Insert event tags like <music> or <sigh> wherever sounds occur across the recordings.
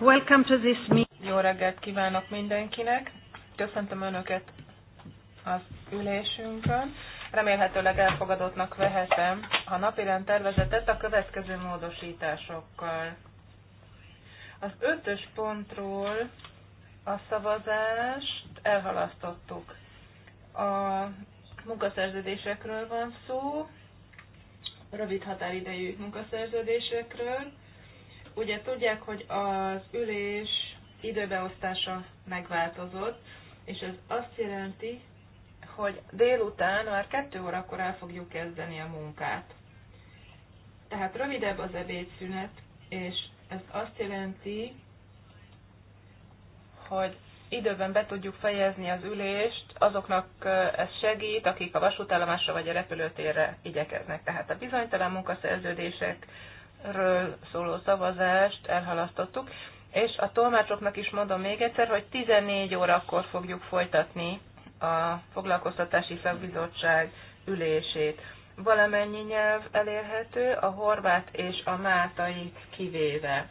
Welcome to this meeting. Jó reggelt kívánok mindenkinek. Köszöntöm Önöket az ülésünkön. Remélhetőleg elfogadottnak vehetem a napirend tervezetet a következő módosításokkal. Az ötös pontról a szavazást elhalasztottuk. A munkaszerződésekről van szó, rövid határidejű munkaszerződésekről, Ugye tudják, hogy az ülés időbeosztása megváltozott, és ez azt jelenti, hogy délután már kettő órakor el fogjuk kezdeni a munkát. Tehát rövidebb az ebédszünet, és ez azt jelenti, hogy időben be tudjuk fejezni az ülést, azoknak ez segít, akik a vasútállomásra vagy a repülőtérre igyekeznek. Tehát a bizonytalan munkaszerződések ről szóló szavazást elhalasztottuk, és a tolmácsoknak is mondom még egyszer, hogy 14 órakor fogjuk folytatni a foglalkoztatási szakbizottság ülését. Valamennyi nyelv elérhető, a horvát és a mátai kivéve.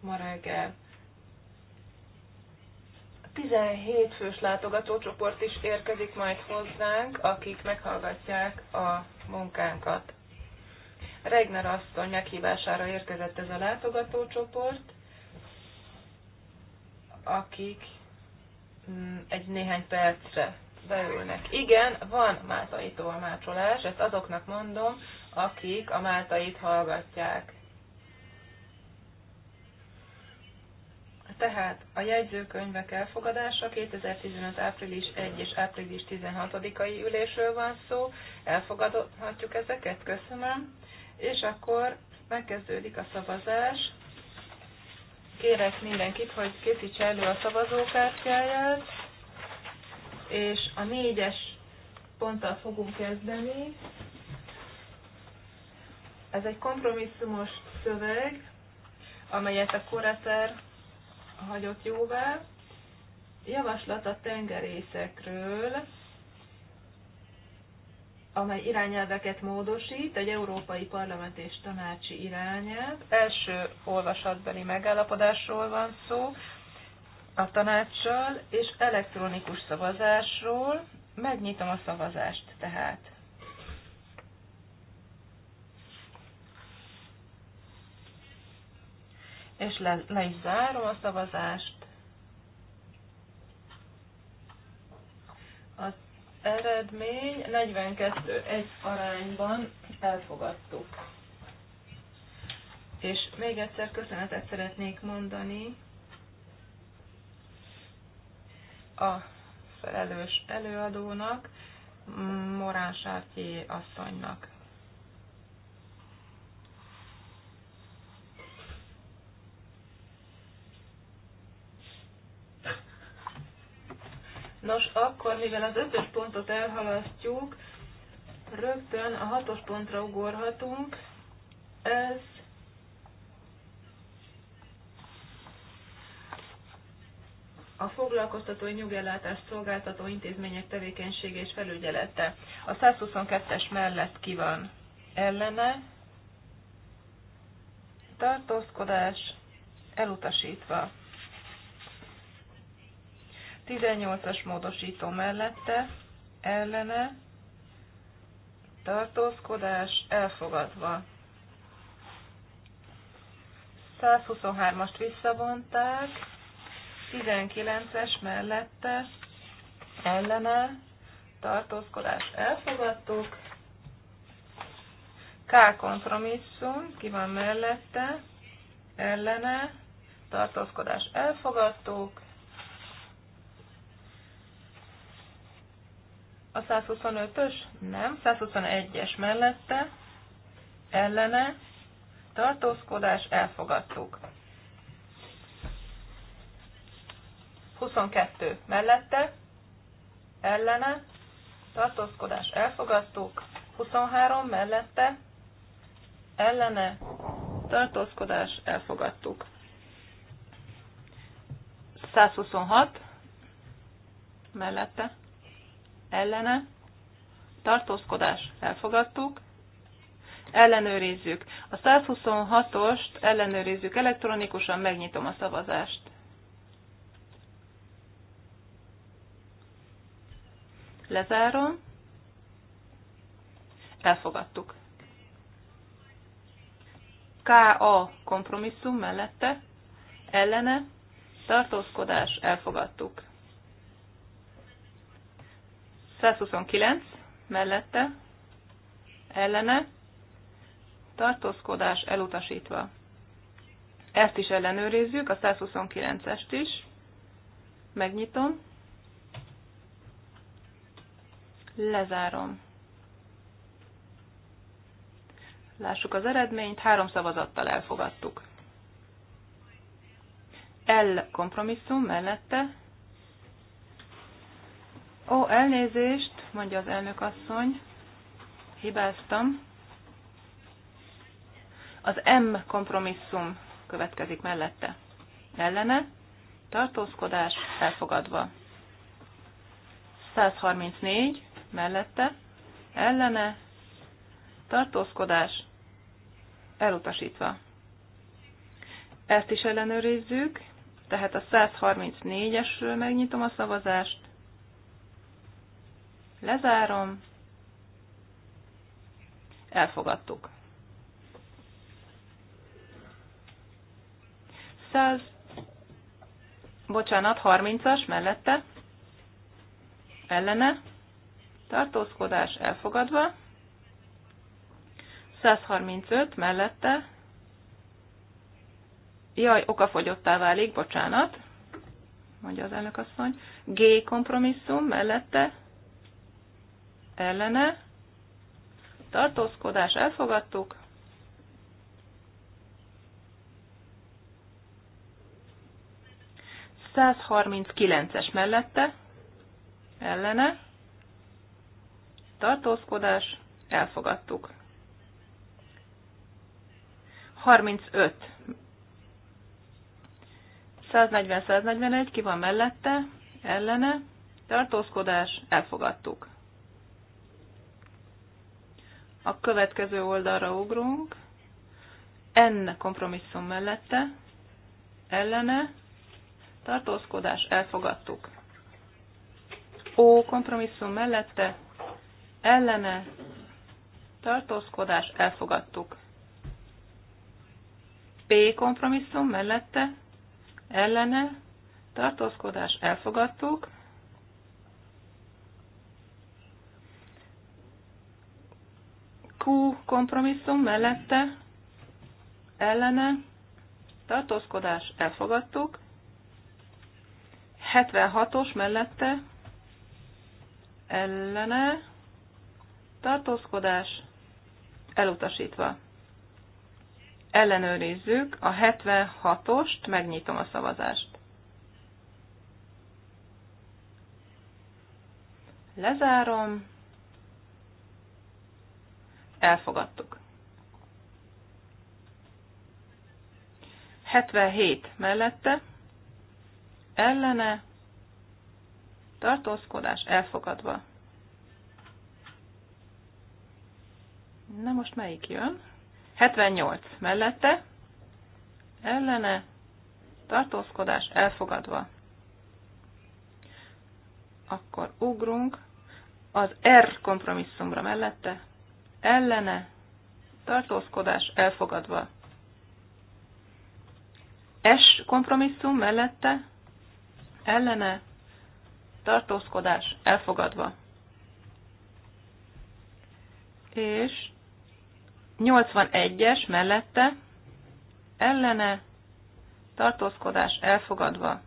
Ma reggel. 17 fős látogatócsoport is érkezik majd hozzánk, akik meghallgatják a munkánkat. Regner asszony meghívására érkezett ez a látogatócsoport, akik mm, egy néhány percre beülnek. Igen, van máltai tolmácsolás, ezt azoknak mondom, akik a máltait hallgatják. Tehát a jegyzőkönyvek elfogadása 2015. április 1 és április 16-ai ülésről van szó. Elfogadhatjuk ezeket? Köszönöm és akkor megkezdődik a szavazás. Kérek mindenkit, hogy készítse elő a szavazókártyáját, és a négyes ponttal fogunk kezdeni. Ez egy kompromisszumos szöveg, amelyet a Koreper hagyott jóvá. Javaslat a tengerészekről, amely irányelveket módosít, egy Európai Parlament és Tanácsi irányelv. Első olvasatbeli megállapodásról van szó a tanácssal, és elektronikus szavazásról. Megnyitom a szavazást tehát. És le, le is zárom a szavazást. eredmény 42 egy arányban elfogadtuk. És még egyszer köszönetet szeretnék mondani a felelős előadónak, Morán Sártyé asszonynak. Nos, akkor, mivel az ötös pontot elhalasztjuk, rögtön a hatos pontra ugorhatunk. Ez a foglalkoztatói nyugellátás szolgáltató intézmények tevékenysége és felügyelete. A 122-es mellett ki van ellene, tartózkodás elutasítva. 18-as módosító mellette ellene tartózkodás elfogadva. 123-ast visszavonták, 19-es mellette ellene tartózkodás elfogadtuk. K kompromisszum, ki van mellette, ellene, tartózkodás elfogadtuk. A 125-ös? Nem. 121-es mellette, ellene, tartózkodás, elfogadtuk. 22 mellette, ellene, tartózkodás, elfogadtuk. 23 mellette, ellene, tartózkodás, elfogadtuk. 126 mellette, ellene, tartózkodás elfogadtuk, ellenőrizzük. A 126-ost ellenőrizzük elektronikusan, megnyitom a szavazást. Lezárom. Elfogadtuk. KA kompromisszum mellette, ellene, tartózkodás, elfogadtuk. 129 mellette ellene tartózkodás elutasítva. Ezt is ellenőrizzük, a 129-est is. Megnyitom. Lezárom. Lássuk az eredményt, három szavazattal elfogadtuk. L kompromisszum mellette Ó, elnézést, mondja az elnök asszony, hibáztam. Az M kompromisszum következik mellette. Ellene, tartózkodás elfogadva. 134 mellette, ellene, tartózkodás elutasítva. Ezt is ellenőrizzük, tehát a 134-esről megnyitom a szavazást, Lezárom. Elfogadtuk. 100, bocsánat, 30-as mellette, ellene, tartózkodás elfogadva, 135 mellette, jaj, okafogyottá válik, bocsánat, mondja az elnök asszony, G kompromisszum mellette, ellene, tartózkodás elfogadtuk, es mellette, ellene, tartózkodás, elfogadtuk. 35. 140-141, ki van mellette, ellene, tartózkodás, elfogadtuk a következő oldalra ugrunk, N kompromisszum mellette, ellene, tartózkodás, elfogadtuk. O kompromisszum mellette, ellene, tartózkodás, elfogadtuk. P kompromisszum mellette, ellene, tartózkodás, elfogadtuk. Q kompromisszum mellette ellene tartózkodás elfogadtuk. 76-os mellette ellene tartózkodás elutasítva. Ellenőrizzük a 76-ost, megnyitom a szavazást. Lezárom, elfogadtuk. 77 mellette, ellene, tartózkodás elfogadva. Na most melyik jön? 78 mellette, ellene, tartózkodás elfogadva. Akkor ugrunk az R kompromisszumra mellette, ellene, tartózkodás elfogadva. S kompromisszum mellette, ellene, tartózkodás elfogadva. És 81-es mellette, ellene, tartózkodás elfogadva.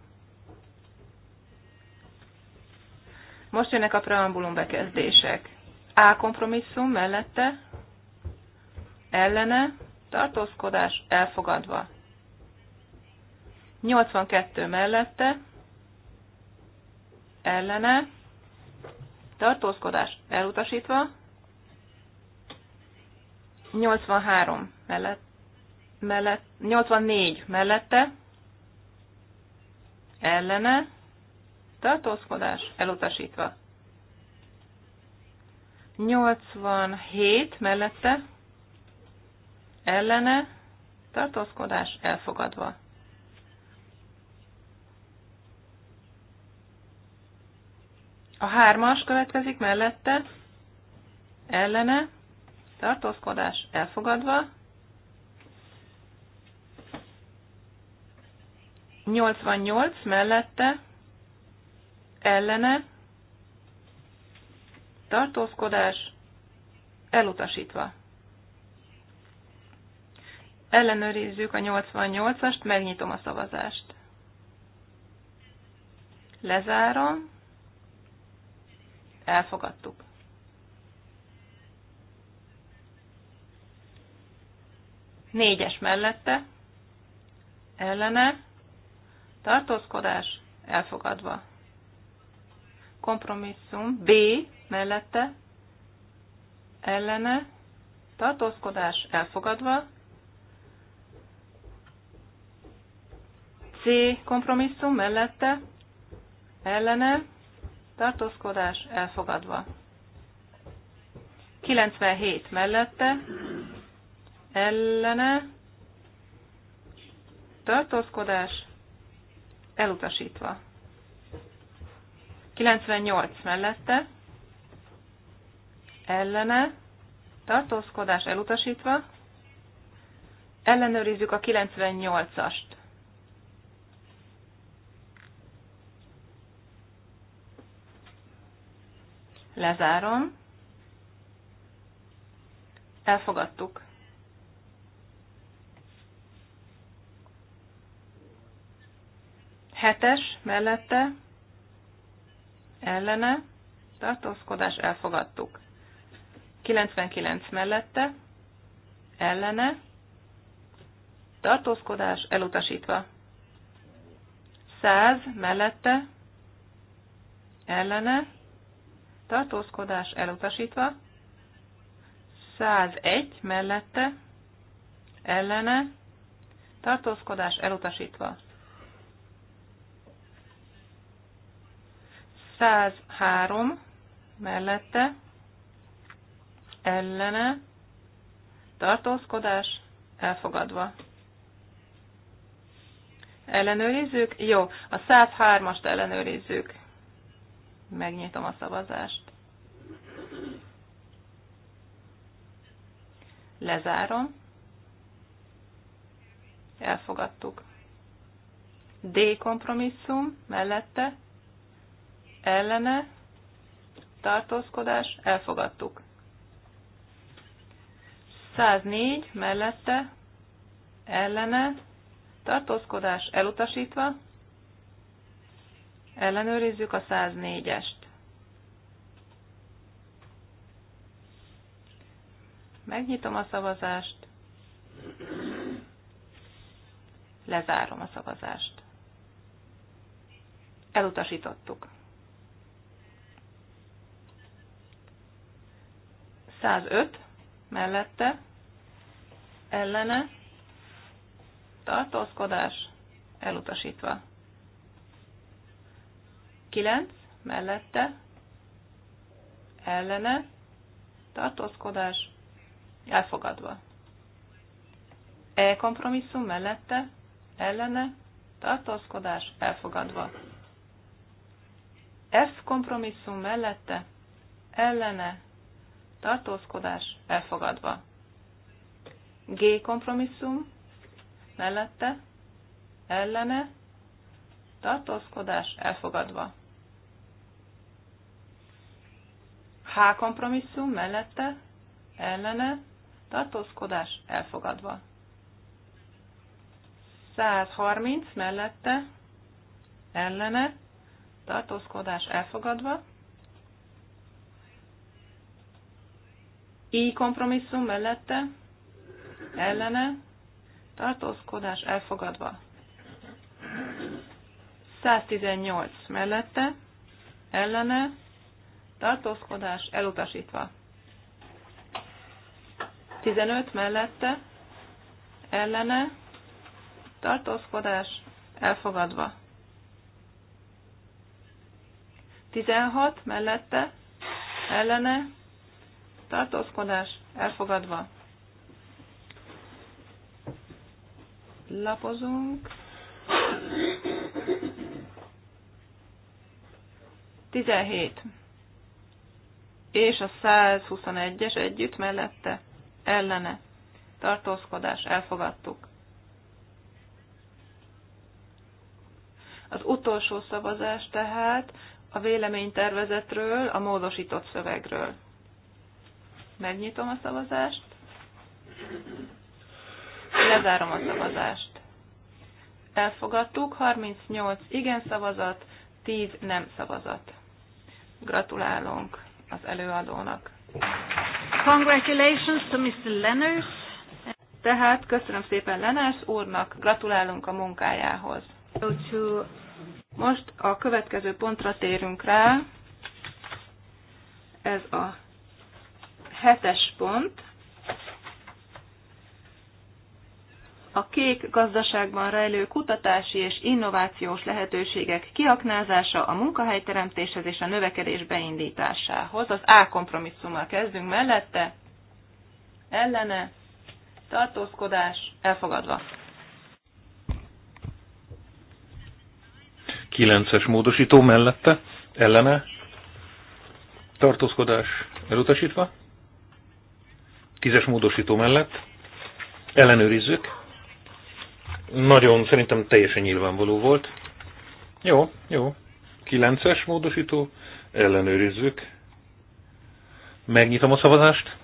Most jönnek a preambulum bekezdések. A kompromisszum mellette ellene tartózkodás elfogadva. 82 mellette ellene tartózkodás elutasítva. 83 mellett, mellett 84 mellette ellene tartózkodás elutasítva. 87 mellette ellene tartózkodás elfogadva. A hármas következik mellette ellene tartózkodás elfogadva. 88 mellette ellene tartózkodás, elutasítva. Ellenőrizzük a 88-ast, megnyitom a szavazást. Lezárom. Elfogadtuk. Négyes mellette. Ellene. Tartózkodás. Elfogadva. Kompromisszum. B mellette, ellene, tartózkodás elfogadva, C kompromisszum mellette, ellene, tartózkodás elfogadva. 97 mellette, ellene, tartózkodás elutasítva. 98 mellette, ellene, tartózkodás elutasítva, ellenőrizzük a 98-ast. Lezárom. Elfogadtuk. Hetes mellette, ellene, tartózkodás elfogadtuk. 99 mellette, ellene, tartózkodás elutasítva. 100 mellette, ellene, tartózkodás elutasítva. 101 mellette, ellene, tartózkodás elutasítva. 103 mellette, ellene, tartózkodás, elfogadva. Ellenőrizzük? Jó, a 103-ast ellenőrizzük. Megnyitom a szavazást. Lezárom. Elfogadtuk. D kompromisszum mellette, ellene, tartózkodás, elfogadtuk. 104 mellette, ellene, tartózkodás elutasítva, ellenőrizzük a 104-est. Megnyitom a szavazást, lezárom a szavazást. Elutasítottuk. 105 mellette, ellene, tartózkodás, elutasítva. 9 mellette, ellene, tartózkodás, elfogadva. E kompromisszum mellette, ellene, tartózkodás, elfogadva. F kompromisszum mellette, ellene, tartózkodás elfogadva. G kompromisszum mellette, ellene, tartózkodás elfogadva. H kompromisszum mellette, ellene, tartózkodás elfogadva. 130 mellette, ellene, tartózkodás elfogadva. így kompromisszum mellette, ellene, tartózkodás elfogadva. 118 mellette, ellene, tartózkodás elutasítva. 15 mellette, ellene, tartózkodás elfogadva. 16 mellette, ellene, tartózkodás elfogadva. Lapozunk. 17. És a 121-es együtt mellette ellene tartózkodás elfogadtuk. Az utolsó szavazás tehát a véleménytervezetről, a módosított szövegről. Megnyitom a szavazást. Lezárom a szavazást. Elfogadtuk, 38 igen szavazat, 10 nem szavazat. Gratulálunk az előadónak. Congratulations to Mr. Lenners. Tehát köszönöm szépen Lenners úrnak, gratulálunk a munkájához. Most a következő pontra térünk rá. Ez a Hetes pont. A kék gazdaságban rejlő kutatási és innovációs lehetőségek kiaknázása a munkahelyteremtéshez és a növekedés beindításához. Az A kompromisszummal kezdünk mellette. Ellene. Tartózkodás. Elfogadva. 9-es módosító mellette, ellene, tartózkodás elutasítva, Tízes módosító mellett ellenőrizzük. Nagyon szerintem teljesen nyilvánvaló volt. Jó, jó. Kilences módosító, ellenőrizzük. Megnyitom a szavazást.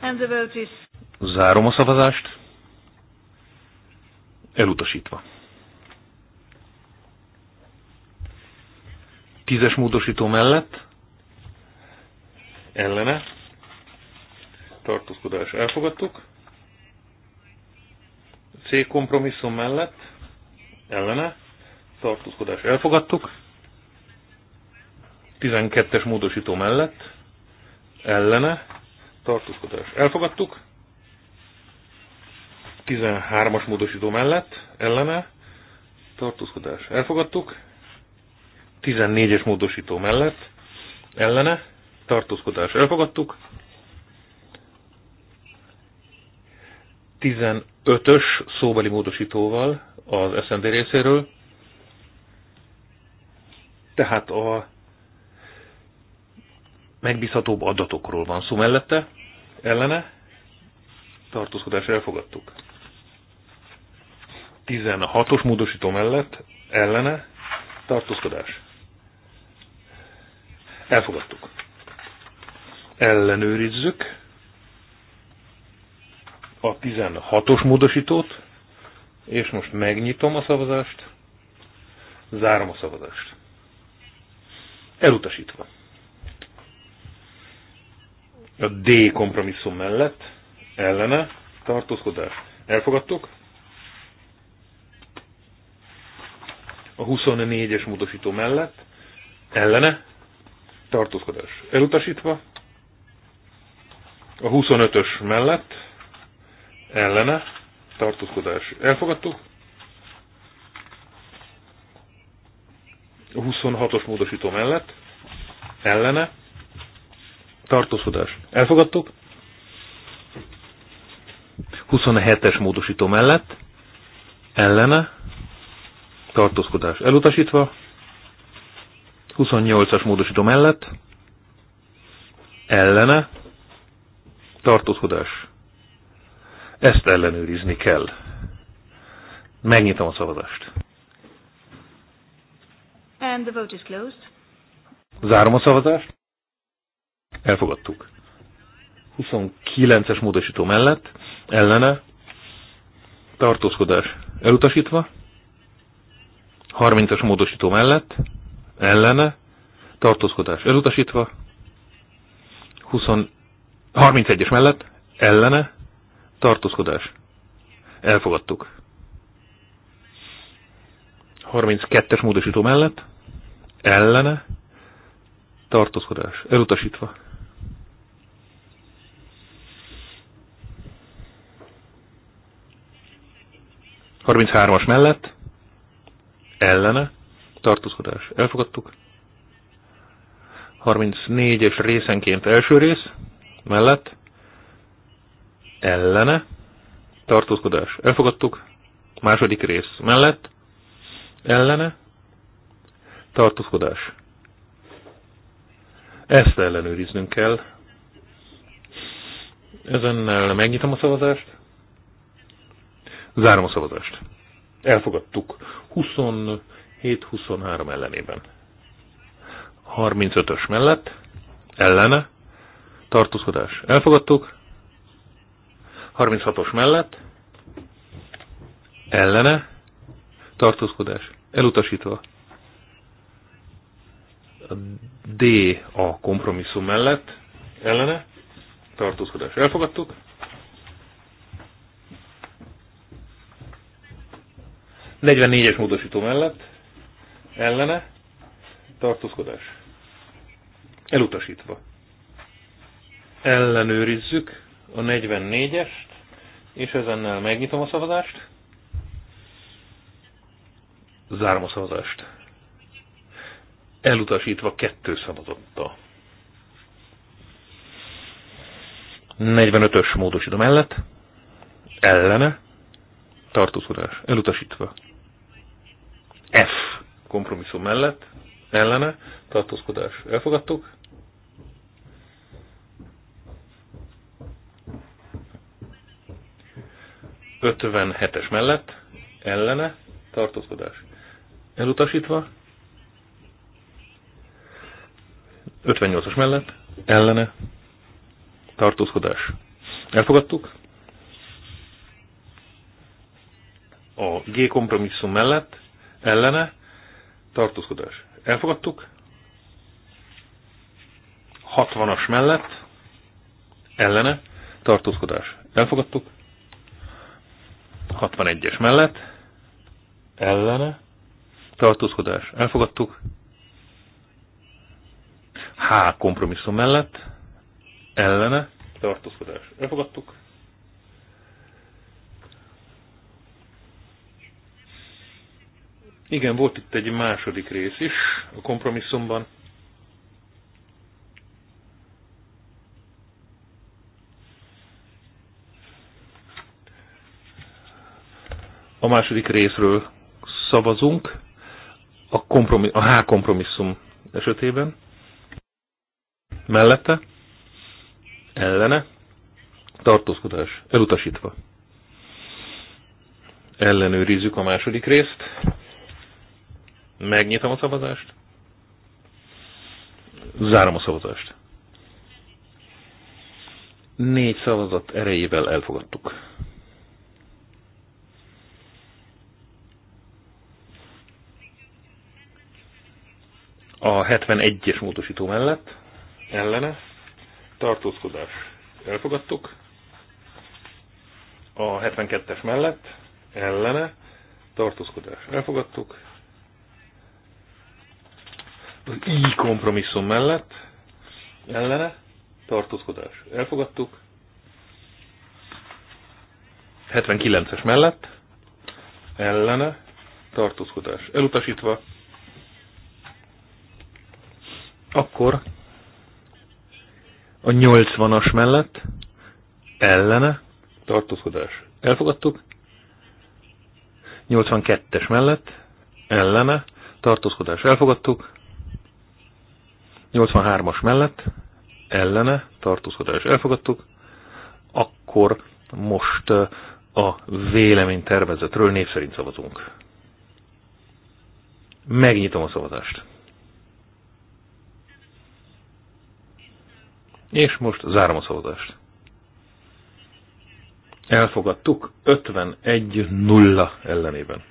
And the vote is... Zárom a szavazást. Elutasítva. Tízes módosító mellett ellene tartózkodás elfogadtuk. C kompromisszum mellett ellene tartózkodás elfogadtuk. 12-es módosító mellett ellene tartózkodás elfogadtuk. 13-as módosító mellett ellene tartózkodás elfogadtuk. 14-es módosító mellett ellene tartózkodás elfogadtuk. 15-ös szóbeli módosítóval az SND részéről, tehát a megbízhatóbb adatokról van szó mellette, ellene, tartózkodás elfogadtuk. 16-os módosító mellett, ellene, tartózkodás. Elfogadtuk ellenőrizzük a 16-os módosítót, és most megnyitom a szavazást, zárom a szavazást. Elutasítva. A D kompromisszum mellett ellene tartózkodás. Elfogadtuk? A 24-es módosító mellett ellene tartózkodás. Elutasítva? A 25-ös mellett ellene tartózkodás. Elfogadtuk? A 26-os módosító mellett ellene tartózkodás. Elfogadtuk? 27-es módosító mellett ellene tartózkodás elutasítva, 28-as módosító mellett ellene tartózkodás. Ezt ellenőrizni kell. Megnyitom a szavazást. And the vote is closed. Zárom a szavazást. Elfogadtuk. 29-es módosító mellett, ellene, tartózkodás elutasítva, 30-as módosító mellett, ellene, tartózkodás elutasítva, 20 31-es mellett ellene tartózkodás. Elfogadtuk. 32-es módosító mellett ellene tartózkodás. Elutasítva. Harminchármas mellett ellene tartózkodás. Elfogadtuk. 34-es részenként első rész mellett ellene tartózkodás. Elfogadtuk. Második rész mellett ellene tartózkodás. Ezt ellenőriznünk kell. Ezennel megnyitom a szavazást. Zárom a szavazást. Elfogadtuk. 27-23 ellenében. 35-ös mellett, ellene, tartózkodás elfogadtuk, 36-os mellett, ellene, tartózkodás elutasítva, a D a kompromisszum mellett, ellene, tartózkodás elfogadtuk, es módosító mellett, ellene, tartózkodás. Elutasítva ellenőrizzük a 44-est, és ezennel megnyitom a szavazást. Zárom a szavazást. Elutasítva kettő szavazotta. 45-ös módosító mellett, ellene, tartózkodás, elutasítva. F kompromisszum mellett, ellene, tartózkodás, elfogadtuk. 57-es mellett ellene tartózkodás elutasítva, 58-as mellett ellene tartózkodás. Elfogadtuk? A G kompromisszum mellett ellene tartózkodás. Elfogadtuk? 60-as mellett ellene tartózkodás. Elfogadtuk? 61-es mellett, ellene, tartózkodás, elfogadtuk. H kompromisszum mellett, ellene, tartózkodás, elfogadtuk. Igen, volt itt egy második rész is a kompromisszumban. A második részről szavazunk, a, kompromis, a H kompromisszum esetében. Mellette, ellene, tartózkodás, elutasítva. Ellenőrizzük a második részt. Megnyitom a szavazást. Zárom a szavazást. Négy szavazat erejével elfogadtuk. a 71-es módosító mellett ellene tartózkodás elfogadtuk, a 72-es mellett ellene tartózkodás elfogadtuk, az I kompromisszum mellett ellene tartózkodás elfogadtuk, 79-es mellett ellene tartózkodás elutasítva, akkor a 80-as mellett ellene tartózkodás. Elfogadtuk. 82-es mellett ellene tartózkodás. Elfogadtuk. 83-as mellett ellene tartózkodás. Elfogadtuk. Akkor most a véleménytervezetről név szerint szavazunk. Megnyitom a szavazást. És most zárom a szavazást. Elfogadtuk 51-0 ellenében.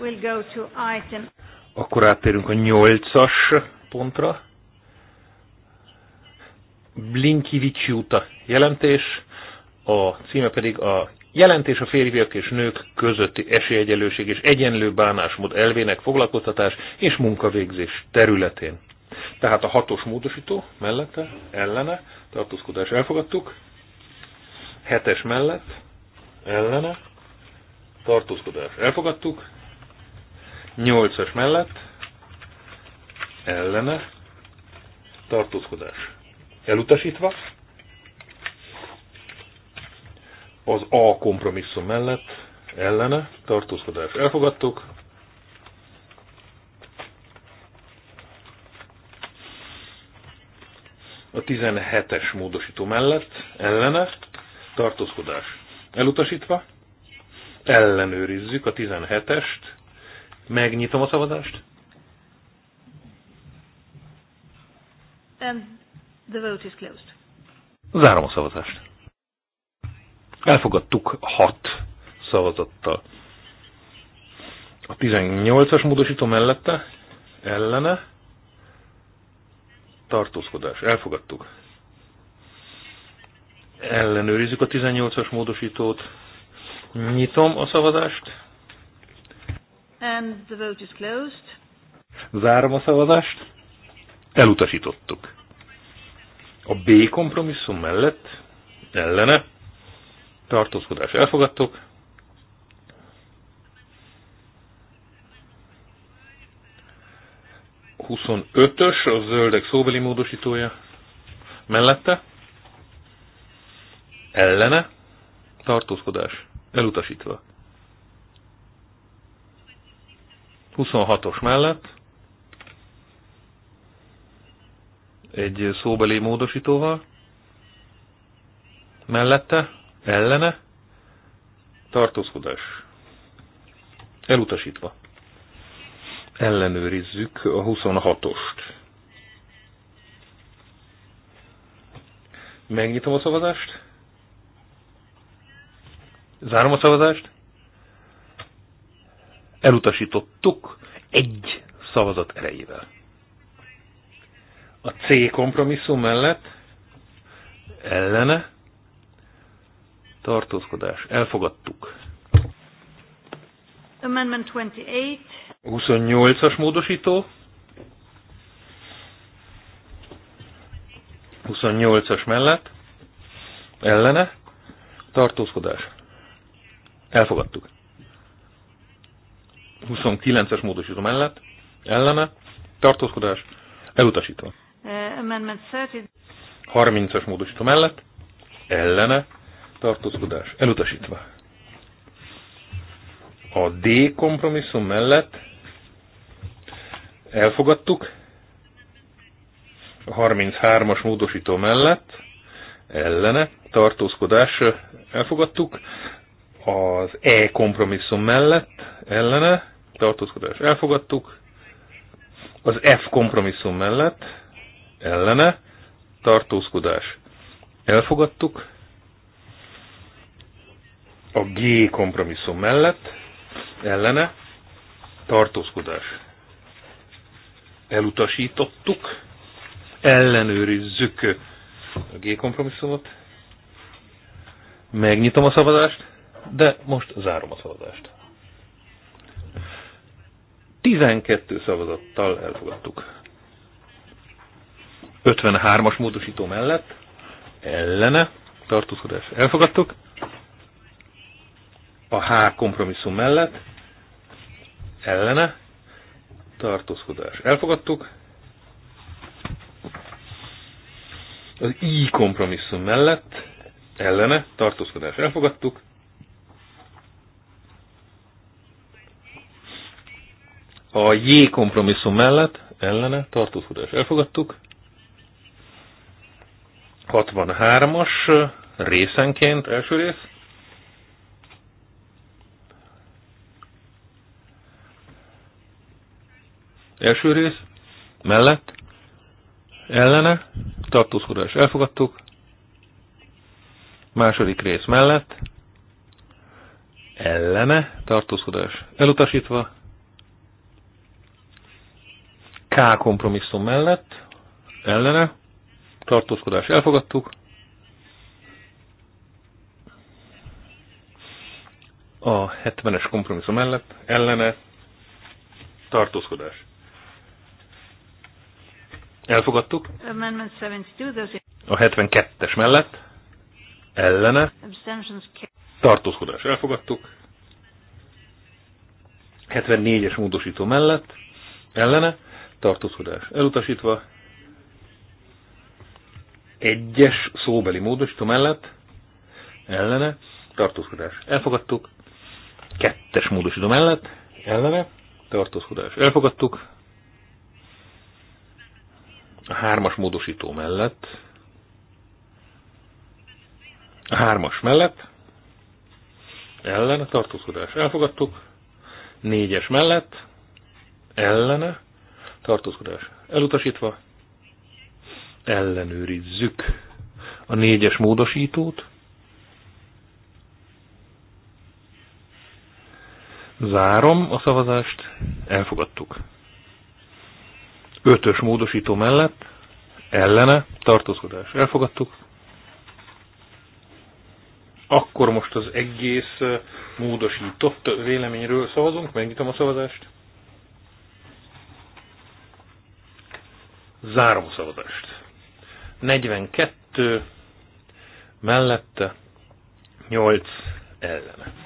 We'll go to item. Akkor áttérünk a 8-as pontra. Blinkivicsi jelentés, a címe pedig a jelentés a férfiak és nők közötti esélyegyelőség és egyenlő bánásmód elvének foglalkoztatás és munkavégzés területén. Tehát a hatos módosító mellette, ellene, tartózkodás elfogadtuk, hetes mellett, ellene, tartózkodás elfogadtuk, nyolcas mellett, ellene, tartózkodás elutasítva, az A kompromisszum mellett ellene tartózkodást elfogadtuk. A 17-es módosító mellett ellene tartózkodás elutasítva. Ellenőrizzük a 17-est. Megnyitom a szavazást. And the vote is closed. Zárom a szavazást. Elfogadtuk hat szavazattal. A 18-as módosító mellette ellene tartózkodás. Elfogadtuk. Ellenőrizzük a 18-as módosítót. Nyitom a szavazást. And the vote is closed. Zárom a szavazást. Elutasítottuk. A B kompromisszum mellett ellene tartózkodás elfogadtuk. ös a zöldek szóbeli módosítója mellette, ellene, tartózkodás, elutasítva. 26-os mellett, egy szóbeli módosítóval, mellette, ellene, tartózkodás elutasítva. Ellenőrizzük a 26-ost. Megnyitom a szavazást. Zárom a szavazást. Elutasítottuk egy szavazat erejével. A C kompromisszum mellett ellene tartózkodás, elfogadtuk. 28. as módosító. 28-as mellett, ellene, tartózkodás. Elfogadtuk. 29-es módosító mellett, ellene, tartózkodás, elutasítva. 30. Uh, 30-as módosító mellett, ellene, tartózkodás elutasítva. A D kompromisszum mellett elfogadtuk, a 33-as módosító mellett ellene tartózkodás elfogadtuk, az E kompromisszum mellett ellene tartózkodás elfogadtuk, az F kompromisszum mellett ellene tartózkodás elfogadtuk, a G kompromisszum mellett, ellene, tartózkodás. Elutasítottuk, ellenőrizzük a G kompromisszumot, megnyitom a szavazást, de most zárom a szavazást. 12 szavazattal elfogadtuk. 53-as módosító mellett ellene tartózkodás elfogadtuk, a H kompromisszum mellett, ellene, tartózkodás. Elfogadtuk. Az I kompromisszum mellett, ellene, tartózkodás. Elfogadtuk. A J kompromisszum mellett, ellene, tartózkodás. Elfogadtuk. 63-as részenként, első rész, Első rész, mellett, ellene, tartózkodás elfogadtuk. Második rész mellett, ellene, tartózkodás elutasítva. K kompromisszum mellett, ellene, tartózkodás elfogadtuk. A 70-es kompromisszum mellett, ellene, tartózkodás Elfogadtuk. A 72-es mellett ellene tartózkodás elfogadtuk. 74-es módosító mellett ellene tartózkodás elutasítva. Egyes szóbeli módosító mellett ellene tartózkodás elfogadtuk. Kettes módosító mellett ellene tartózkodás elfogadtuk a hármas módosító mellett, a hármas mellett, ellene tartózkodás elfogadtuk, négyes mellett, ellene tartózkodás elutasítva, ellenőrizzük a négyes módosítót, zárom a szavazást, elfogadtuk. Ötös módosító mellett ellene tartózkodás. Elfogadtuk. Akkor most az egész eh, módosított véleményről szavazunk. Megnyitom a szavazást. Zárom a szavazást. 42 mellette, 8 ellene.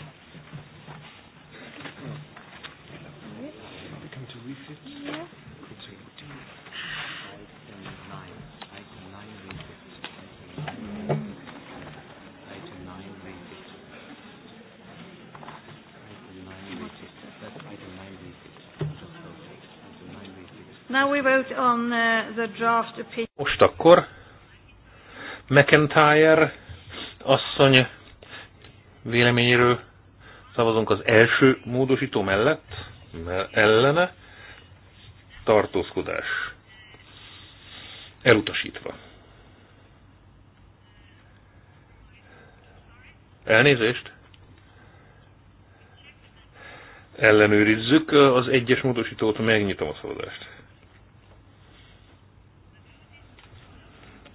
on uh, the draft opinion. Most akkor McIntyre asszony véleményéről szavazunk az első módosító mellett, ellene, tartózkodás elutasítva. Elnézést! Ellenőrizzük az egyes módosítót, megnyitom a szavazást.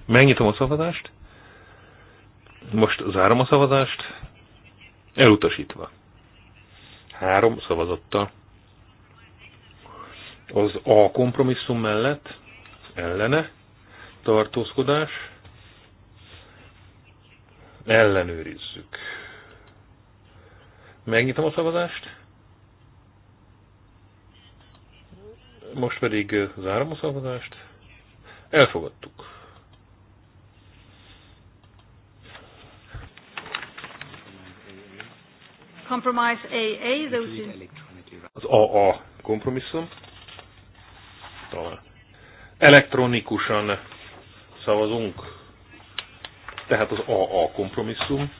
Megnyitom a szavazást. Most zárom a szavazást. Elutasítva. Három szavazattal. Az A kompromisszum mellett ellene tartózkodás. Ellenőrizzük. Megnyitom a szavazást. Most pedig zárom a szavazást. Elfogadtuk. Compromise AA, those in... Az AA kompromisszum. Talán. Elektronikusan szavazunk. Tehát az AA kompromisszum.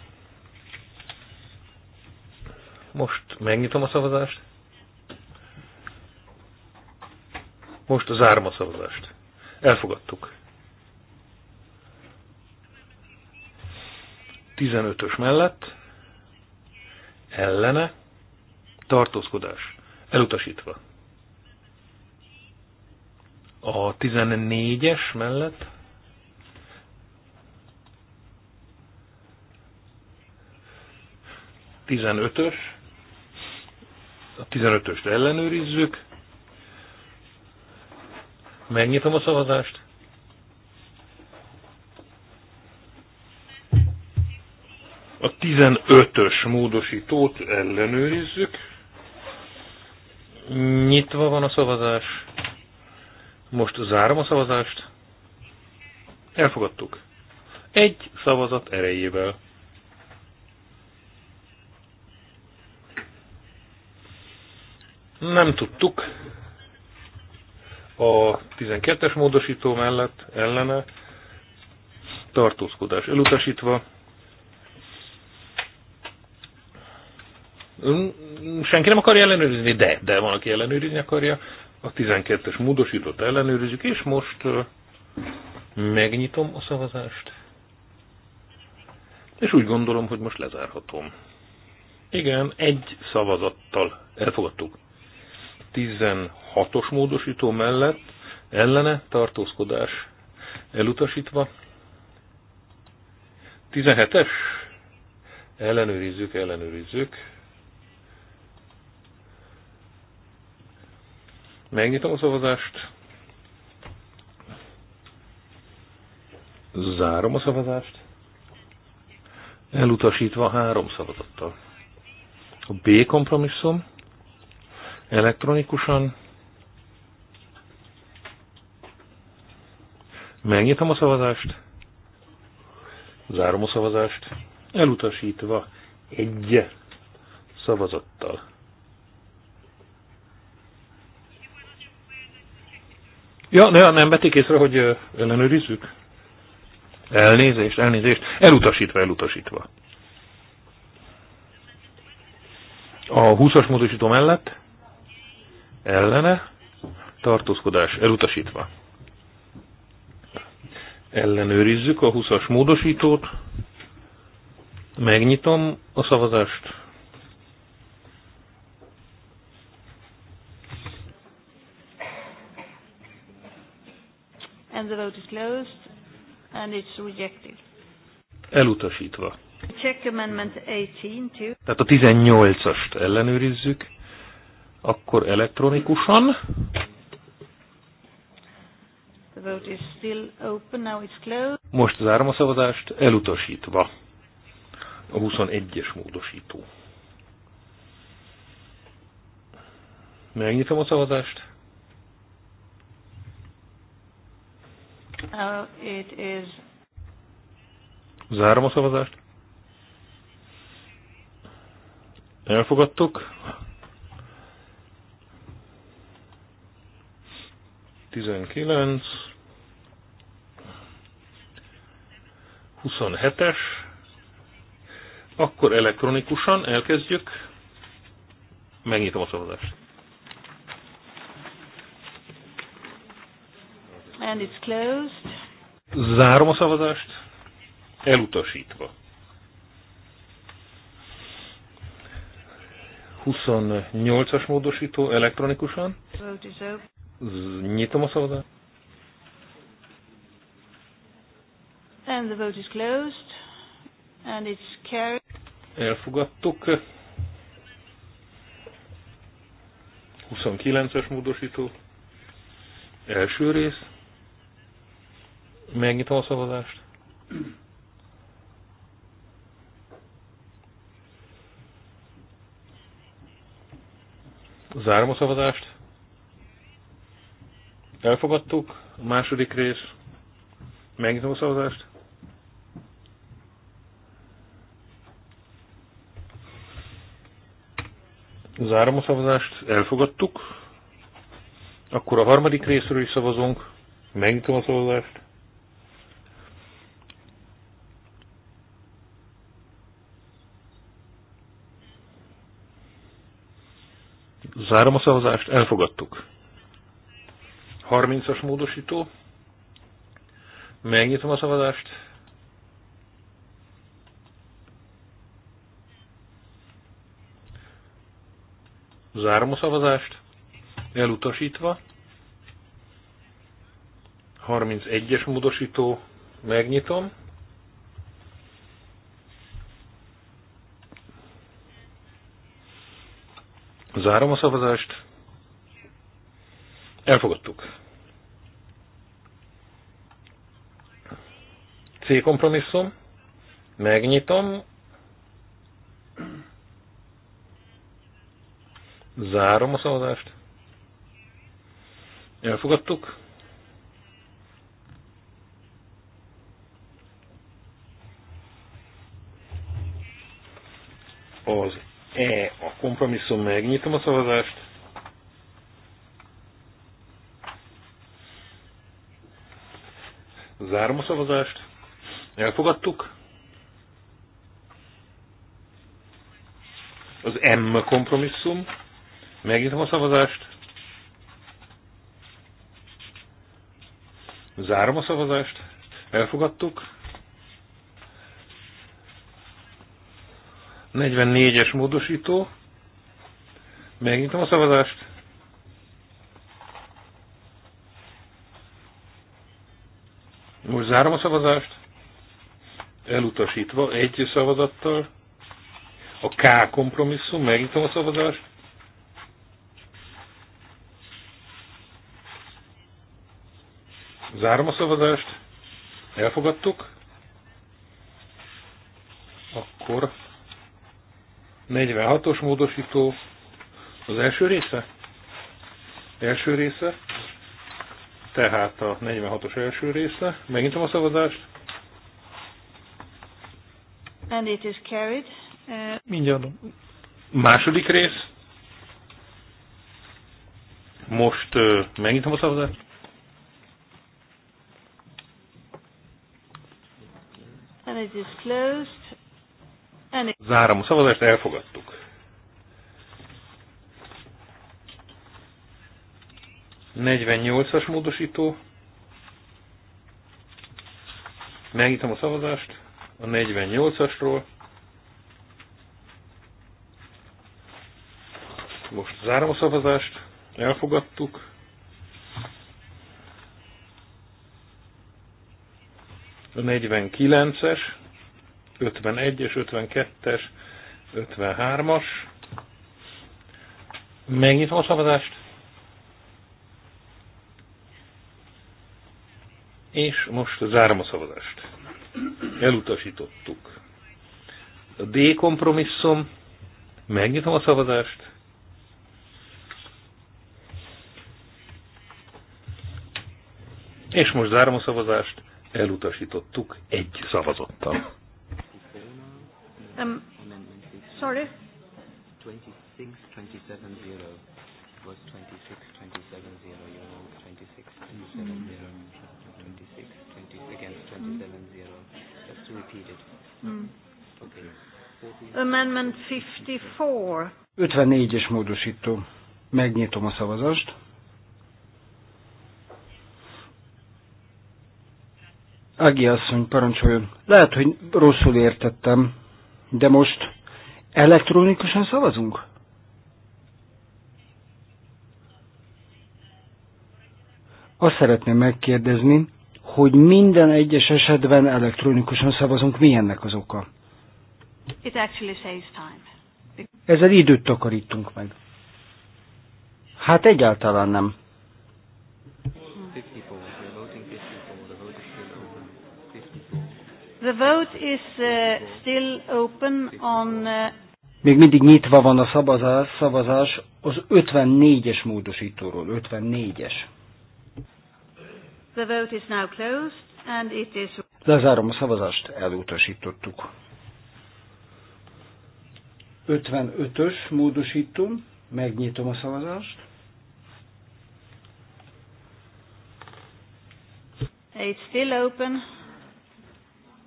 Most megnyitom a szavazást. Most az árma szavazást. Elfogadtuk. 15-ös mellett ellene, tartózkodás elutasítva. A 14-es mellett tizenötös, a 15-öst ellenőrizzük, megnyitom a szavazást, A 15-ös módosítót ellenőrizzük. Nyitva van a szavazás. Most zárom a szavazást. Elfogadtuk. Egy szavazat erejével. Nem tudtuk a 12-es módosító mellett ellene tartózkodás elutasítva. senki nem akarja ellenőrizni, de, de van, aki ellenőrizni akarja. A 12-es módosított ellenőrizzük, és most megnyitom a szavazást. És úgy gondolom, hogy most lezárhatom. Igen, egy szavazattal elfogadtuk. 16-os módosító mellett ellene tartózkodás elutasítva. 17-es? Ellenőrizzük, ellenőrizzük. Megnyitom a szavazást. Zárom a szavazást. Elutasítva három szavazattal. A B kompromisszum elektronikusan. Megnyitom a szavazást. Zárom a szavazást. Elutasítva egy szavazattal. Ja, ne, nem vették észre, hogy ellenőrizzük? Elnézést, elnézést. Elutasítva, elutasítva. A 20-as módosító mellett ellene tartózkodás elutasítva. Ellenőrizzük a 20-as módosítót. Megnyitom a szavazást. and the vote is closed, and it's rejected. Elutasítva. Check amendment 18 too. Tehát a 18-ast ellenőrizzük, akkor elektronikusan. The vote is still open, now it's closed. Most zárom a szavazást, elutasítva. A 21-es módosító. Megnyitom a szavazást. Uh, it is... Zárom a szavazást. Elfogadtuk. 19. 27-es. Akkor elektronikusan elkezdjük. Megnyitom a szavazást. And it's closed. Zárom a szavazást. Elutasítva. 28-as módosító elektronikusan. Nyitom a szavazást. And the vote is closed. And it's carried. Elfogadtuk. 29-es módosító. Első rész. Megnyitom a szavazást. Zárom a szavazást. Elfogadtuk. A második rész. Megnyitom a szavazást. Zárom a szavazást. Elfogadtuk. Akkor a harmadik részről is szavazunk. Megnyitom a szavazást. Zárom a szavazást, elfogadtuk. 30-as módosító. Megnyitom a szavazást. Zárom a szavazást. Elutasítva. 31-es módosító. Megnyitom. Zárom a szavazást. Elfogadtuk. C kompromisszum. Megnyitom. Zárom a szavazást. Elfogadtuk. Az E a kompromisszum, megnyitom a szavazást. Zárom a szavazást. Elfogadtuk. Az M kompromisszum. Megnyitom a szavazást. Zárom a szavazást. Elfogadtuk. 44-es módosító. Megnyitom a szavazást. Most zárom a szavazást. Elutasítva egy szavazattal. A K kompromisszum, megnyitom a szavazást. Zárom a szavazást. Elfogadtuk. Akkor 46-os módosító az első része? Első része. Tehát a 46-os első része. megintem a szavazást. And it is carried. Uh... Mindjárt. Második rész. Most uh, megnyitom a szavazást. And it is closed. Zárom a szavazást, elfogadtuk. Negyvennyolcas módosító. Megnyitom a szavazást a 48-asról. Most zárom a szavazást, elfogadtuk. A 49-es, 51-es, 52-es, 53-as. Megnyitom a szavazást. És most zárom a szavazást. Elutasítottuk. A D kompromisszum. Megnyitom a szavazást. És most zárom a szavazást. Elutasítottuk egy szavazottal. Um, sorry? 26, 27, mm. Just to repeat it. Mm. Okay. Amendment 54. 54-es módosító. Megnyitom a szavazást. Ági asszony, parancsoljon. Lehet, hogy rosszul értettem, de most elektronikusan szavazunk? Azt szeretném megkérdezni, hogy minden egyes esetben elektronikusan szavazunk, mi ennek az oka? It actually saves time. Ezzel időt takarítunk meg. Hát egyáltalán nem. The vote is uh, still open on... Uh... Még mindig nyitva van a szavazás, szavazás az 54-es módosítóról, 54-es. The vote is now closed and it is... Lezárom a szavazást, elutasítottuk. 55-ös módosítom, megnyitom a szavazást. still open.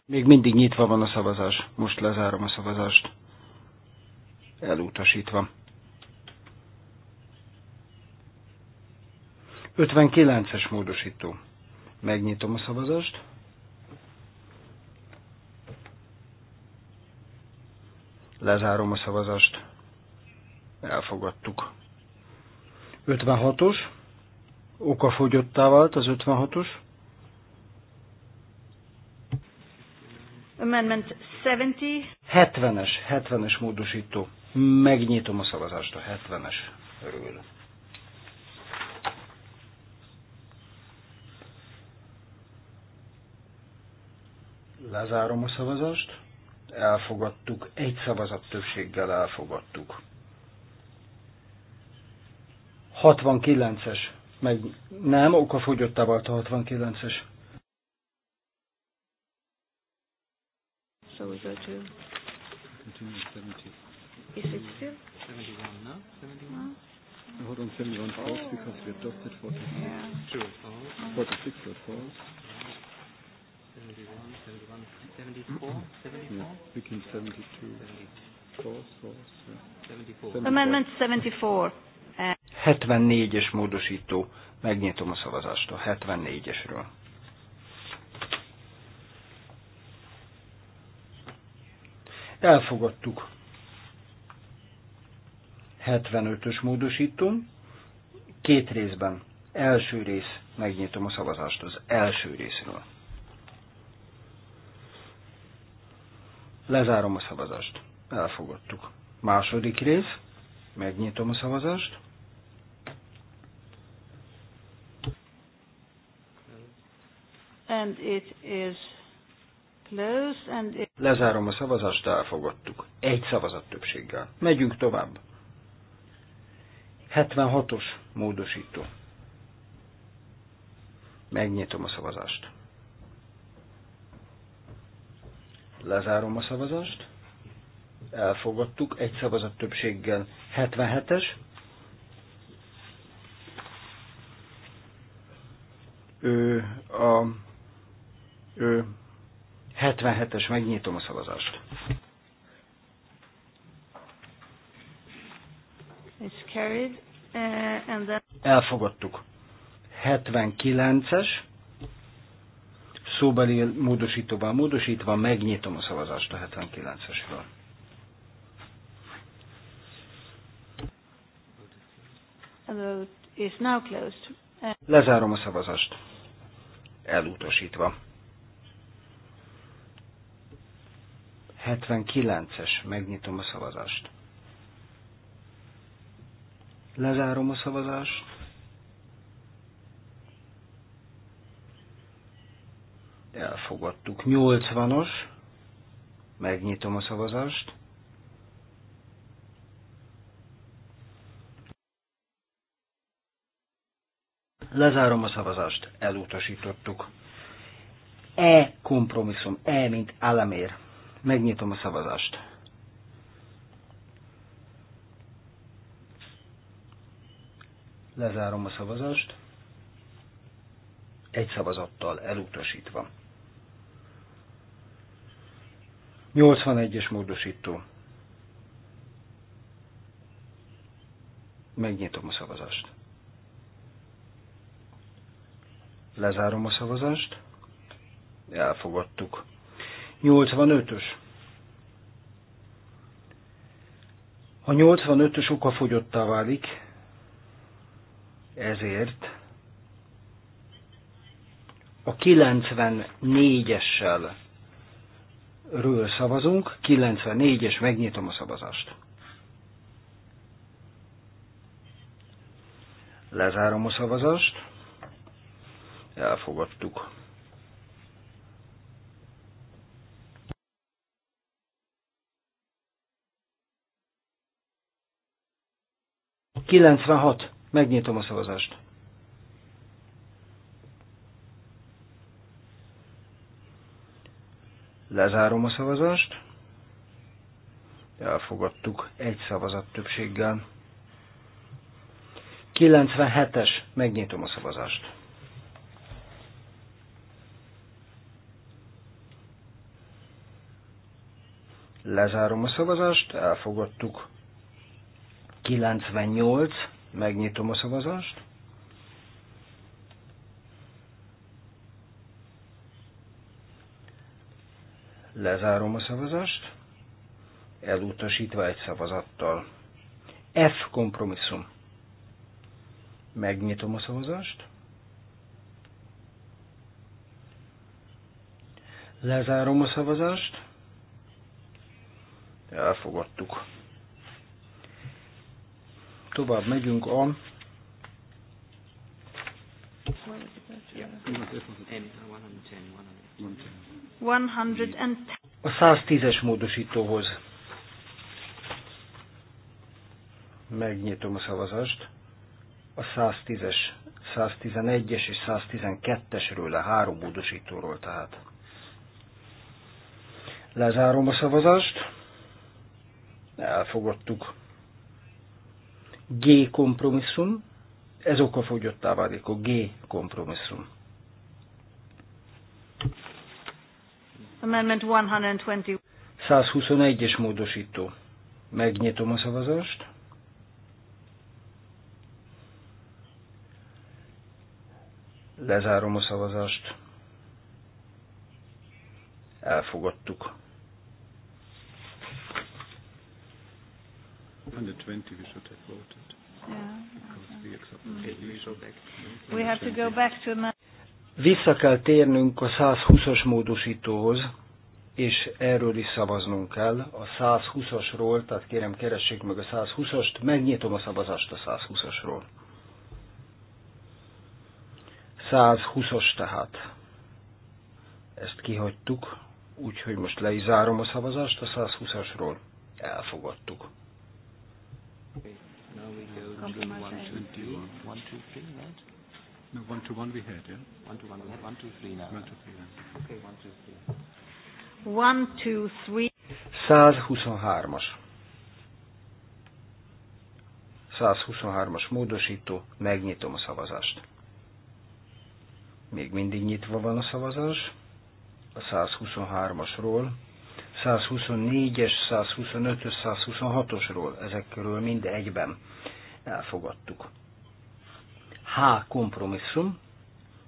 Még mindig nyitva van a szavazás. Most lezárom a szavazást. Elutasítva. 59-es módosító. Megnyitom a szavazást. Lezárom a szavazást. Elfogadtuk. 56-os. Okafogyottá vált az 56-os. Amendment 70. 70-es, 70-es módosító. Megnyitom a szavazást a 70-esről. Lezárom a szavazást. Elfogadtuk, egy szavazat többséggel elfogadtuk. 69-es, meg nem, okafogyottá vált a 69-es. So we go to. Continue 70. Is it still? 71 now? 71? No? Hold on, 71 falls oh. because we adopted 46. Yeah. True, false. 46 was false. 71, 71, 74, 74? Yeah, 72. False, false, yeah. 74. 74. Amendment 74. 74-es módosító. Megnyitom a szavazást a 74-esről. Elfogadtuk. 75-ös módosítom. Két részben. Első rész, megnyitom a szavazást az első részről. Lezárom a szavazást. Elfogadtuk. Második rész, megnyitom a szavazást. And it is Lezárom a szavazást, elfogadtuk. Egy szavazat többséggel. Megyünk tovább. 76-os módosító. Megnyitom a szavazást. Lezárom a szavazást. Elfogadtuk egy szavazat többséggel. 77-es. Ő a ő 77-es, megnyitom a szavazást. It's carried. Uh, and then... Elfogadtuk. 79-es, szóbeli módosítóban módosítva, megnyitom a szavazást a 79-esről. Lezárom a szavazást. Elutasítva. 79-es, megnyitom a szavazást. Lezárom a szavazást. Elfogadtuk. 80 os megnyitom a szavazást. Lezárom a szavazást, elutasítottuk. E kompromisszum, E mint államér Megnyitom a szavazást. Lezárom a szavazást. Egy szavazattal elutasítva. 81-es módosító. Megnyitom a szavazást. Lezárom a szavazást. Elfogadtuk. 85-ös. A 85-ös okafogyottá válik, ezért a 94-essel ről szavazunk, 94-es, megnyitom a szavazást. Lezárom a szavazást. Elfogadtuk. 96. Megnyitom a szavazást. Lezárom a szavazást. Elfogadtuk egy szavazat többséggel. 97-es. Megnyitom a szavazást. Lezárom a szavazást, elfogadtuk 98, megnyitom a szavazást. Lezárom a szavazást, elutasítva egy szavazattal. F kompromisszum. Megnyitom a szavazást. Lezárom a szavazást. Elfogadtuk tovább megyünk a a 110-es módosítóhoz megnyitom a szavazást. A 110-es, 111-es és 112-esről a három módosítóról tehát. Lezárom a szavazást. Elfogadtuk. G kompromisszum, ez okafogyottá válik a G kompromisszum. Amendment 120. 121-es módosító. Megnyitom a szavazást. Lezárom a szavazást. Elfogadtuk. 120 we should have voted. Yeah. Mm. Vissza kell térnünk a 120-as módosítóhoz, és erről is szavaznunk kell. A 120-asról, tehát kérem keressék meg a 120-ast, megnyitom a szavazást a 120-asról. 120-as tehát. Ezt kihagytuk, úgyhogy most le is zárom a szavazást a 120-asról. Elfogadtuk right? No, we had, yeah? now. 123-as. 123-as módosító, megnyitom a szavazást. Még mindig nyitva van a szavazás a 123-asról. 124-es, 125-ös, 126-osról, ezekről mind egyben elfogadtuk. H kompromisszum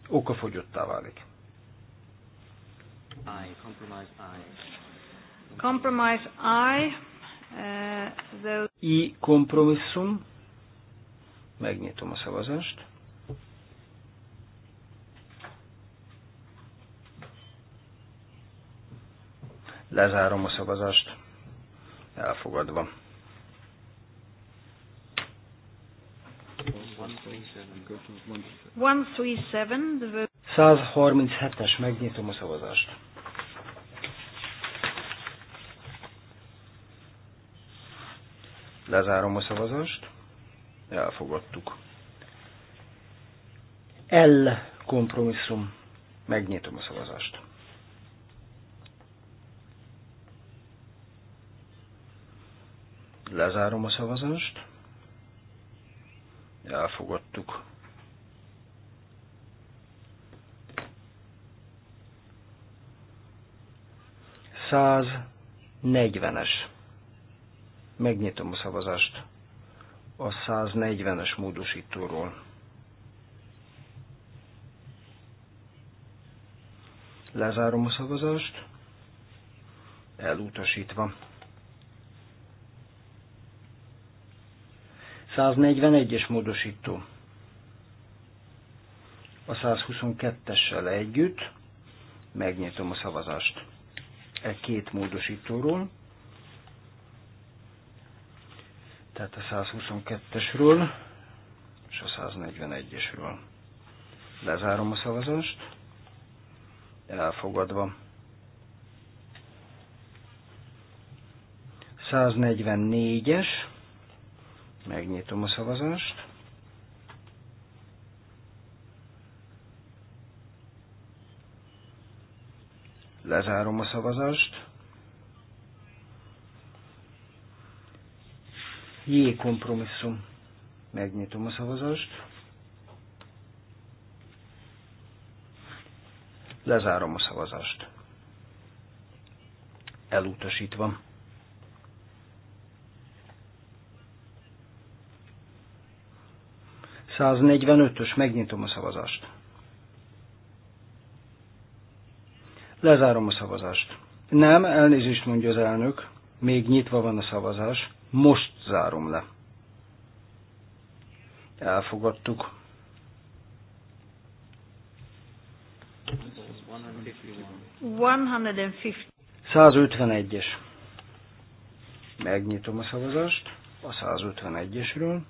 okafogyottá válik. I, compromise I. Compromise I. Uh, the... I kompromisszum. Megnyitom a szavazást. Lezárom a szavazást. Elfogadva. One, the... 137-es, megnyitom a szavazást. Lezárom a szavazást. Elfogadtuk. L kompromisszum. Megnyitom a szavazást. Lezárom a szavazást. Elfogadtuk. Száz negyvenes. Megnyitom a szavazást a 140-es módosítóról. Lezárom a szavazást. Elutasítva. 141-es módosító. A 122-essel együtt megnyitom a szavazást e két módosítóról, tehát a 122-esről és a 141-esről. Lezárom a szavazást, elfogadva. 144-es Megnyitom a szavazást. Lezárom a szavazást. J kompromisszum. Megnyitom a szavazást. Lezárom a szavazást. Elutasítva. 145-ös, megnyitom a szavazást. Lezárom a szavazást. Nem, elnézést mondja az elnök, még nyitva van a szavazás, most zárom le. Elfogadtuk. ...151-es. Megnyitom a szavazást a 151-esről.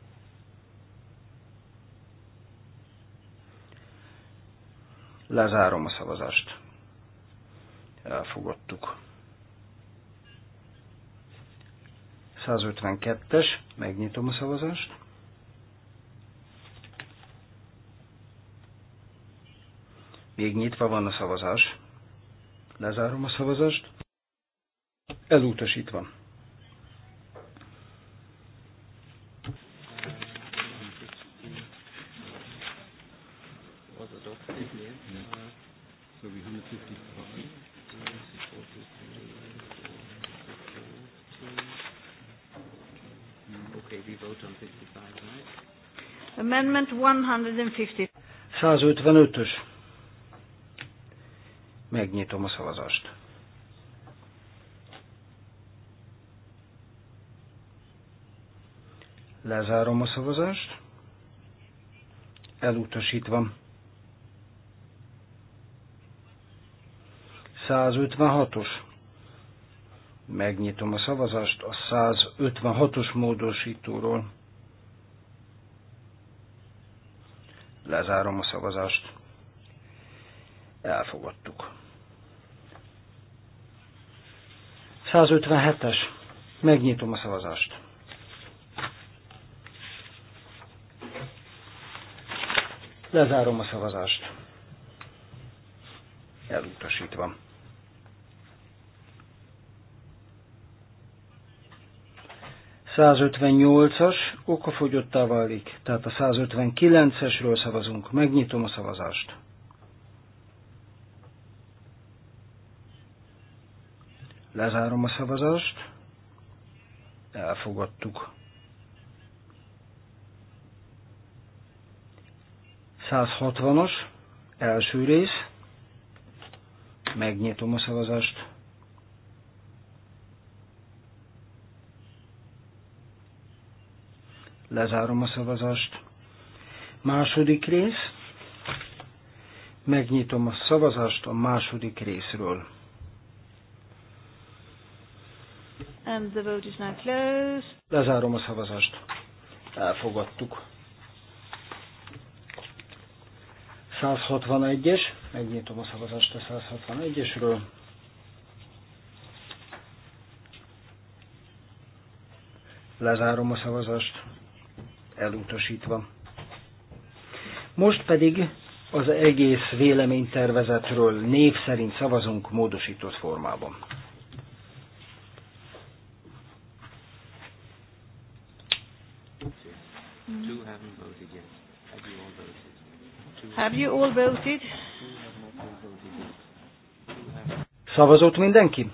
Lezárom a szavazást. Elfogadtuk. 152-es, megnyitom a szavazást. Még nyitva van a szavazás. Lezárom a szavazást. Elutasítva. Amendment 155. Amendment 150. 155-ös. Megnyitom a szavazást. Lezárom a szavazást. Elutasítva. 156-os. Megnyitom a szavazást a 156-os módosítóról. Lezárom a szavazást. Elfogadtuk. 157-es. Megnyitom a szavazást. Lezárom a szavazást. Elutasítva. 158-as okafogyottá válik, tehát a 159-esről szavazunk. Megnyitom a szavazást. Lezárom a szavazást. Elfogadtuk. 160-as, első rész. Megnyitom a szavazást. Lezárom a szavazást. Második rész. Megnyitom a szavazást a második részről. And the vote is now closed. Lezárom a szavazást. Elfogadtuk. 161-es. Megnyitom a szavazást a 161-esről. Lezárom a szavazást elutasítva. Most pedig az egész véleménytervezetről név szerint szavazunk módosított formában. Have you all voted? Szavazott mindenki?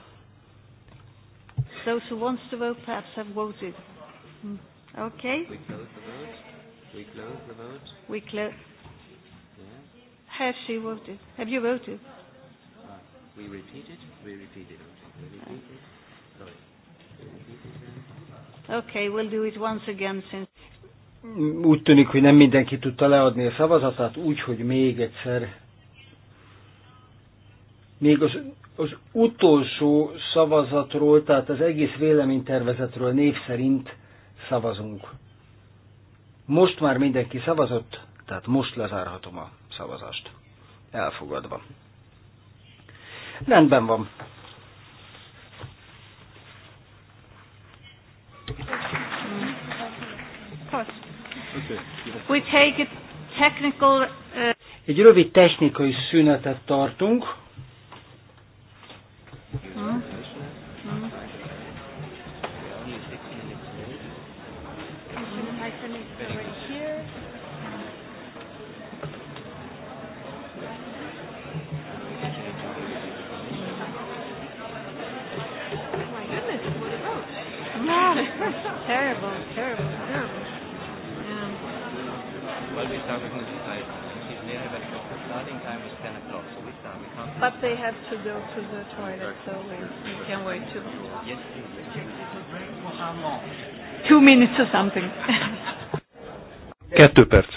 Those who wants to vote perhaps have voted. Hmm. Okay. We close the vote. We close. Yeah. Have she voted? Have you voted? Uh, we repeat it. We repeat it. We Okay, we'll do it once again since mm, úgy tűnik, hogy nem mindenki tudta leadni a szavazatát, úgyhogy még egyszer. Még az, az utolsó szavazatról, tehát az egész véleménytervezetről név szerint szavazunk. Most már mindenki szavazott, tehát most lezárhatom a szavazást. Elfogadva. Rendben van. We take a technical, uh... Egy rövid technikai szünetet tartunk. But they have to go to the toilet, so we, we can wait two minutes. Two minutes or something. Kettő perc.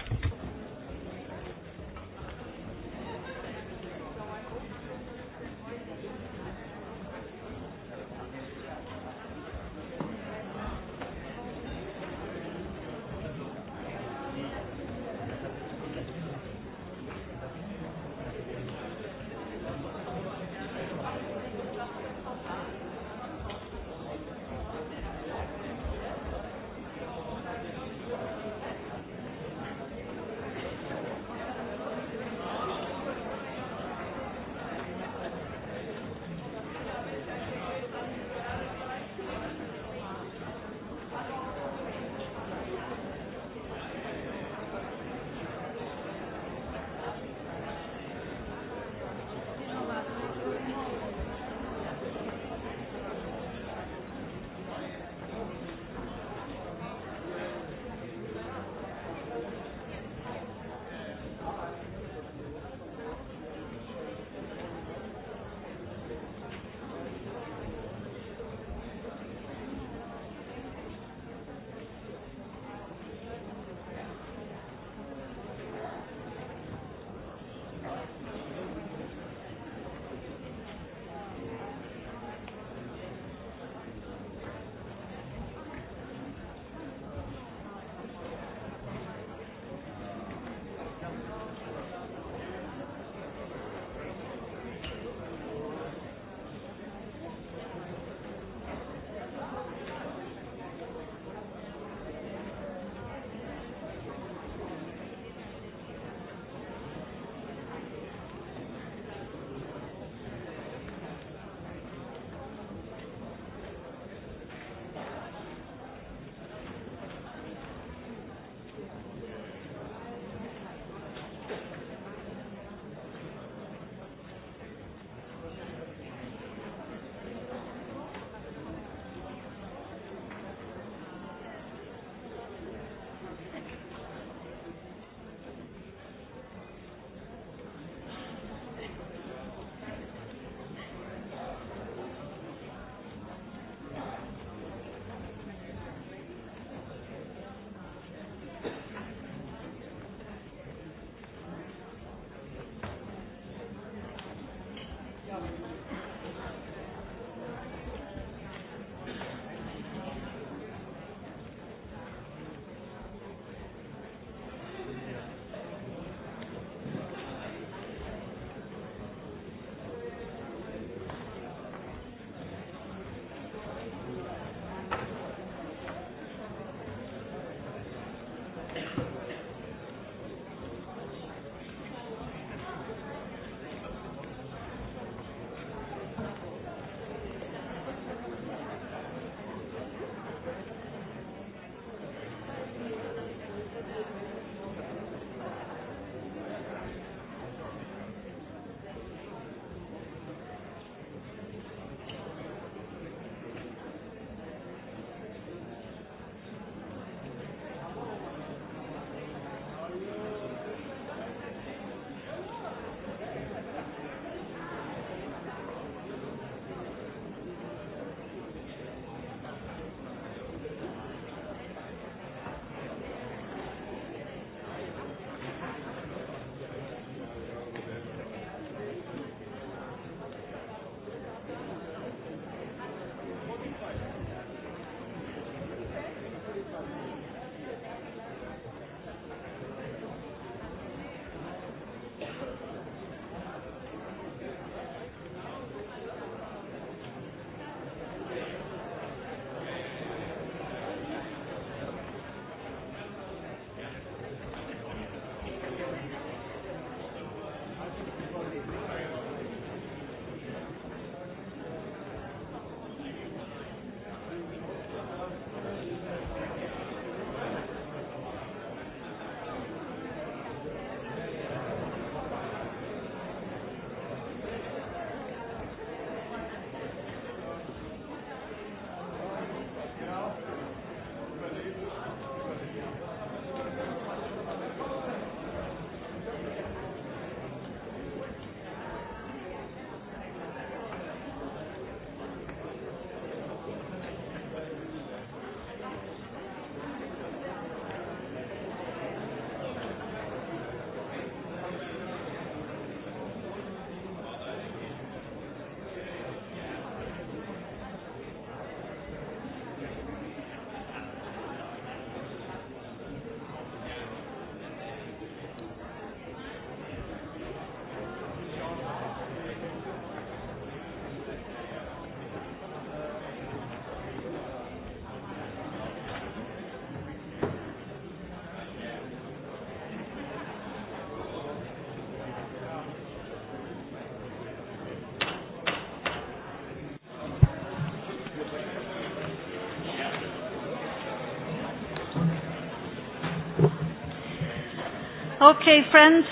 Okay, friends,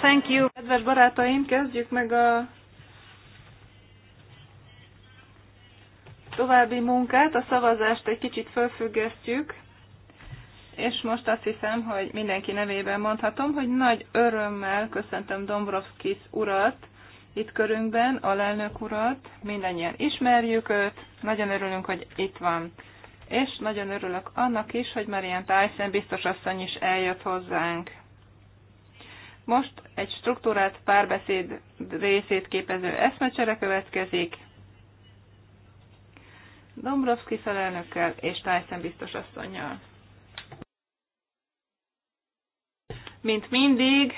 thank you. Kedves barátaim, kezdjük meg a további munkát, a szavazást egy kicsit fölfüggesztjük, és most azt hiszem, hogy mindenki nevében mondhatom, hogy nagy örömmel köszöntöm Dombrovskis urat itt körünkben, alelnök urat, mindannyian ismerjük őt, nagyon örülünk, hogy itt van. És nagyon örülök annak is, hogy Marian Tyson biztos asszony is eljött hozzánk. Most egy struktúrált párbeszéd részét képező eszmecsere következik. Dombrovski felelnökkel és Tyson biztos asszonynal. Mint mindig,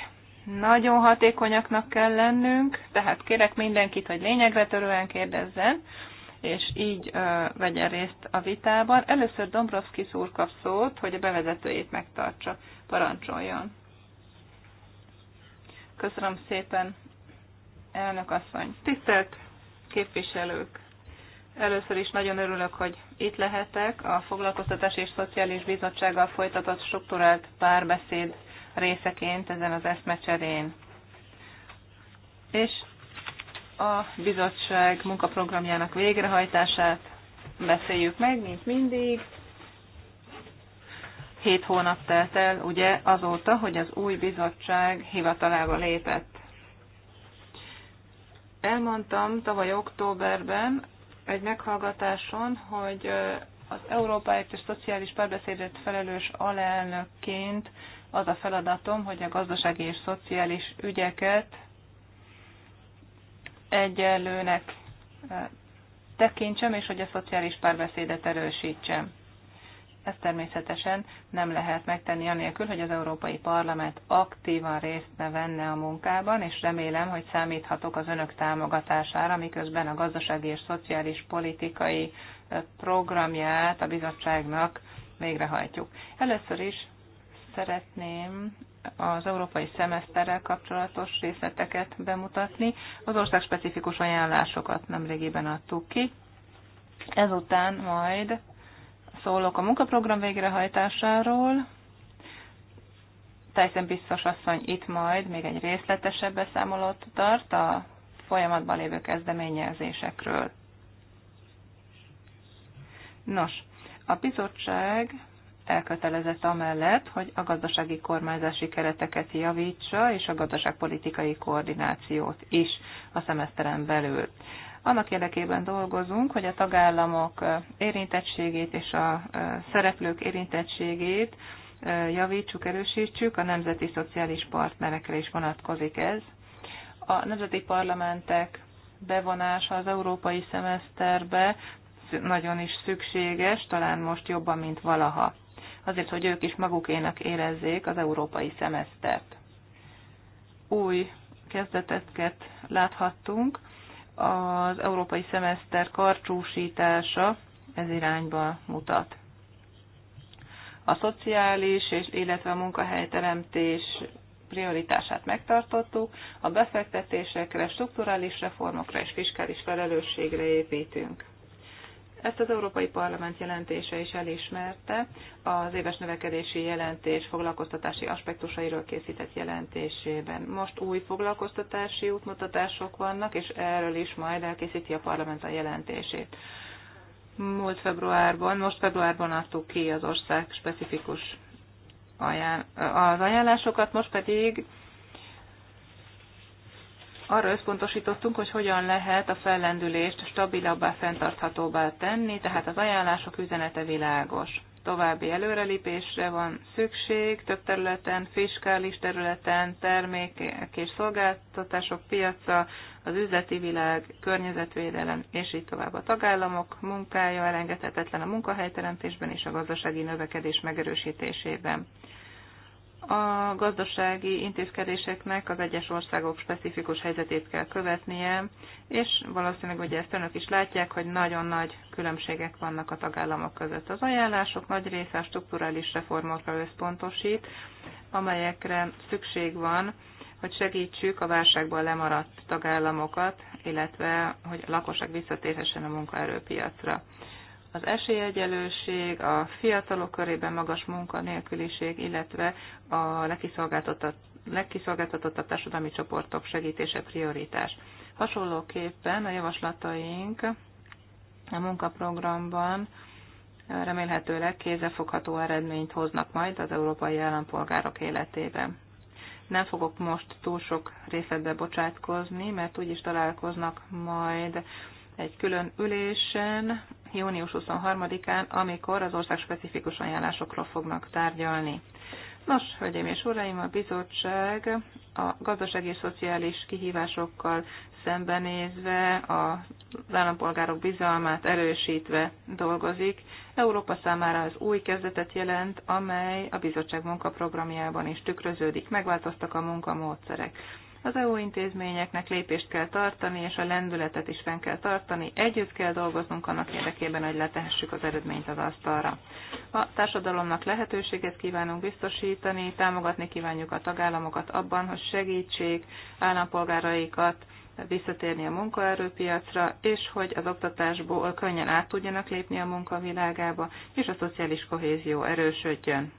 nagyon hatékonyaknak kell lennünk, tehát kérek mindenkit, hogy lényegre törően kérdezzen, és így ö, vegyen részt a vitában. Először Dombrovski úr kap szót, hogy a bevezetőjét megtartsa. Parancsoljon! Köszönöm szépen, elnök asszony. Tisztelt képviselők! Először is nagyon örülök, hogy itt lehetek a Foglalkoztatás és Szociális Bizottsággal folytatott struktúrált párbeszéd részeként ezen az eszmecserén. És a bizottság munkaprogramjának végrehajtását beszéljük meg, mint mindig hét hónap telt el, ugye, azóta, hogy az új bizottság hivatalába lépett. Elmondtam tavaly októberben egy meghallgatáson, hogy az Európáért és Szociális Párbeszédet felelős alelnökként az a feladatom, hogy a gazdasági és szociális ügyeket egyenlőnek tekintsem, és hogy a szociális párbeszédet erősítsem. Ezt természetesen nem lehet megtenni anélkül, hogy az Európai Parlament aktívan részt ne venne a munkában, és remélem, hogy számíthatok az önök támogatására, miközben a gazdasági és szociális politikai programját a bizottságnak végrehajtjuk. Először is szeretném az európai szemeszterrel kapcsolatos részleteket bemutatni. Az ország specifikus ajánlásokat nemrégiben adtuk ki. Ezután majd szólok a munkaprogram végrehajtásáról. Tyson biztos asszony itt majd még egy részletesebb beszámolót tart a folyamatban lévő kezdeményezésekről. Nos, a bizottság elkötelezett amellett, hogy a gazdasági kormányzási kereteket javítsa, és a gazdaságpolitikai koordinációt is a szemeszteren belül. Annak érdekében dolgozunk, hogy a tagállamok érintettségét és a szereplők érintettségét javítsuk, erősítsük, a nemzeti szociális partnerekre is vonatkozik ez. A nemzeti parlamentek bevonása az európai szemeszterbe nagyon is szükséges, talán most jobban, mint valaha. Azért, hogy ők is magukénak érezzék az európai szemesztert. Új kezdeteket láthattunk, az európai szemeszter karcsúsítása ez irányba mutat. A szociális, és illetve a munkahelyteremtés prioritását megtartottuk, a befektetésekre, strukturális reformokra és fiskális felelősségre építünk. Ezt az Európai Parlament jelentése is elismerte, az éves növekedési jelentés foglalkoztatási aspektusairól készített jelentésében. Most új foglalkoztatási útmutatások vannak, és erről is majd elkészíti a parlament a jelentését. Múlt februárban, most februárban adtuk ki az ország specifikus ajánl- az ajánlásokat, most pedig arra összpontosítottunk, hogy hogyan lehet a fellendülést stabilabbá, fenntarthatóbbá tenni, tehát az ajánlások üzenete világos. További előrelépésre van szükség több területen, fiskális területen, termékek és szolgáltatások piaca, az üzleti világ, környezetvédelem és így tovább a tagállamok munkája elengedhetetlen a munkahelyteremtésben és a gazdasági növekedés megerősítésében a gazdasági intézkedéseknek az egyes országok specifikus helyzetét kell követnie, és valószínűleg ugye ezt önök is látják, hogy nagyon nagy különbségek vannak a tagállamok között. Az ajánlások nagy része a strukturális reformokra összpontosít, amelyekre szükség van, hogy segítsük a válságban lemaradt tagállamokat, illetve hogy a lakosság visszatérhessen a munkaerőpiacra az esélyegyelőség, a fiatalok körében magas munkanélküliség, illetve a legkiszolgáltatott, a társadalmi csoportok segítése prioritás. Hasonlóképpen a javaslataink a munkaprogramban remélhetőleg kézefogható eredményt hoznak majd az európai állampolgárok életében. Nem fogok most túl sok részletbe bocsátkozni, mert úgyis találkoznak majd egy külön ülésen június 23-án, amikor az ország specifikus ajánlásokról fognak tárgyalni. Nos, hölgyeim és uraim, a bizottság a gazdasági és szociális kihívásokkal szembenézve, az állampolgárok bizalmát erősítve dolgozik. Európa számára az új kezdetet jelent, amely a bizottság munkaprogramjában is tükröződik. Megváltoztak a munkamódszerek. Az EU intézményeknek lépést kell tartani, és a lendületet is fenn kell tartani. Együtt kell dolgoznunk annak érdekében, hogy letehessük az eredményt az asztalra. A társadalomnak lehetőséget kívánunk biztosítani, támogatni kívánjuk a tagállamokat abban, hogy segítsék állampolgáraikat visszatérni a munkaerőpiacra, és hogy az oktatásból könnyen át tudjanak lépni a munkavilágába, és a szociális kohézió erősödjön.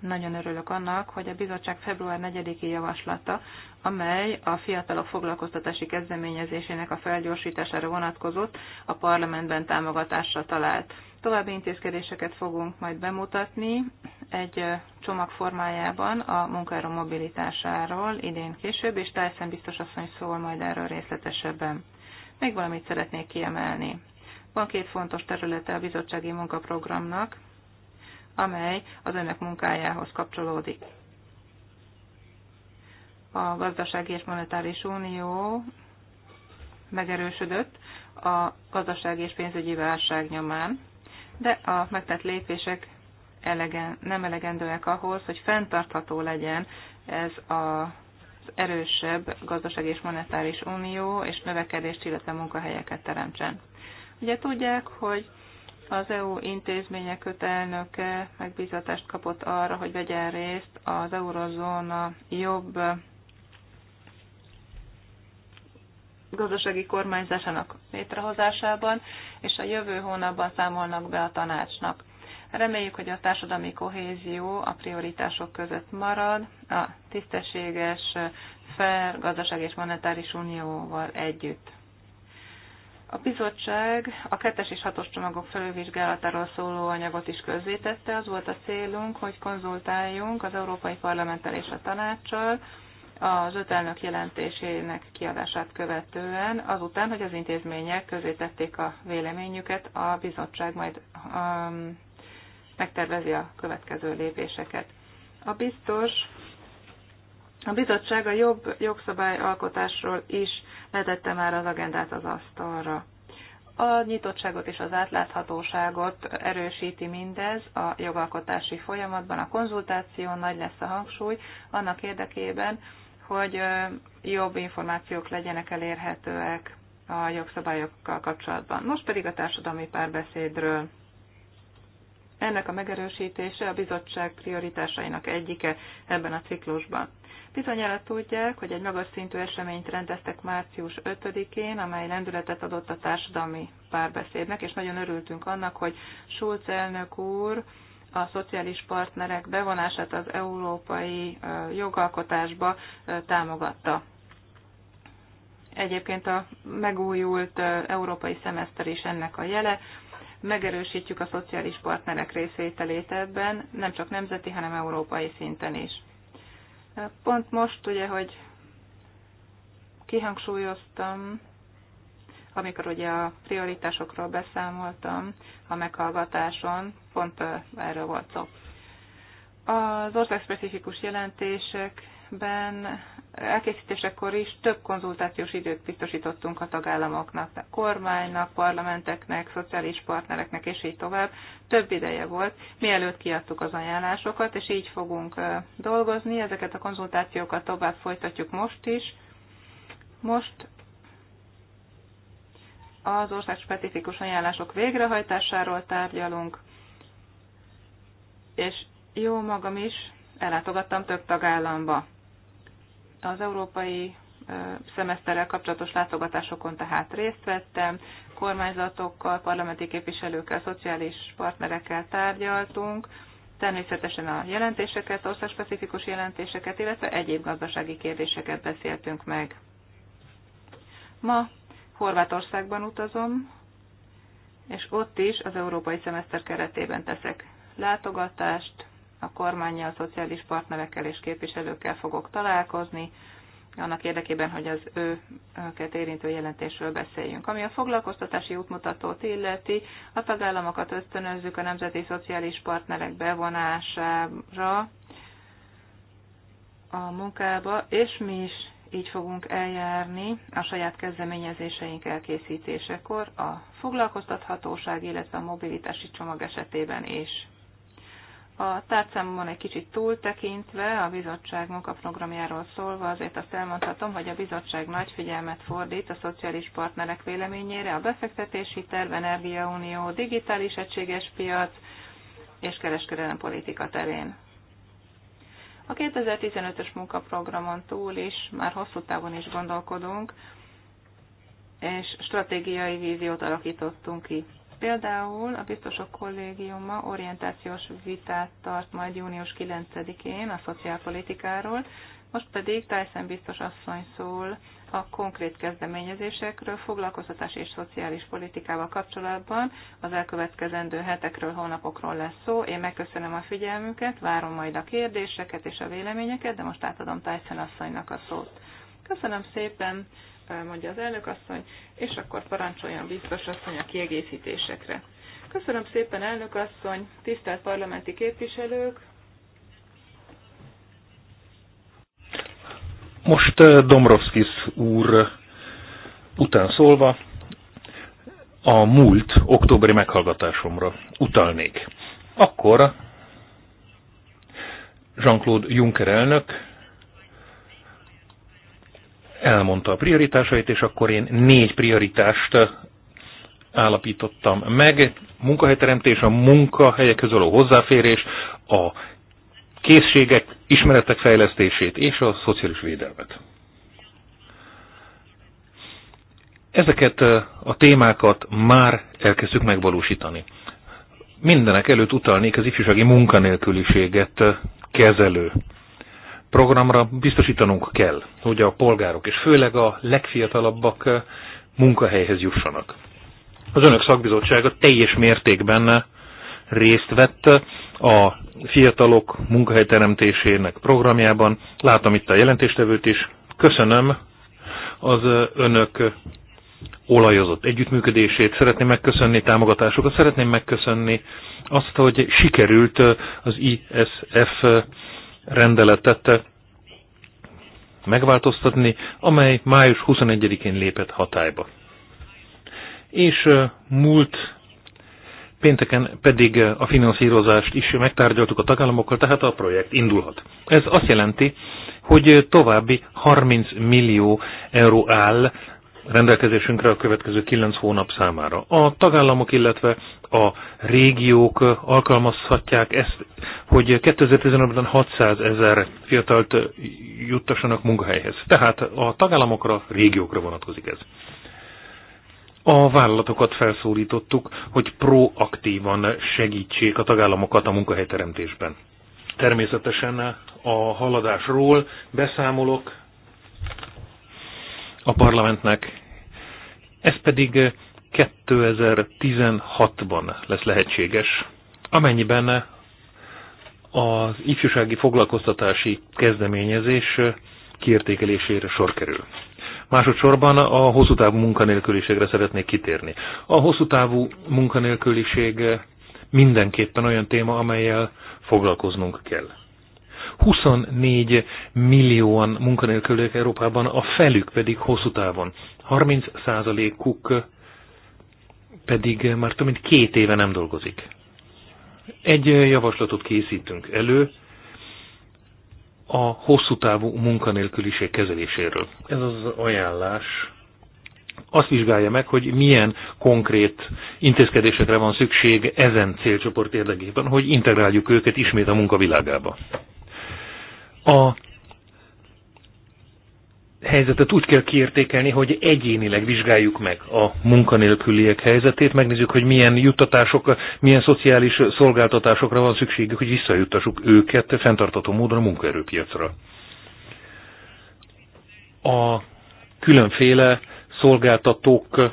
Nagyon örülök annak, hogy a bizottság február 4-i javaslata amely a fiatalok foglalkoztatási kezdeményezésének a felgyorsítására vonatkozott, a parlamentben támogatásra talált. További intézkedéseket fogunk majd bemutatni egy csomag formájában a munkáró mobilitásáról idén később, és Tyson biztos asszony szól majd erről részletesebben. Még valamit szeretnék kiemelni. Van két fontos területe a bizottsági munkaprogramnak, amely az önök munkájához kapcsolódik a gazdasági és monetáris unió megerősödött a gazdasági és pénzügyi válság nyomán, de a megtett lépések elegen, nem elegendőek ahhoz, hogy fenntartható legyen ez a az erősebb gazdasági és monetáris unió és növekedést, illetve munkahelyeket teremtsen. Ugye tudják, hogy az EU intézmények kötelnöke megbízatást kapott arra, hogy vegyen részt az eurozóna jobb gazdasági kormányzásának létrehozásában, és a jövő hónapban számolnak be a tanácsnak. Reméljük, hogy a társadalmi kohézió a prioritások között marad, a tisztességes, fair gazdaság és monetáris unióval együtt. A bizottság a kettes és hatos csomagok felülvizsgálatáról szóló anyagot is közzétette. Az volt a célunk, hogy konzultáljunk az Európai Parlamenttel és a tanácssal, az öt elnök jelentésének kiadását követően, azután, hogy az intézmények közé tették a véleményüket, a bizottság majd um, megtervezi a következő lépéseket. A biztos, a bizottság a jobb jogszabályalkotásról is letette már az agendát az asztalra. A nyitottságot és az átláthatóságot erősíti mindez a jogalkotási folyamatban. A konzultáción nagy lesz a hangsúly annak érdekében, hogy jobb információk legyenek elérhetőek a jogszabályokkal kapcsolatban. Most pedig a társadalmi párbeszédről. Ennek a megerősítése a bizottság prioritásainak egyike ebben a ciklusban. Bizonyára tudják, hogy egy magas szintű eseményt rendeztek március 5-én, amely lendületet adott a társadalmi párbeszédnek, és nagyon örültünk annak, hogy Schulz elnök úr a szociális partnerek bevonását az európai jogalkotásba támogatta. Egyébként a megújult európai szemeszter is ennek a jele. Megerősítjük a szociális partnerek részvételét ebben, nem csak nemzeti, hanem európai szinten is. Pont most ugye, hogy kihangsúlyoztam, amikor ugye a prioritásokról beszámoltam a meghallgatáson, pont erről volt szó. Az országspecifikus jelentésekben elkészítésekor is több konzultációs időt biztosítottunk a tagállamoknak, a kormánynak, parlamenteknek, szociális partnereknek, és így tovább. Több ideje volt, mielőtt kiadtuk az ajánlásokat, és így fogunk dolgozni. Ezeket a konzultációkat tovább folytatjuk most is. Most az ország specifikus ajánlások végrehajtásáról tárgyalunk, és jó magam is ellátogattam több tagállamba. Az európai szemeszterrel kapcsolatos látogatásokon tehát részt vettem, kormányzatokkal, parlamenti képviselőkkel, szociális partnerekkel tárgyaltunk, természetesen a jelentéseket, országspecifikus jelentéseket, illetve egyéb gazdasági kérdéseket beszéltünk meg. Ma Horvátországban utazom, és ott is az európai szemeszter keretében teszek látogatást, a kormányjal, a szociális partnerekkel és képviselőkkel fogok találkozni, annak érdekében, hogy az őket érintő jelentésről beszéljünk. Ami a foglalkoztatási útmutatót illeti, a tagállamokat ösztönözzük a nemzeti szociális partnerek bevonására a munkába, és mi is így fogunk eljárni a saját kezdeményezéseink elkészítésekor a foglalkoztathatóság, illetve a mobilitási csomag esetében is. A tárcámon egy kicsit túltekintve, a bizottság munkaprogramjáról szólva, azért azt elmondhatom, hogy a bizottság nagy figyelmet fordít a szociális partnerek véleményére, a befektetési terv, energiaunió, digitális egységes piac és kereskedelem politika terén. A 2015-ös munkaprogramon túl is már hosszú távon is gondolkodunk, és stratégiai víziót alakítottunk ki. Például a biztosok kollégiuma orientációs vitát tart majd június 9-én a szociálpolitikáról, most pedig Tyson biztos asszony szól a konkrét kezdeményezésekről, foglalkoztatás és szociális politikával kapcsolatban az elkövetkezendő hetekről, hónapokról lesz szó. Én megköszönöm a figyelmüket, várom majd a kérdéseket és a véleményeket, de most átadom Tyson asszonynak a szót. Köszönöm szépen, mondja az elnök asszony, és akkor parancsoljon biztos asszony a kiegészítésekre. Köszönöm szépen, elnök asszony, tisztelt parlamenti képviselők, Most Domrovskis úr után szólva a múlt októberi meghallgatásomra utalnék. Akkor Jean-Claude Juncker elnök elmondta a prioritásait, és akkor én négy prioritást állapítottam meg. Munkahelyteremtés, a munkahelyekhez való hozzáférés, a készségek, ismeretek fejlesztését és a szociális védelmet. Ezeket a témákat már elkezdtük megvalósítani. Mindenek előtt utalnék az ifjúsági munkanélküliséget kezelő programra biztosítanunk kell, hogy a polgárok és főleg a legfiatalabbak munkahelyhez jussanak. Az önök szakbizottsága teljes mértékben részt vett a fiatalok munkahelyteremtésének programjában. Látom itt a jelentéstevőt is. Köszönöm az önök olajozott együttműködését, szeretném megköszönni támogatásokat, szeretném megköszönni azt, hogy sikerült az ISF rendeletet megváltoztatni, amely május 21-én lépett hatályba. És múlt Pénteken pedig eh, a finanszírozást is megtárgyaltuk a tagállamokkal, tehát a projekt indulhat. Ez azt jelenti, hogy eh, további 30 millió euró áll rendelkezésünkre a következő 9 hónap számára. A tagállamok, illetve a régiók eh, alkalmazhatják ezt, hogy 2015-ben 600 ezer fiatalt juttassanak munkahelyhez. Tehát a tagállamokra, régiókra vonatkozik ez. A vállalatokat felszólítottuk, hogy proaktívan segítsék a tagállamokat a munkahelyteremtésben. Természetesen a haladásról beszámolok a parlamentnek, ez pedig 2016-ban lesz lehetséges, amennyiben az ifjúsági foglalkoztatási kezdeményezés kiértékelésére sor kerül. Másodszorban a hosszú távú munkanélküliségre szeretnék kitérni. A hosszú távú munkanélküliség mindenképpen olyan téma, amelyel foglalkoznunk kell. 24 millióan munkanélküliek Európában, a felük pedig hosszú távon. 30 százalékuk pedig már több mint két éve nem dolgozik. Egy javaslatot készítünk elő, a hosszú távú munkanélküliség kezeléséről. Ez az ajánlás azt vizsgálja meg, hogy milyen konkrét intézkedésekre van szükség ezen célcsoport érdekében, hogy integráljuk őket ismét a munkavilágába. A helyzetet úgy kell kiértékelni, hogy egyénileg vizsgáljuk meg a munkanélküliek helyzetét, megnézzük, hogy milyen juttatások, milyen szociális szolgáltatásokra van szükségük, hogy visszajuttassuk őket fenntartató módon a munkaerőpiacra. A különféle szolgáltatók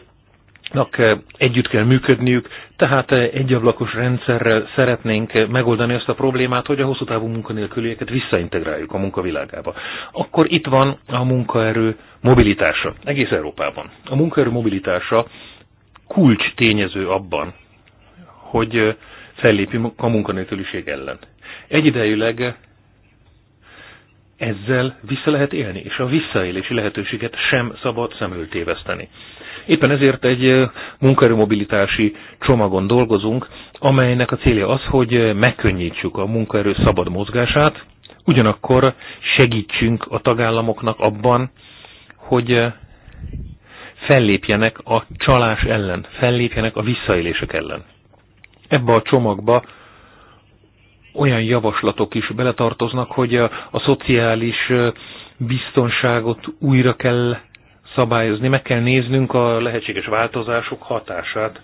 nak eh, együtt kell működniük, tehát eh, egy ablakos rendszerrel szeretnénk eh, megoldani azt a problémát, hogy a hosszú távú munkanélkülieket visszaintegráljuk a munkavilágába. Akkor itt van a munkaerő mobilitása, egész Európában. A munkaerő mobilitása kulcs tényező abban, hogy fellépjünk a munkanélküliség ellen. Egyidejűleg ezzel vissza lehet élni, és a visszaélési lehetőséget sem szabad szemültéveszteni. Éppen ezért egy munkaerőmobilitási csomagon dolgozunk, amelynek a célja az, hogy megkönnyítsük a munkaerő szabad mozgását, ugyanakkor segítsünk a tagállamoknak abban, hogy fellépjenek a csalás ellen, fellépjenek a visszaélések ellen. Ebbe a csomagba olyan javaslatok is beletartoznak, hogy a, a szociális biztonságot újra kell szabályozni, meg kell néznünk a lehetséges változások hatását,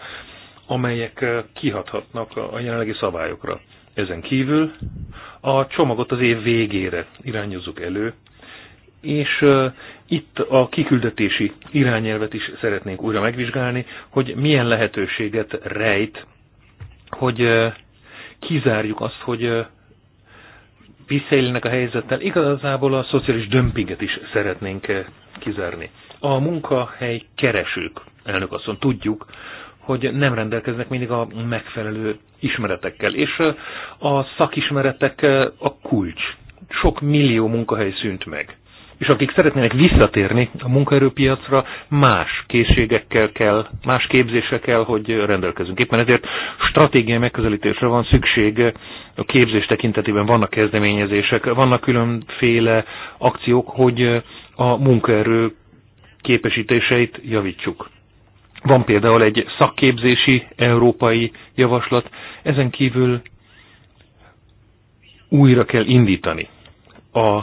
amelyek kihathatnak a jelenlegi szabályokra. Ezen kívül a csomagot az év végére irányozzuk elő, és itt a kiküldetési irányelvet is szeretnénk újra megvizsgálni, hogy milyen lehetőséget rejt, hogy kizárjuk azt, hogy visszaélnek a helyzettel. Igazából a szociális dömpinget is szeretnénk eh, kizárni. A munkahely keresők, elnök asszony, tudjuk, hogy nem rendelkeznek mindig a megfelelő ismeretekkel, és eh, a szakismeretek eh, a kulcs. Sok millió munkahely szűnt meg és akik szeretnének visszatérni a munkaerőpiacra, más készségekkel kell, más képzésre kell, hogy rendelkezünk. Éppen ezért stratégiai megközelítésre van szükség a képzés tekintetében, vannak kezdeményezések, vannak különféle akciók, hogy a munkaerő képesítéseit javítsuk. Van például egy szakképzési európai javaslat, ezen kívül újra kell indítani a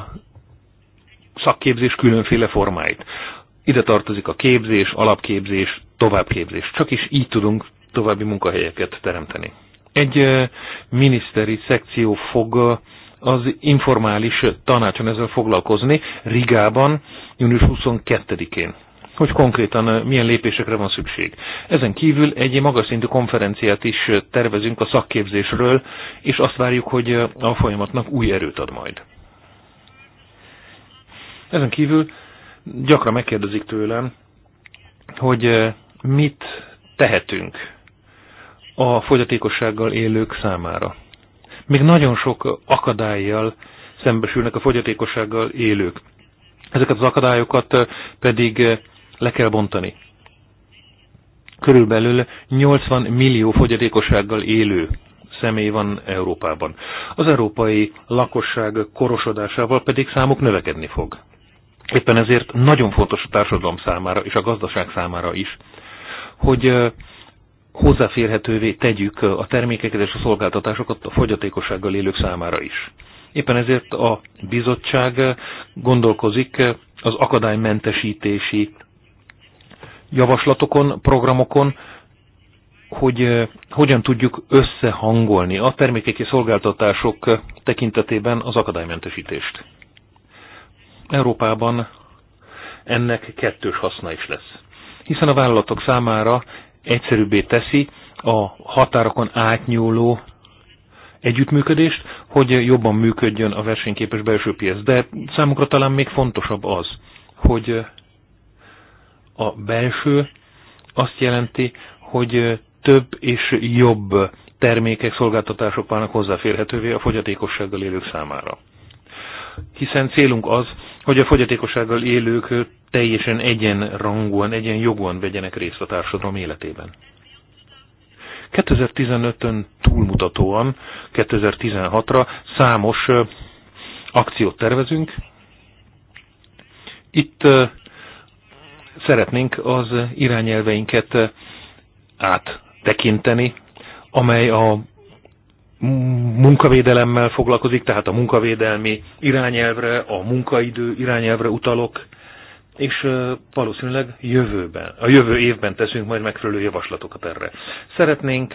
szakképzés különféle formáit. Ide tartozik a képzés, alapképzés, továbbképzés. Csak is így tudunk további munkahelyeket teremteni. Egy miniszteri szekció fog az informális tanácson ezzel foglalkozni Rigában június 22-én hogy konkrétan milyen lépésekre van szükség. Ezen kívül egy magas szintű konferenciát is tervezünk a szakképzésről, és azt várjuk, hogy a folyamatnak új erőt ad majd. Ezen kívül gyakran megkérdezik tőlem, hogy eh, mit tehetünk a fogyatékossággal élők számára. Még nagyon sok akadályjal szembesülnek a fogyatékossággal élők. Ezeket az akadályokat eh, pedig eh, le kell bontani. Körülbelül 80 millió fogyatékossággal élő személy van Európában. Az európai lakosság korosodásával pedig számuk növekedni fog. Éppen ezért nagyon fontos a társadalom számára és a gazdaság számára is, hogy hozzáférhetővé tegyük a termékeket és a szolgáltatásokat a fogyatékossággal élők számára is. Éppen ezért a bizottság gondolkozik az akadálymentesítési javaslatokon, programokon, hogy hogyan tudjuk összehangolni a termékek és szolgáltatások tekintetében az akadálymentesítést. Európában ennek kettős haszna is lesz. Hiszen a vállalatok számára egyszerűbbé teszi a határokon átnyúló együttműködést, hogy jobban működjön a versenyképes belső piac. De számukra talán még fontosabb az, hogy a belső azt jelenti, hogy több és jobb termékek, szolgáltatások válnak hozzáférhetővé a fogyatékossággal élők számára. Hiszen célunk az, hogy a fogyatékossággal élők teljesen egyenrangúan, egyenjogúan vegyenek részt a társadalom életében. 2015-ön túlmutatóan 2016-ra számos akciót tervezünk. Itt szeretnénk az irányelveinket áttekinteni, amely a munkavédelemmel foglalkozik, tehát a munkavédelmi irányelvre, a munkaidő irányelvre utalok, és valószínűleg jövőben, a jövő évben teszünk majd megfelelő javaslatokat erre. Szeretnénk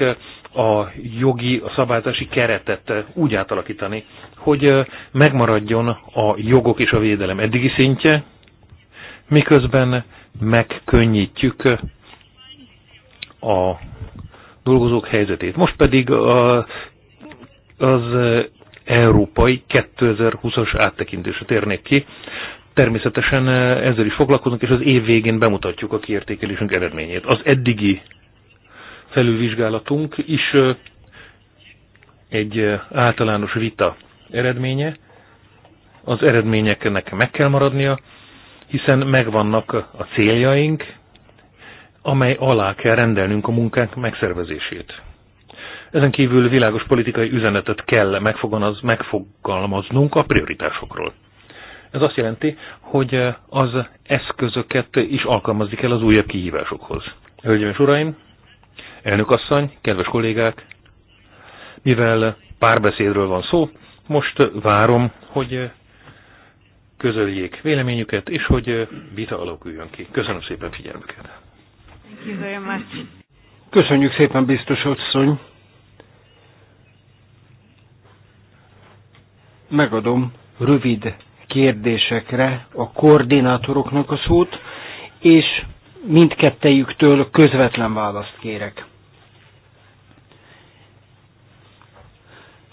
a jogi, a szabályozási keretet úgy átalakítani, hogy megmaradjon a jogok és a védelem eddigi szintje, miközben megkönnyítjük a dolgozók helyzetét. Most pedig a az európai 2020-as áttekintésre térnék ki. Természetesen ezzel is foglalkozunk, és az év végén bemutatjuk a kiértékelésünk eredményét. Az eddigi felülvizsgálatunk is egy általános vita eredménye. Az eredményeknek meg kell maradnia, hiszen megvannak a céljaink, amely alá kell rendelnünk a munkánk megszervezését. Ezen kívül világos politikai üzenetet kell megfogalmaznunk a prioritásokról. Ez azt jelenti, hogy eh, az eszközöket is alkalmazni kell az újabb kihívásokhoz. Hölgyeim és uraim, elnökasszony, kedves kollégák, mivel párbeszédről van szó, most várom, hogy eh, közöljék véleményüket, és hogy eh, vita alakuljon ki. Köszönöm szépen figyelmüket. Köszönjük szépen, biztos asszony. megadom rövid kérdésekre a koordinátoroknak a szót, és mindkettejüktől közvetlen választ kérek.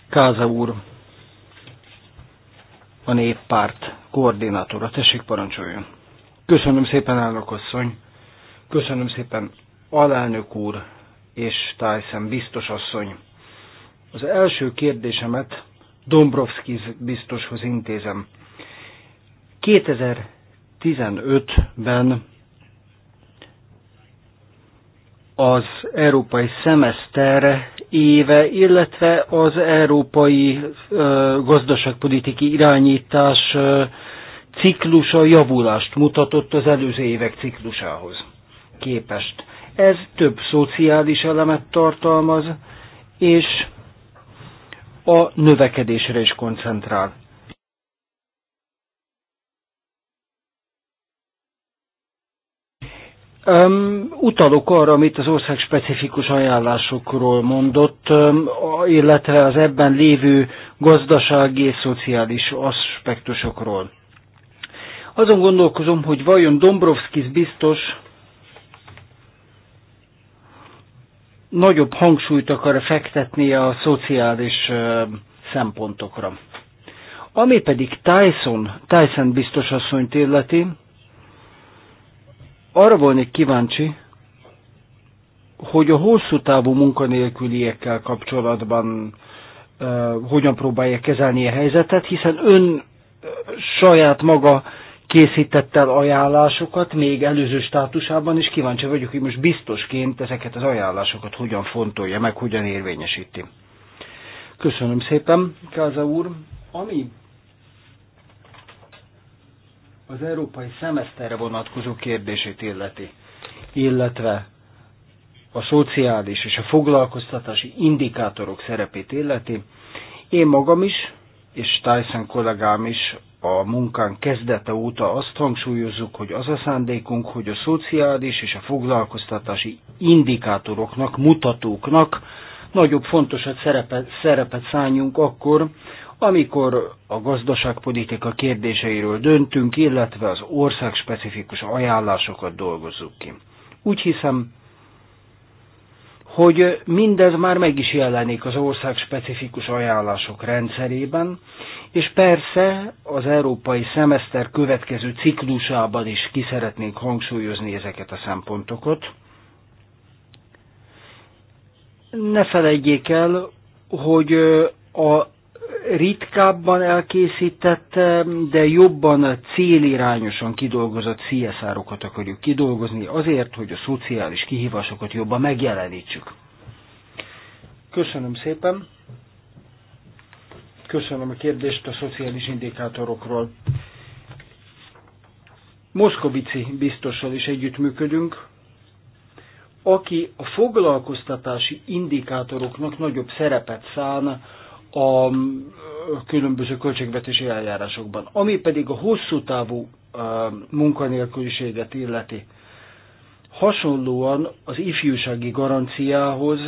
Káza úr, a néppárt koordinátora. Tessék, parancsoljon. Köszönöm szépen, elnök asszony. Köszönöm szépen, alelnök úr és Tyson biztos asszony. Az első kérdésemet Dombrovszki biztoshoz intézem. 2015-ben az európai szemeszter éve, illetve az európai ö, gazdaságpolitiki irányítás ö, ciklusa javulást mutatott az előző évek ciklusához képest. Ez több szociális elemet tartalmaz, és a növekedésre is koncentrál. Um, utalok arra, amit az ország specifikus ajánlásokról mondott, um, illetve az ebben lévő gazdasági és szociális aspektusokról. Azon gondolkozom, hogy vajon Dombrovskis biztos nagyobb hangsúlyt akar fektetni a szociális szempontokra. Ami pedig Tyson, Tyson biztos asszonyt illeti, arra volnék kíváncsi, hogy a hosszú távú munkanélküliekkel kapcsolatban uh, hogyan próbálja kezelni a helyzetet, hiszen ön saját maga készített el ajánlásokat, még előző státusában, is kíváncsi vagyok, hogy most biztosként ezeket az ajánlásokat hogyan fontolja meg, hogyan érvényesíti. Köszönöm szépen, Káza úr. Ami az európai szemeszterre vonatkozó kérdését illeti, illetve a szociális és a foglalkoztatási indikátorok szerepét illeti, én magam is, és Tyson kollégám is a munkán kezdete óta azt hangsúlyozzuk, hogy az a szándékunk, hogy a szociális és a foglalkoztatási indikátoroknak, mutatóknak nagyobb fontosat szerepet, szerepet szálljunk akkor, amikor a gazdaságpolitika kérdéseiről döntünk, illetve az ország specifikus ajánlásokat dolgozzuk ki. Úgy hiszem, hogy mindez már meg is jelenik az ország specifikus ajánlások rendszerében, és persze az európai szemeszter következő ciklusában is ki szeretnénk hangsúlyozni ezeket a szempontokat. Ne felejtjék el, hogy a ritkábban elkészített, de jobban célirányosan kidolgozott CSR-okat akarjuk kidolgozni, azért, hogy a szociális kihívásokat jobban megjelenítsük. Köszönöm szépen! Köszönöm a kérdést a szociális indikátorokról. Moszkovici biztossal is együttműködünk, aki a foglalkoztatási indikátoroknak nagyobb szerepet szán a különböző költségvetési eljárásokban. Ami pedig a hosszú távú munkanélküliséget illeti. Hasonlóan az ifjúsági garanciához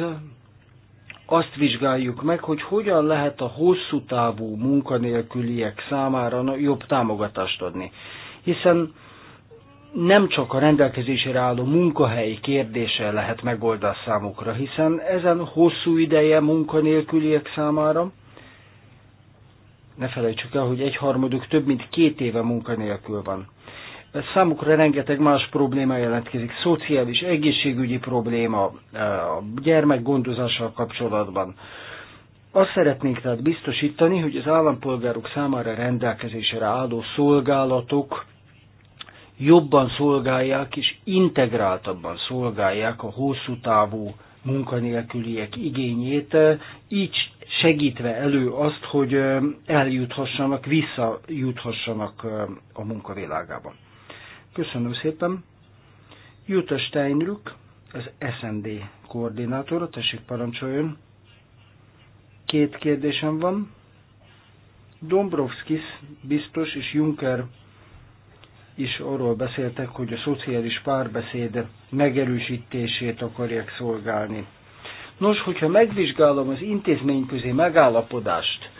azt vizsgáljuk meg, hogy hogyan lehet a hosszú távú munkanélküliek számára jobb támogatást adni. Hiszen nem csak a rendelkezésére álló munkahelyi kérdése lehet megoldás számukra, hiszen ezen hosszú ideje munkanélküliek számára, ne felejtsük el, hogy egyharmaduk több mint két éve munkanélkül van számukra rengeteg más probléma jelentkezik, szociális, egészségügyi probléma, a gyermekgondozással kapcsolatban. Azt szeretnénk tehát biztosítani, hogy az állampolgárok számára rendelkezésre álló szolgálatok jobban szolgálják és integráltabban szolgálják a hosszú távú munkanélküliek igényét, így segítve elő azt, hogy eljuthassanak, visszajuthassanak a munkavilágában. Köszönöm szépen. Jutta Steinruck, az SND koordinátora, tessék parancsoljon. Két kérdésem van. Dombrovskis biztos és Juncker is arról beszéltek, hogy a szociális párbeszéd megerősítését akarják szolgálni. Nos, hogyha megvizsgálom az intézményközi megállapodást,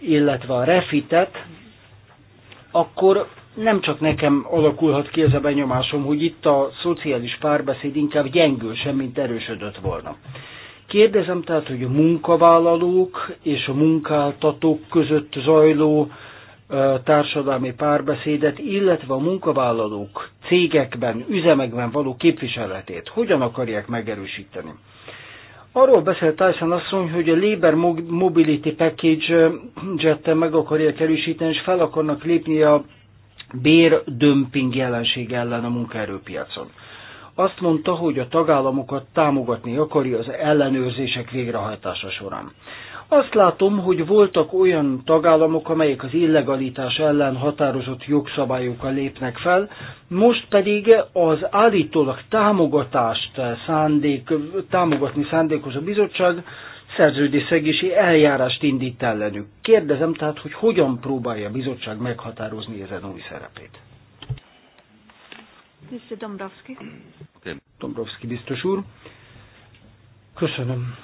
illetve a refitet, akkor nem csak nekem alakulhat ki ez a benyomásom, hogy itt a szociális párbeszéd inkább gyengül sem, mint erősödött volna. Kérdezem tehát, hogy a munkavállalók és a munkáltatók között zajló társadalmi párbeszédet, illetve a munkavállalók cégekben, üzemekben való képviseletét hogyan akarják megerősíteni. Arról beszélt Tyson asszony, hogy a Labour Mobility Package-et meg akarják erősíteni, és fel akarnak lépni a bérdömping jelenség ellen a munkaerőpiacon. Azt mondta, hogy a tagállamokat támogatni akarja az ellenőrzések végrehajtása során. Azt látom, hogy voltak olyan tagállamok, amelyek az illegalitás ellen határozott jogszabályokkal lépnek fel, most pedig az állítólag támogatást szándék, támogatni szándékos a bizottság, szerződésszegési eljárást indít ellenük. Kérdezem tehát, hogy hogyan próbálja a bizottság meghatározni ezen új szerepét. Mr. Dombrovski. Okay. Dombrovski biztos úr. Köszönöm.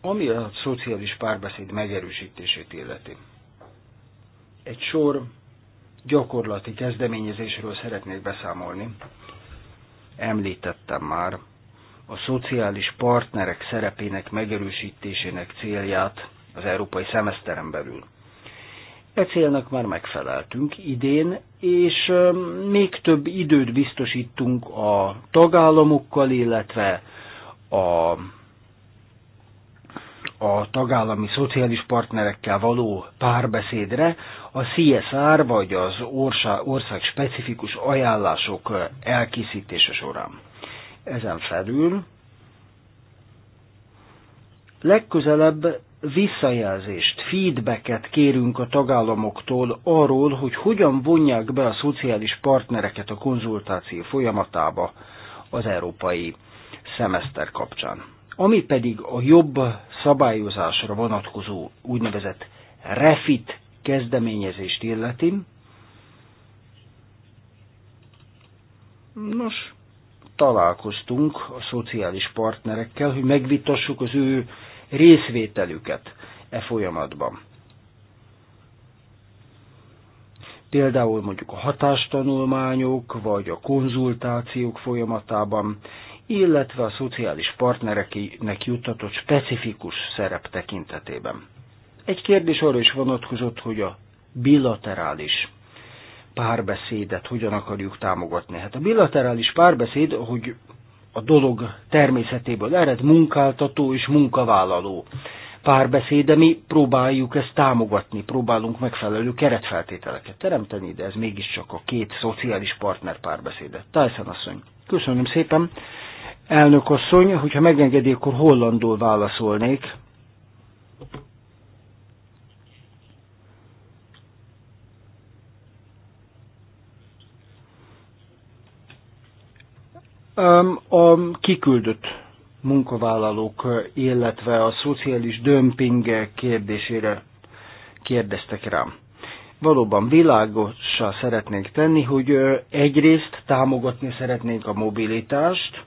Ami a szociális párbeszéd megerősítését illeti. Egy sor gyakorlati kezdeményezésről szeretnék beszámolni, Említettem már a szociális partnerek szerepének megerősítésének célját az európai szemeszteren belül. E célnak már megfeleltünk idén, és még több időt biztosítunk a tagállamokkal, illetve a, a tagállami szociális partnerekkel való párbeszédre, a CSR vagy az ország specifikus ajánlások elkészítése során. Ezen felül legközelebb visszajelzést, feedbacket kérünk a tagállamoktól arról, hogy hogyan vonják be a szociális partnereket a konzultáció folyamatába az európai szemeszter kapcsán. Ami pedig a jobb szabályozásra vonatkozó úgynevezett refit kezdeményezést illeti. Nos, találkoztunk a szociális partnerekkel, hogy megvitassuk az ő részvételüket e folyamatban. Például mondjuk a hatástanulmányok, vagy a konzultációk folyamatában, illetve a szociális partnereknek juttatott specifikus szerep tekintetében. Egy kérdés arra is vonatkozott, hogy a bilaterális párbeszédet hogyan akarjuk támogatni. Hát a bilaterális párbeszéd, hogy a dolog természetéből ered munkáltató és munkavállaló párbeszéd, de mi próbáljuk ezt támogatni, próbálunk megfelelő keretfeltételeket teremteni, de ez mégiscsak a két szociális partner párbeszéde. Tyson asszony, köszönöm szépen. Elnök asszony, hogyha megengedi, akkor hollandul válaszolnék. A kiküldött munkavállalók, illetve a szociális dömping kérdésére kérdeztek rám. Valóban világossá szeretnénk tenni, hogy egyrészt támogatni szeretnénk a mobilitást,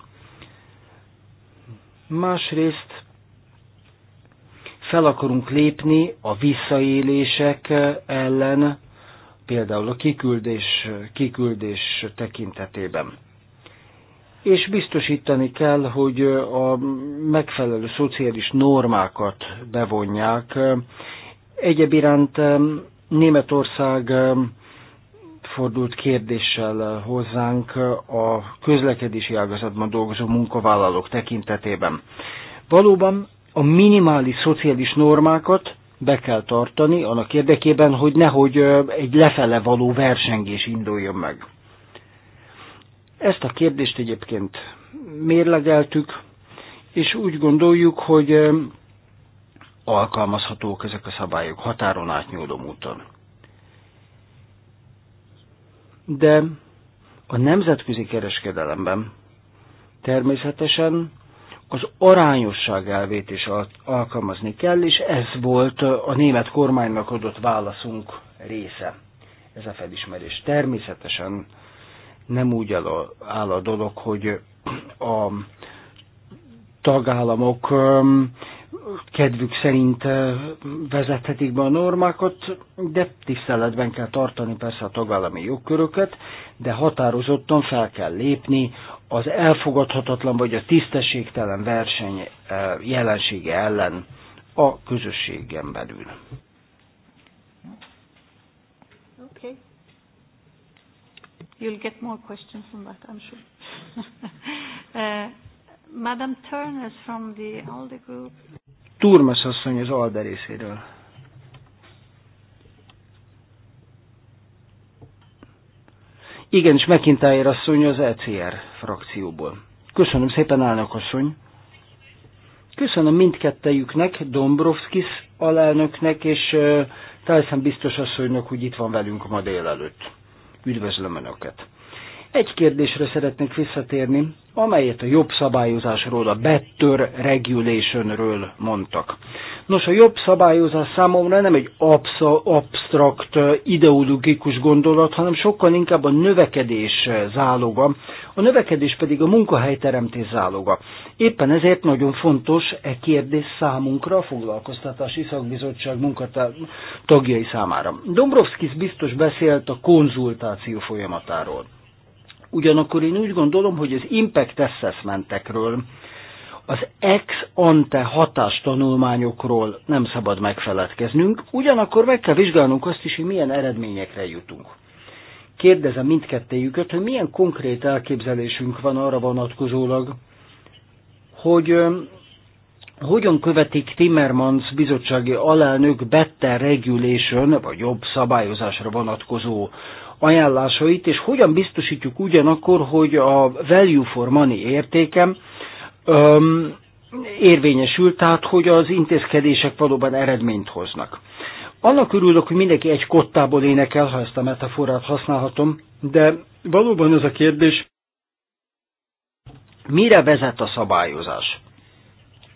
másrészt fel akarunk lépni a visszaélések ellen, például a kiküldés, kiküldés tekintetében és biztosítani kell, hogy a megfelelő szociális normákat bevonják. Egyéb iránt Németország fordult kérdéssel hozzánk a közlekedési ágazatban dolgozó munkavállalók tekintetében. Valóban a minimális szociális normákat be kell tartani annak érdekében, hogy nehogy egy lefele való versengés induljon meg. Ezt a kérdést egyébként mérlegeltük, és úgy gondoljuk, hogy eh, alkalmazhatók ezek a szabályok határon átnyúló úton. De a nemzetközi kereskedelemben természetesen az arányosság elvét is alkalmazni kell, és ez volt a német kormánynak adott válaszunk része. Ez a felismerés természetesen nem úgy áll a dolog, hogy a tagállamok kedvük szerint vezethetik be a normákat, de tiszteletben kell tartani persze a tagállami jogköröket, de határozottan fel kell lépni az elfogadhatatlan vagy a tisztességtelen verseny jelensége ellen a közösségen belül. You'll get more questions on that, I'm sure. <laughs> uh, Madam Turner from the ALDE group. Turmes asszony az ALDE részéről. Igen, és McIntyre asszony az ECR frakcióból. Köszönöm szépen, elnök asszony. Köszönöm mindkettejüknek, Dombrovskis alelnöknek és uh, Tyson biztos asszonynak, hogy itt van velünk ma délelőtt. Üdvözlöm Önöket! Egy kérdésre szeretnék visszatérni, amelyet a jobb szabályozásról, a better regulationről mondtak. Nos, a jobb szabályozás számomra nem egy absztrakt, ideológikus gondolat, hanem sokkal inkább a növekedés záloga, a növekedés pedig a munkahelyteremtés záloga. Éppen ezért nagyon fontos e kérdés számunkra, a foglalkoztatási szakbizottság munkatagjai számára. Dombrovskis biztos beszélt a konzultáció folyamatáról. Ugyanakkor én úgy gondolom, hogy az impact assessmentekről, az ex ante hatástanulmányokról nem szabad megfeledkeznünk, ugyanakkor meg kell vizsgálnunk azt is, hogy milyen eredményekre jutunk. Kérdezem mindkettőjüket, hogy milyen konkrét elképzelésünk van arra vonatkozólag, hogy hogyan követik Timmermans bizottsági alelnök better regulation, vagy jobb szabályozásra vonatkozó ajánlásait, és hogyan biztosítjuk ugyanakkor, hogy a value for money értékem um, érvényesül, tehát hogy az intézkedések valóban eredményt hoznak. Annak örülök, hogy mindenki egy kottából énekel, ha ezt a metaforát használhatom, de valóban ez a kérdés, mire vezet a szabályozás?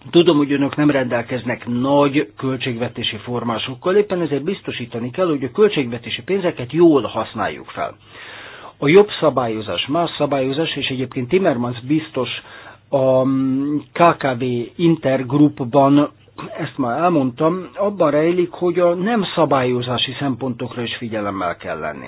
Tudom, hogy önök nem rendelkeznek nagy költségvetési formásokkal, éppen ezért biztosítani kell, hogy a költségvetési pénzeket jól használjuk fel. A jobb szabályozás, más szabályozás, és egyébként Timmermans biztos a KKV intergrupban, ezt már elmondtam, abban rejlik, hogy a nem szabályozási szempontokra is figyelemmel kell lenni.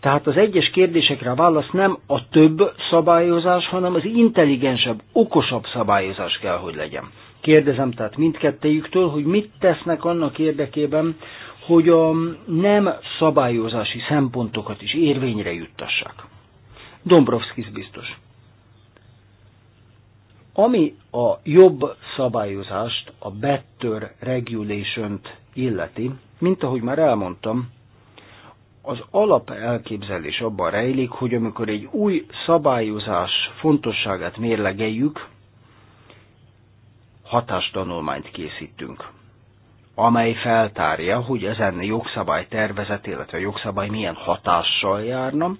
Tehát az egyes kérdésekre a válasz nem a több szabályozás, hanem az intelligensebb, okosabb szabályozás kell, hogy legyen. Kérdezem tehát mindkettejüktől, hogy mit tesznek annak érdekében, hogy a nem szabályozási szempontokat is érvényre juttassák. Dombrovskis biztos. Ami a jobb szabályozást, a better regulation illeti, mint ahogy már elmondtam, az alap elképzelés abban rejlik, hogy amikor egy új szabályozás fontosságát mérlegeljük, hatástanulmányt készítünk, amely feltárja, hogy ezen a jogszabály tervezet, illetve a jogszabály milyen hatással járna,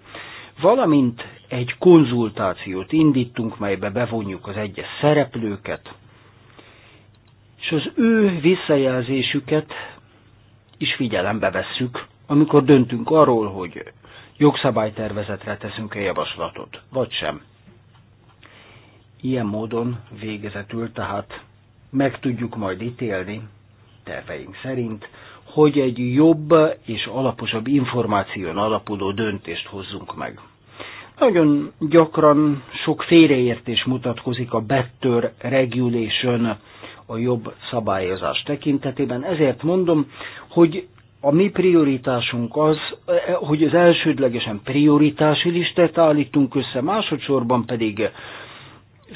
valamint egy konzultációt indítunk, melybe bevonjuk az egyes szereplőket, és az ő visszajelzésüket is figyelembe vesszük, amikor döntünk arról, hogy jogszabálytervezetre teszünk-e javaslatot, vagy sem. Ilyen módon végezetül tehát meg tudjuk majd ítélni, terveink szerint, hogy egy jobb és alaposabb információn alapuló döntést hozzunk meg. Nagyon gyakran sok félreértés mutatkozik a better regulation, a jobb szabályozás tekintetében. Ezért mondom, hogy a mi prioritásunk az, hogy az elsődlegesen prioritási listát állítunk össze, másodszorban pedig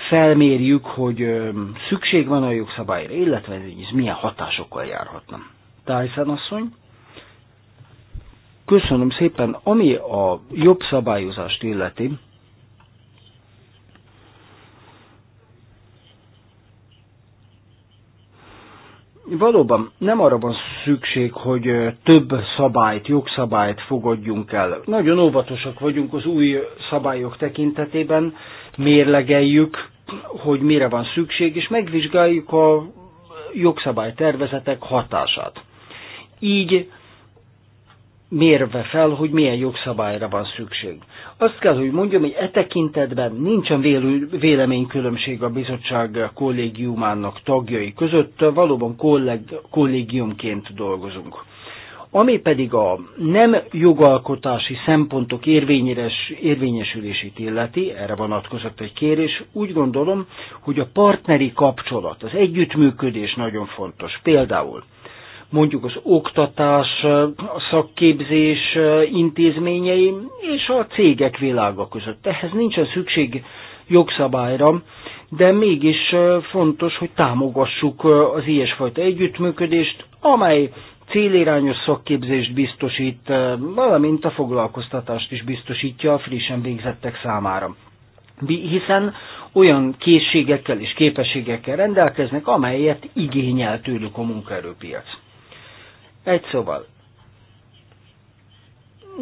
felmérjük, hogy szükség van a jogszabályra, illetve ez milyen hatásokkal járhatna. Tyson asszony. Köszönöm szépen. Ami a jobb szabályozást illeti, valóban nem arra van szükség, hogy több szabályt, jogszabályt fogadjunk el. Nagyon óvatosak vagyunk az új szabályok tekintetében, mérlegeljük, hogy mire van szükség, és megvizsgáljuk a jogszabálytervezetek hatását így mérve fel, hogy milyen jogszabályra van szükség. Azt kell, hogy mondjam, hogy e tekintetben nincsen véleménykülönbség a bizottság kollégiumának tagjai között, valóban kolleg, kollégiumként dolgozunk. Ami pedig a nem jogalkotási szempontok érvényes, érvényesülését illeti, erre vonatkozott egy kérés, úgy gondolom, hogy a partneri kapcsolat, az együttműködés nagyon fontos. Például mondjuk az oktatás, a szakképzés intézményei és a cégek világa között. Ehhez nincsen szükség jogszabályra, de mégis fontos, hogy támogassuk az ilyesfajta együttműködést, amely célirányos szakképzést biztosít, valamint a foglalkoztatást is biztosítja a frissen végzettek számára. Hiszen olyan készségekkel és képességekkel rendelkeznek, amelyet igényel tőlük a munkaerőpiac. Egy szóval,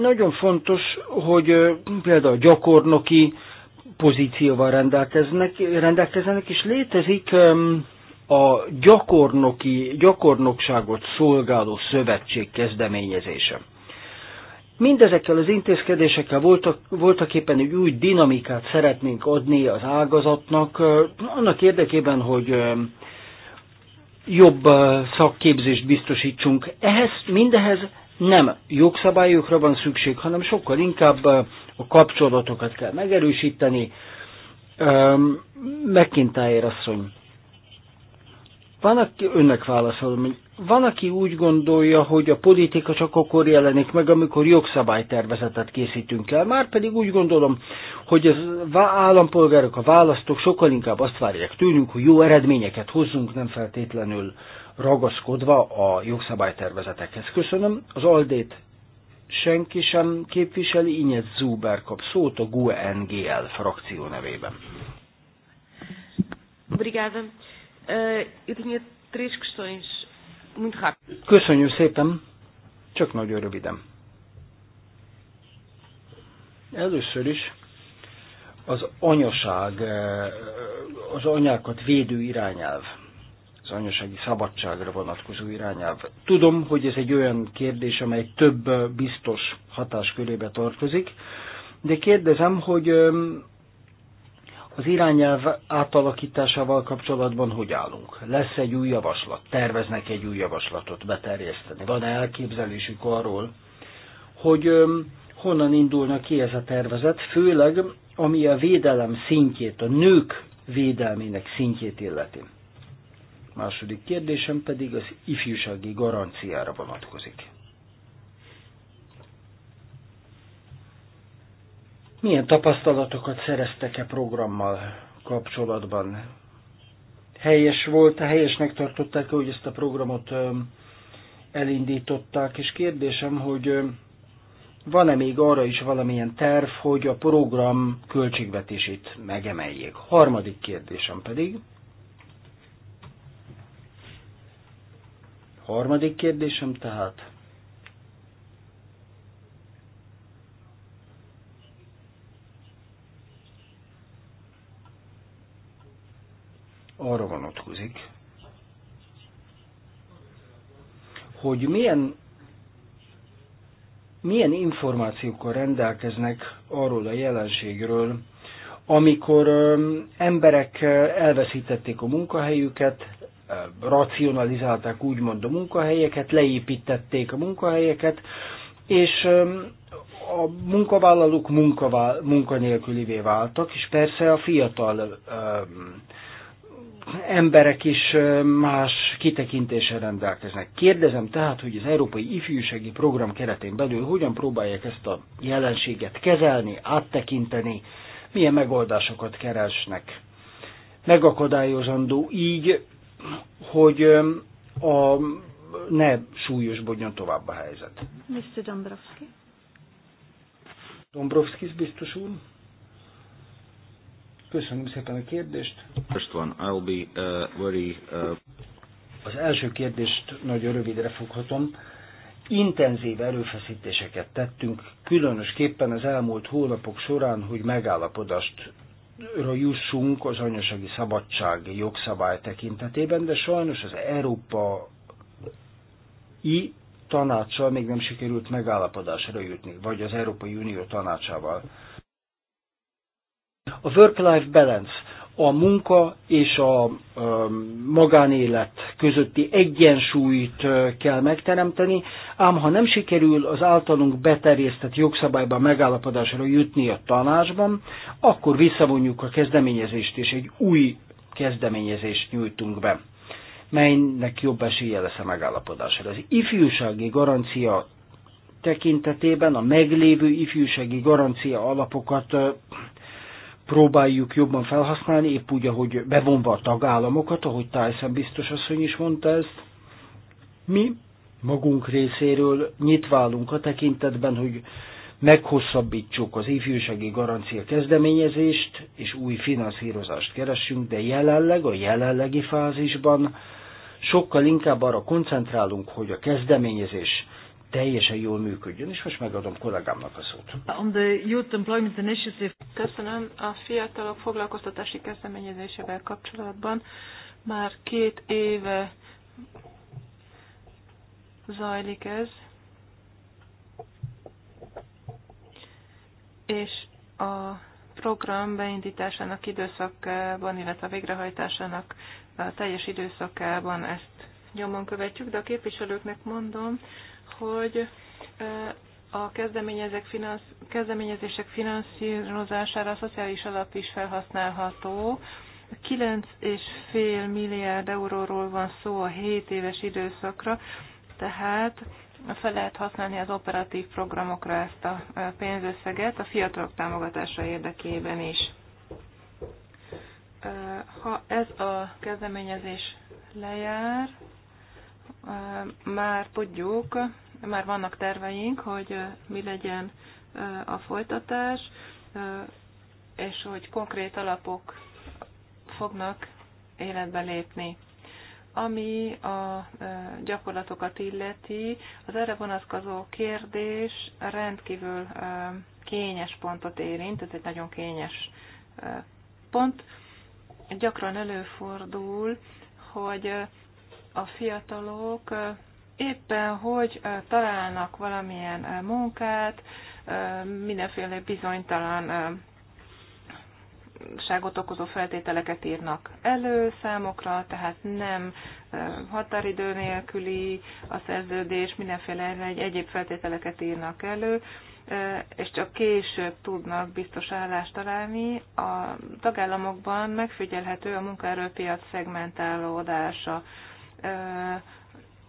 nagyon fontos, hogy például gyakornoki pozícióval rendelkeznek, rendelkeznek és létezik a gyakornoki, gyakornokságot szolgáló szövetség kezdeményezése. Mindezekkel az intézkedésekkel voltak, voltak éppen egy új dinamikát szeretnénk adni az ágazatnak, annak érdekében, hogy jobb uh, szakképzést biztosítsunk. Ehhez, mindehez nem jogszabályokra van szükség, hanem sokkal inkább uh, a kapcsolatokat kell megerősíteni. Um, McIntyre asszony, van, aki önnek válaszolom, hogy van, aki úgy gondolja, hogy a politika csak akkor jelenik meg, amikor jogszabálytervezetet készítünk el. Már pedig úgy gondolom, hogy az állampolgárok, a választók sokkal inkább azt várják tőlünk, hogy jó eredményeket hozzunk, nem feltétlenül ragaszkodva a jogszabálytervezetekhez. Köszönöm. Az Aldét senki sem képviseli, Inyez Zuber kap szót a GUE NGL frakció nevében. Obrigada. Uh, eu tinha três questões Köszönjük szépen, csak nagyon röviden. Először is az anyaság, eh, az anyákat védő irányelv, az anyasági szabadságra vonatkozó irányelv. Tudom, hogy ez egy olyan kérdés, amely több eh, biztos hatáskörébe tartozik, de kérdezem, hogy eh, az irányelv átalakításával kapcsolatban hogy állunk? Lesz egy új javaslat? Terveznek egy új javaslatot beterjeszteni? Van-e elképzelésük arról, hogy honnan indulna ki ez a tervezet, főleg ami a védelem szintjét, a nők védelmének szintjét illeti? Második kérdésem pedig az ifjúsági garanciára vonatkozik. Milyen tapasztalatokat szereztek-e programmal kapcsolatban? Helyes volt, helyesnek tartották, hogy ezt a programot elindították, és kérdésem, hogy van-e még arra is valamilyen terv, hogy a program költségvetését megemeljék? Harmadik kérdésem pedig. Harmadik kérdésem tehát. arra vonatkozik, hogy milyen, milyen információkkal rendelkeznek arról a jelenségről, amikor emberek elveszítették a munkahelyüket, racionalizálták úgymond a munkahelyeket, leépítették a munkahelyeket, és a munkavállalók munkavá, munkanélkülivé váltak, és persze a fiatal emberek is más kitekintéssel rendelkeznek. Kérdezem tehát, hogy az Európai Ifjúsági Program keretén belül hogyan próbálják ezt a jelenséget kezelni, áttekinteni, milyen megoldásokat keresnek. Megakadályozandó így, hogy a, ne súlyosbodjon tovább a helyzet. Mr. Dombrovski. Dombrovskis biztos úr. Köszönöm szépen a kérdést. First one, I'll be uh, very, uh... Az első kérdést nagyon rövidre foghatom. Intenzív erőfeszítéseket tettünk, különösképpen az elmúlt hónapok során, hogy megállapodást jussunk az anyasági szabadság jogszabály tekintetében, de sajnos az Európa i tanácssal még nem sikerült megállapodásra jutni, vagy az Európai Unió tanácsával. A work-life balance, a munka és a magánélet közötti egyensúlyt kell megteremteni, ám ha nem sikerül az általunk beterjesztett jogszabályban megállapodásra jutni a tanácsban, akkor visszavonjuk a kezdeményezést és egy új kezdeményezést nyújtunk be melynek jobb esélye lesz a megállapodásra. Az ifjúsági garancia tekintetében a meglévő ifjúsági garancia alapokat próbáljuk jobban felhasználni, épp úgy, ahogy bevonva a tagállamokat, ahogy Tyson biztos asszony is mondta ezt. Mi magunk részéről nyitválunk a tekintetben, hogy meghosszabbítsuk az ifjúsági garancia kezdeményezést, és új finanszírozást keresünk, de jelenleg, a jelenlegi fázisban sokkal inkább arra koncentrálunk, hogy a kezdeményezés teljesen jól működjön, és most megadom kollégámnak a szót. On the Youth Employment Initiative. Köszönöm a fiatalok foglalkoztatási kezdeményezésével kapcsolatban. Már két éve zajlik ez, és a program beindításának időszakában, illetve a végrehajtásának a teljes időszakában ezt nyomon követjük, de a képviselőknek mondom, hogy a kezdeményezések, finansz, kezdeményezések finanszírozására a szociális alap is felhasználható. 9,5 milliárd euróról van szó a 7 éves időszakra, tehát fel lehet használni az operatív programokra ezt a pénzösszeget a fiatalok támogatása érdekében is. Ha ez a kezdeményezés lejár, már tudjuk, már vannak terveink, hogy mi legyen a folytatás, és hogy konkrét alapok fognak életbe lépni. Ami a gyakorlatokat illeti, az erre vonatkozó kérdés rendkívül kényes pontot érint, ez egy nagyon kényes pont. Gyakran előfordul, hogy a fiatalok éppen hogy találnak valamilyen munkát, mindenféle bizonytalan ságot okozó feltételeket írnak elő számokra, tehát nem határidő nélküli a szerződés, mindenféle egy egyéb feltételeket írnak elő, és csak később tudnak biztos állást találni. A tagállamokban megfigyelhető a munkaerőpiac szegmentálódása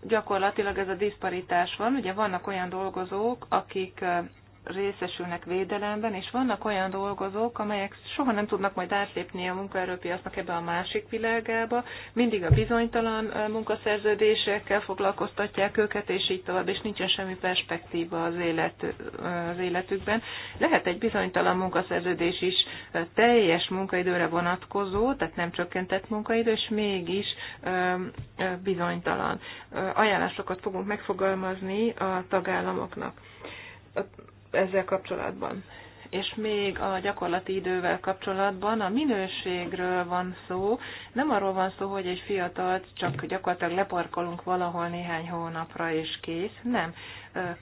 gyakorlatilag ez a diszparitás van. Ugye vannak olyan dolgozók, akik részesülnek védelemben, és vannak olyan dolgozók, amelyek soha nem tudnak majd átlépni a munkaerőpiacnak ebbe a másik világába, mindig a bizonytalan munkaszerződésekkel foglalkoztatják őket, és így tovább, és nincsen semmi perspektíva az, élet, az életükben. Lehet egy bizonytalan munkaszerződés is teljes munkaidőre vonatkozó, tehát nem csökkentett munkaidő, és mégis bizonytalan. Ajánlásokat fogunk megfogalmazni a tagállamoknak ezzel kapcsolatban. És még a gyakorlati idővel kapcsolatban a minőségről van szó. Nem arról van szó, hogy egy fiatalt csak gyakorlatilag leparkolunk valahol néhány hónapra és kész. Nem.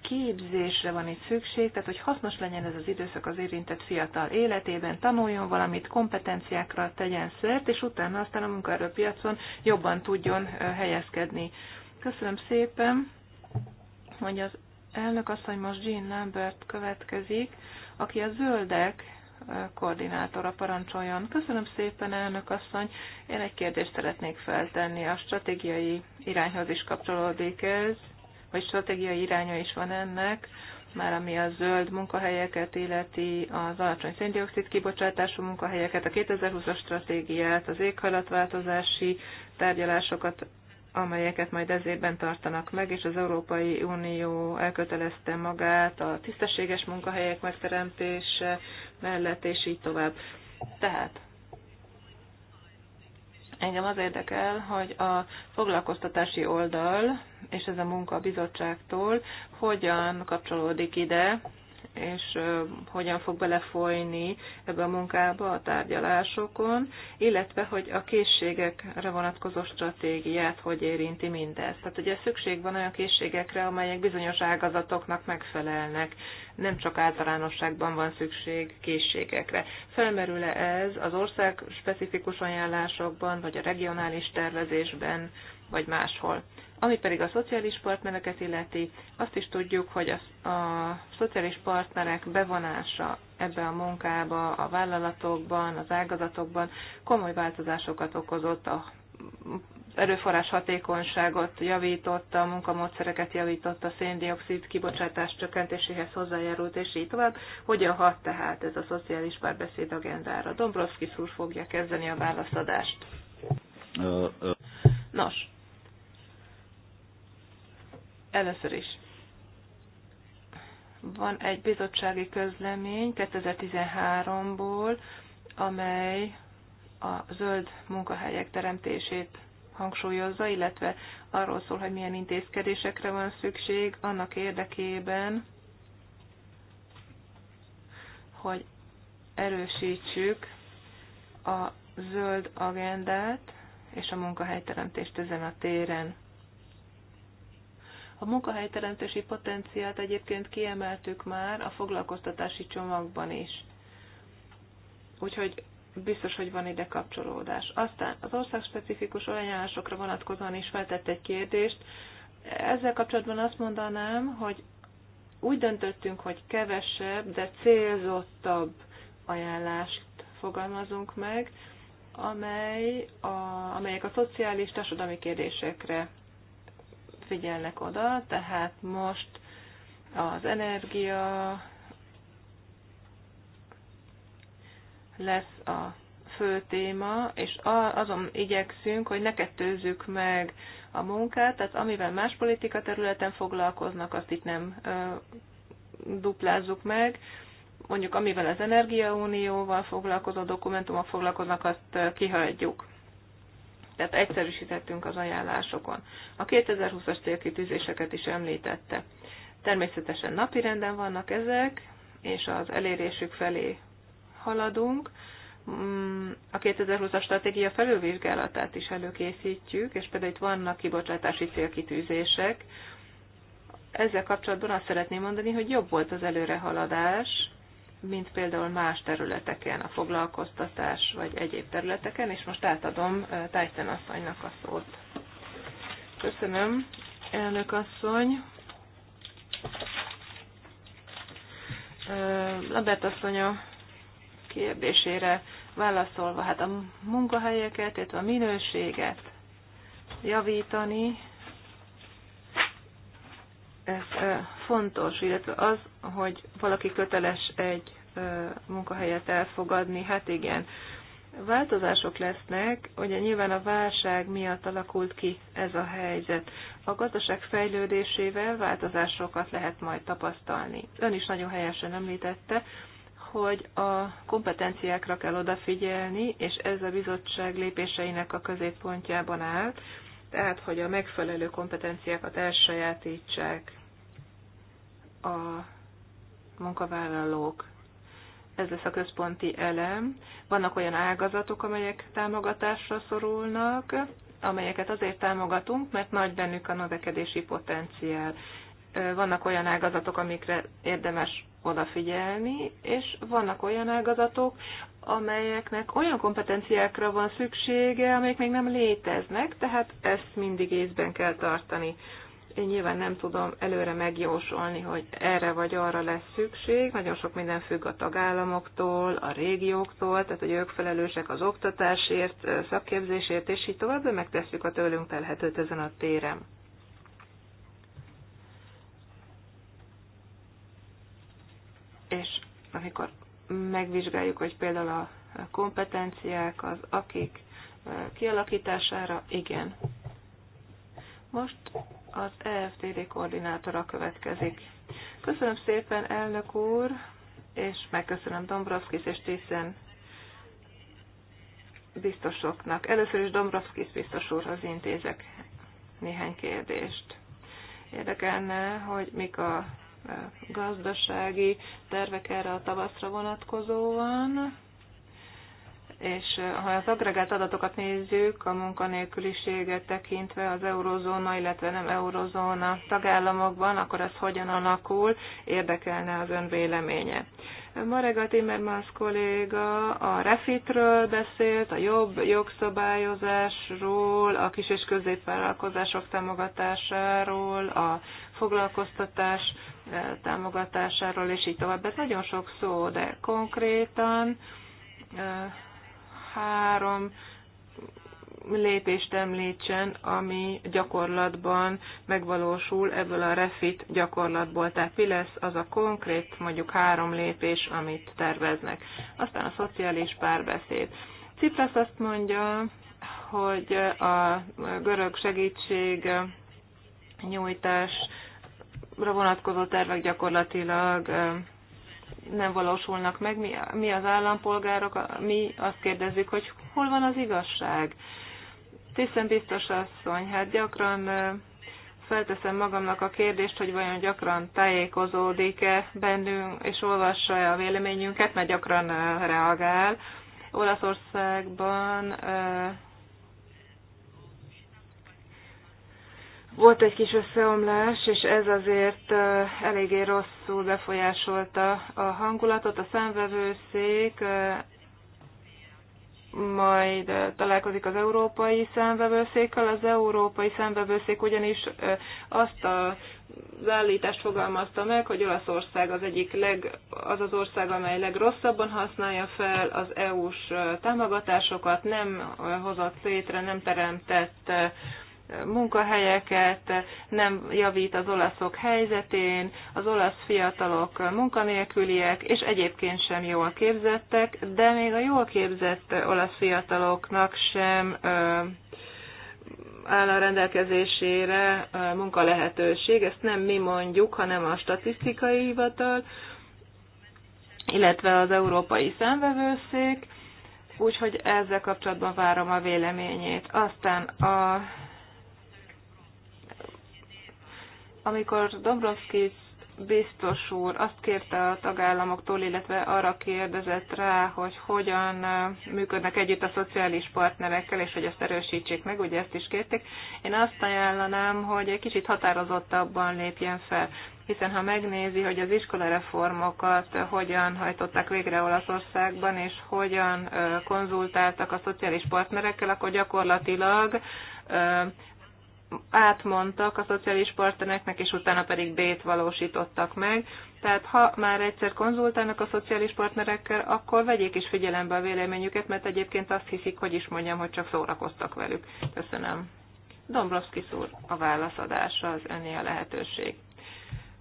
Képzésre van itt szükség, tehát hogy hasznos legyen ez az időszak az érintett fiatal életében, tanuljon valamit, kompetenciákra tegyen szert, és utána aztán a munkaerőpiacon jobban tudjon helyezkedni. Köszönöm szépen, hogy az Elnök asszony most Jean Lambert következik, aki a zöldek koordinátora parancsoljon. Köszönöm szépen, elnök asszony. Én egy kérdést szeretnék feltenni. A stratégiai irányhoz is kapcsolódik ez, vagy stratégiai iránya is van ennek, már ami a zöld munkahelyeket illeti, az alacsony széndiokszid kibocsátású munkahelyeket, a 2020-as stratégiát, az éghajlatváltozási tárgyalásokat, amelyeket majd ezében tartanak meg, és az Európai Unió elkötelezte magát a tisztességes munkahelyek megteremtése mellett, és így tovább. Tehát engem az érdekel, hogy a foglalkoztatási oldal, és ez a munka a bizottságtól, hogyan kapcsolódik ide és hogyan fog belefolyni ebbe a munkába a tárgyalásokon, illetve hogy a készségekre vonatkozó stratégiát hogy érinti mindezt. Tehát ugye szükség van olyan készségekre, amelyek bizonyos ágazatoknak megfelelnek, nem csak általánosságban van szükség készségekre. Felmerül-e ez az ország specifikus ajánlásokban, vagy a regionális tervezésben, vagy máshol? Ami pedig a szociális partnereket illeti, azt is tudjuk, hogy a, a szociális partnerek bevonása ebbe a munkába, a vállalatokban, az ágazatokban komoly változásokat okozott a erőforrás hatékonyságot javította, a munkamódszereket javította, a széndiokszid kibocsátás csökkentéséhez hozzájárult, és így tovább. Hogyan hat tehát ez a szociális párbeszéd agendára? Dombrovszki úr fogja kezdeni a válaszadást. Először is van egy bizottsági közlemény 2013-ból, amely a zöld munkahelyek teremtését hangsúlyozza, illetve arról szól, hogy milyen intézkedésekre van szükség annak érdekében, hogy erősítsük a zöld agendát és a munkahelyteremtést ezen a téren. A munkahelyteremtési potenciált egyébként kiemeltük már a foglalkoztatási csomagban is. Úgyhogy biztos, hogy van ide kapcsolódás. Aztán az országspecifikus ajánlásokra vonatkozóan is feltett egy kérdést. Ezzel kapcsolatban azt mondanám, hogy úgy döntöttünk, hogy kevesebb, de célzottabb ajánlást fogalmazunk meg, amely a, amelyek a szociális társadalmi kérdésekre figyelnek oda, tehát most az energia lesz a fő téma, és azon igyekszünk, hogy ne kettőzzük meg a munkát, tehát amivel más politika területen foglalkoznak, azt itt nem duplázzuk meg, mondjuk amivel az energiaunióval foglalkozó dokumentumok foglalkoznak, azt kihagyjuk. Tehát egyszerűsítettünk az ajánlásokon. A 2020-as célkitűzéseket is említette. Természetesen napirenden vannak ezek, és az elérésük felé haladunk. Mm, a 2020-as stratégia felülvizsgálatát is előkészítjük, és például itt vannak kibocsátási célkitűzések. Ezzel kapcsolatban azt szeretném mondani, hogy jobb volt az előrehaladás, mint például más területeken, a foglalkoztatás vagy egyéb területeken, és most átadom Tyson asszonynak a szót. Köszönöm, elnök asszony. Labert asszony a kérdésére válaszolva, hát a munkahelyeket, illetve a minőséget javítani, ez fontos, illetve az, hogy valaki köteles egy munkahelyet elfogadni, hát igen, változások lesznek, ugye nyilván a válság miatt alakult ki ez a helyzet. A gazdaság fejlődésével változásokat lehet majd tapasztalni. Ön is nagyon helyesen említette, hogy a kompetenciákra kell odafigyelni, és ez a bizottság lépéseinek a középpontjában áll, tehát, hogy a megfelelő kompetenciákat elsajátítsák a munkavállalók. Ez lesz a központi elem. Vannak olyan ágazatok, amelyek támogatásra szorulnak, amelyeket azért támogatunk, mert nagy bennük a növekedési potenciál vannak olyan ágazatok, amikre érdemes odafigyelni, és vannak olyan ágazatok, amelyeknek olyan kompetenciákra van szüksége, amelyek még nem léteznek, tehát ezt mindig észben kell tartani. Én nyilván nem tudom előre megjósolni, hogy erre vagy arra lesz szükség. Nagyon sok minden függ a tagállamoktól, a régióktól, tehát hogy ők felelősek az oktatásért, szakképzésért, és így tovább, de megtesszük a tőlünk telhetőt ezen a téren. és amikor megvizsgáljuk, hogy például a kompetenciák, az akik kialakítására, igen. Most az EFTD koordinátora következik. Köszönöm szépen, elnök úr, és megköszönöm Dombrovskis és Tiszen biztosoknak. Először is Dombrovskis biztos úrhoz intézek néhány kérdést. Érdekelne, hogy mik a gazdasági tervek erre a tavaszra vonatkozóan, és eh, ha az agregált adatokat nézzük, a munkanélküliséget tekintve az eurozóna, illetve nem eurozóna tagállamokban, akkor ez hogyan alakul, érdekelne az ön véleménye. Marega Timmermans kolléga a refitről beszélt, a jobb jogszabályozásról, a kis és középvállalkozások támogatásáról, a foglalkoztatás támogatásáról, és így tovább. Ez nagyon sok szó, de konkrétan három lépést említsen, ami gyakorlatban megvalósul ebből a refit gyakorlatból. Tehát mi lesz az a konkrét, mondjuk három lépés, amit terveznek. Aztán a szociális párbeszéd. Cipras azt mondja, hogy a görög segítség nyújtás vonatkozó tervek gyakorlatilag nem valósulnak meg. Mi, mi az állampolgárok, mi azt kérdezzük, hogy hol van az igazság. Tisztán biztos asszony, hát gyakran felteszem magamnak a kérdést, hogy vajon gyakran tájékozódik-e bennünk, és olvassa-e a véleményünket, mert gyakran reagál. Olaszországban Volt egy kis összeomlás, és ez azért eléggé rosszul befolyásolta a hangulatot. A számvevőszék majd találkozik az európai számvevőszékkel. Az európai számvevőszék ugyanis azt a az állítást fogalmazta meg, hogy Olaszország az egyik leg, az az ország, amely legrosszabban használja fel az EU-s támogatásokat, nem hozott létre, nem teremtett munkahelyeket, nem javít az olaszok helyzetén, az olasz fiatalok munkanélküliek, és egyébként sem jól képzettek, de még a jól képzett olasz fiataloknak sem áll a rendelkezésére munkalehetőség. Ezt nem mi mondjuk, hanem a statisztikai hivatal, illetve az Európai Számvevőszék, úgyhogy ezzel kapcsolatban várom a véleményét. Aztán a Amikor Dombrovskis biztos úr azt kérte a tagállamoktól, illetve arra kérdezett rá, hogy hogyan működnek együtt a szociális partnerekkel, és hogy ezt erősítsék meg, ugye ezt is kérték. Én azt ajánlanám, hogy egy kicsit határozottabban lépjen fel, hiszen ha megnézi, hogy az iskolareformokat hogyan hajtották végre Olaszországban, és hogyan konzultáltak a szociális partnerekkel, akkor gyakorlatilag átmondtak a szociális partnereknek, és utána pedig B-t valósítottak meg. Tehát ha már egyszer konzultálnak a szociális partnerekkel, akkor vegyék is figyelembe a véleményüket, mert egyébként azt hiszik, hogy is mondjam, hogy csak szórakoztak velük. Köszönöm. Dombrovszki szúr a válaszadása, az öné a lehetőség.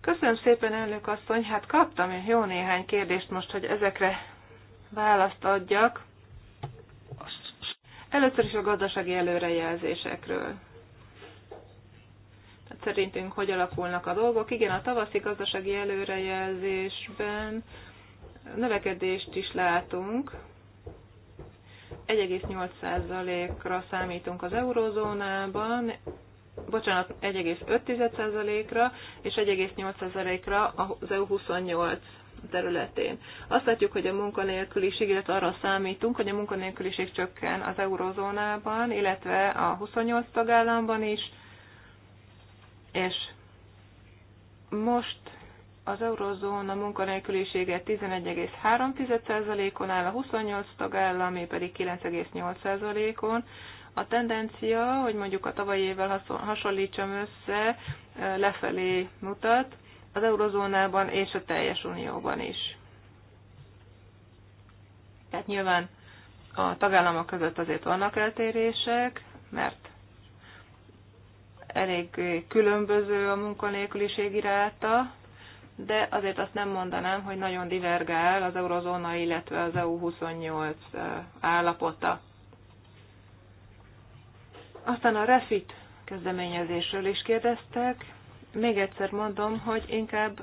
Köszönöm szépen, elnök asszony. Hát kaptam jó néhány kérdést most, hogy ezekre választ adjak. Először is a gazdasági előrejelzésekről szerintünk hogy alakulnak a dolgok. Igen, a tavaszi gazdasági előrejelzésben növekedést is látunk. 1,8%-ra számítunk az eurozónában, bocsánat, 1,5%-ra és 1,8%-ra az EU28 területén. Azt látjuk, hogy a munkanélküliség, illetve arra számítunk, hogy a munkanélküliség csökken az eurozónában, illetve a 28 tagállamban is, és most az eurozóna munkanélkülisége 11,3%-on áll, a 28 tagállamé pedig 9,8%-on. A tendencia, hogy mondjuk a tavalyi évvel hasonlítsam össze, lefelé mutat az eurozónában és a teljes unióban is. Tehát nyilván a tagállamok között azért vannak eltérések, mert elég különböző a munkanélküliség iráta, de azért azt nem mondanám, hogy nagyon divergál az eurozóna, illetve az EU28 állapota. Aztán a refit kezdeményezésről is kérdeztek. Még egyszer mondom, hogy inkább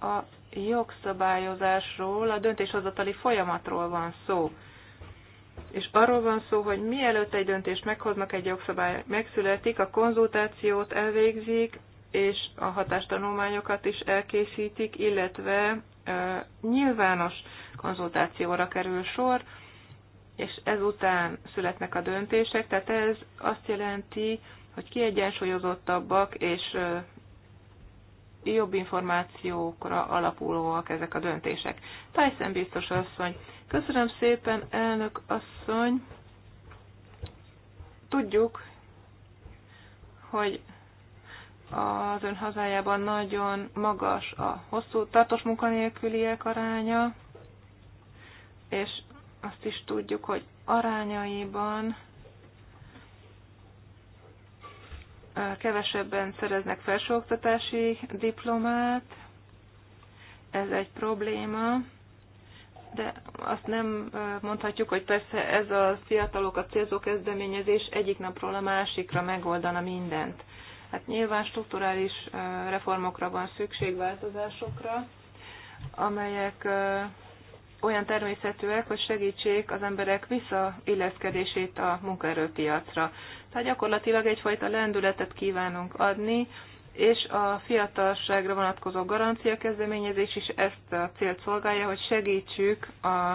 a jogszabályozásról, a döntéshozatali folyamatról van szó és arról van szó, hogy mielőtt egy döntést meghoznak, egy jogszabály megszületik, a konzultációt elvégzik, és a hatástanulmányokat is elkészítik, illetve e, nyilvános konzultációra kerül sor, és ezután születnek a döntések, tehát ez azt jelenti, hogy kiegyensúlyozottabbak és e, jobb információkra alapulóak ezek a döntések. Tyson biztos azt hogy Köszönöm szépen, elnök asszony. Tudjuk, hogy az ön hazájában nagyon magas a hosszú tartós munkanélküliek aránya, és azt is tudjuk, hogy arányaiban kevesebben szereznek felsőoktatási diplomát. Ez egy probléma de azt nem mondhatjuk, hogy persze ez a fiatalokat célzó kezdeményezés egyik napról a másikra megoldana mindent. Hát nyilván strukturális reformokra van szükség, változásokra, amelyek olyan természetűek, hogy segítsék az emberek visszailleszkedését a munkaerőpiacra. Tehát gyakorlatilag egyfajta lendületet kívánunk adni és a fiatalságra vonatkozó garancia kezdeményezés is ezt a célt szolgálja, hogy segítsük a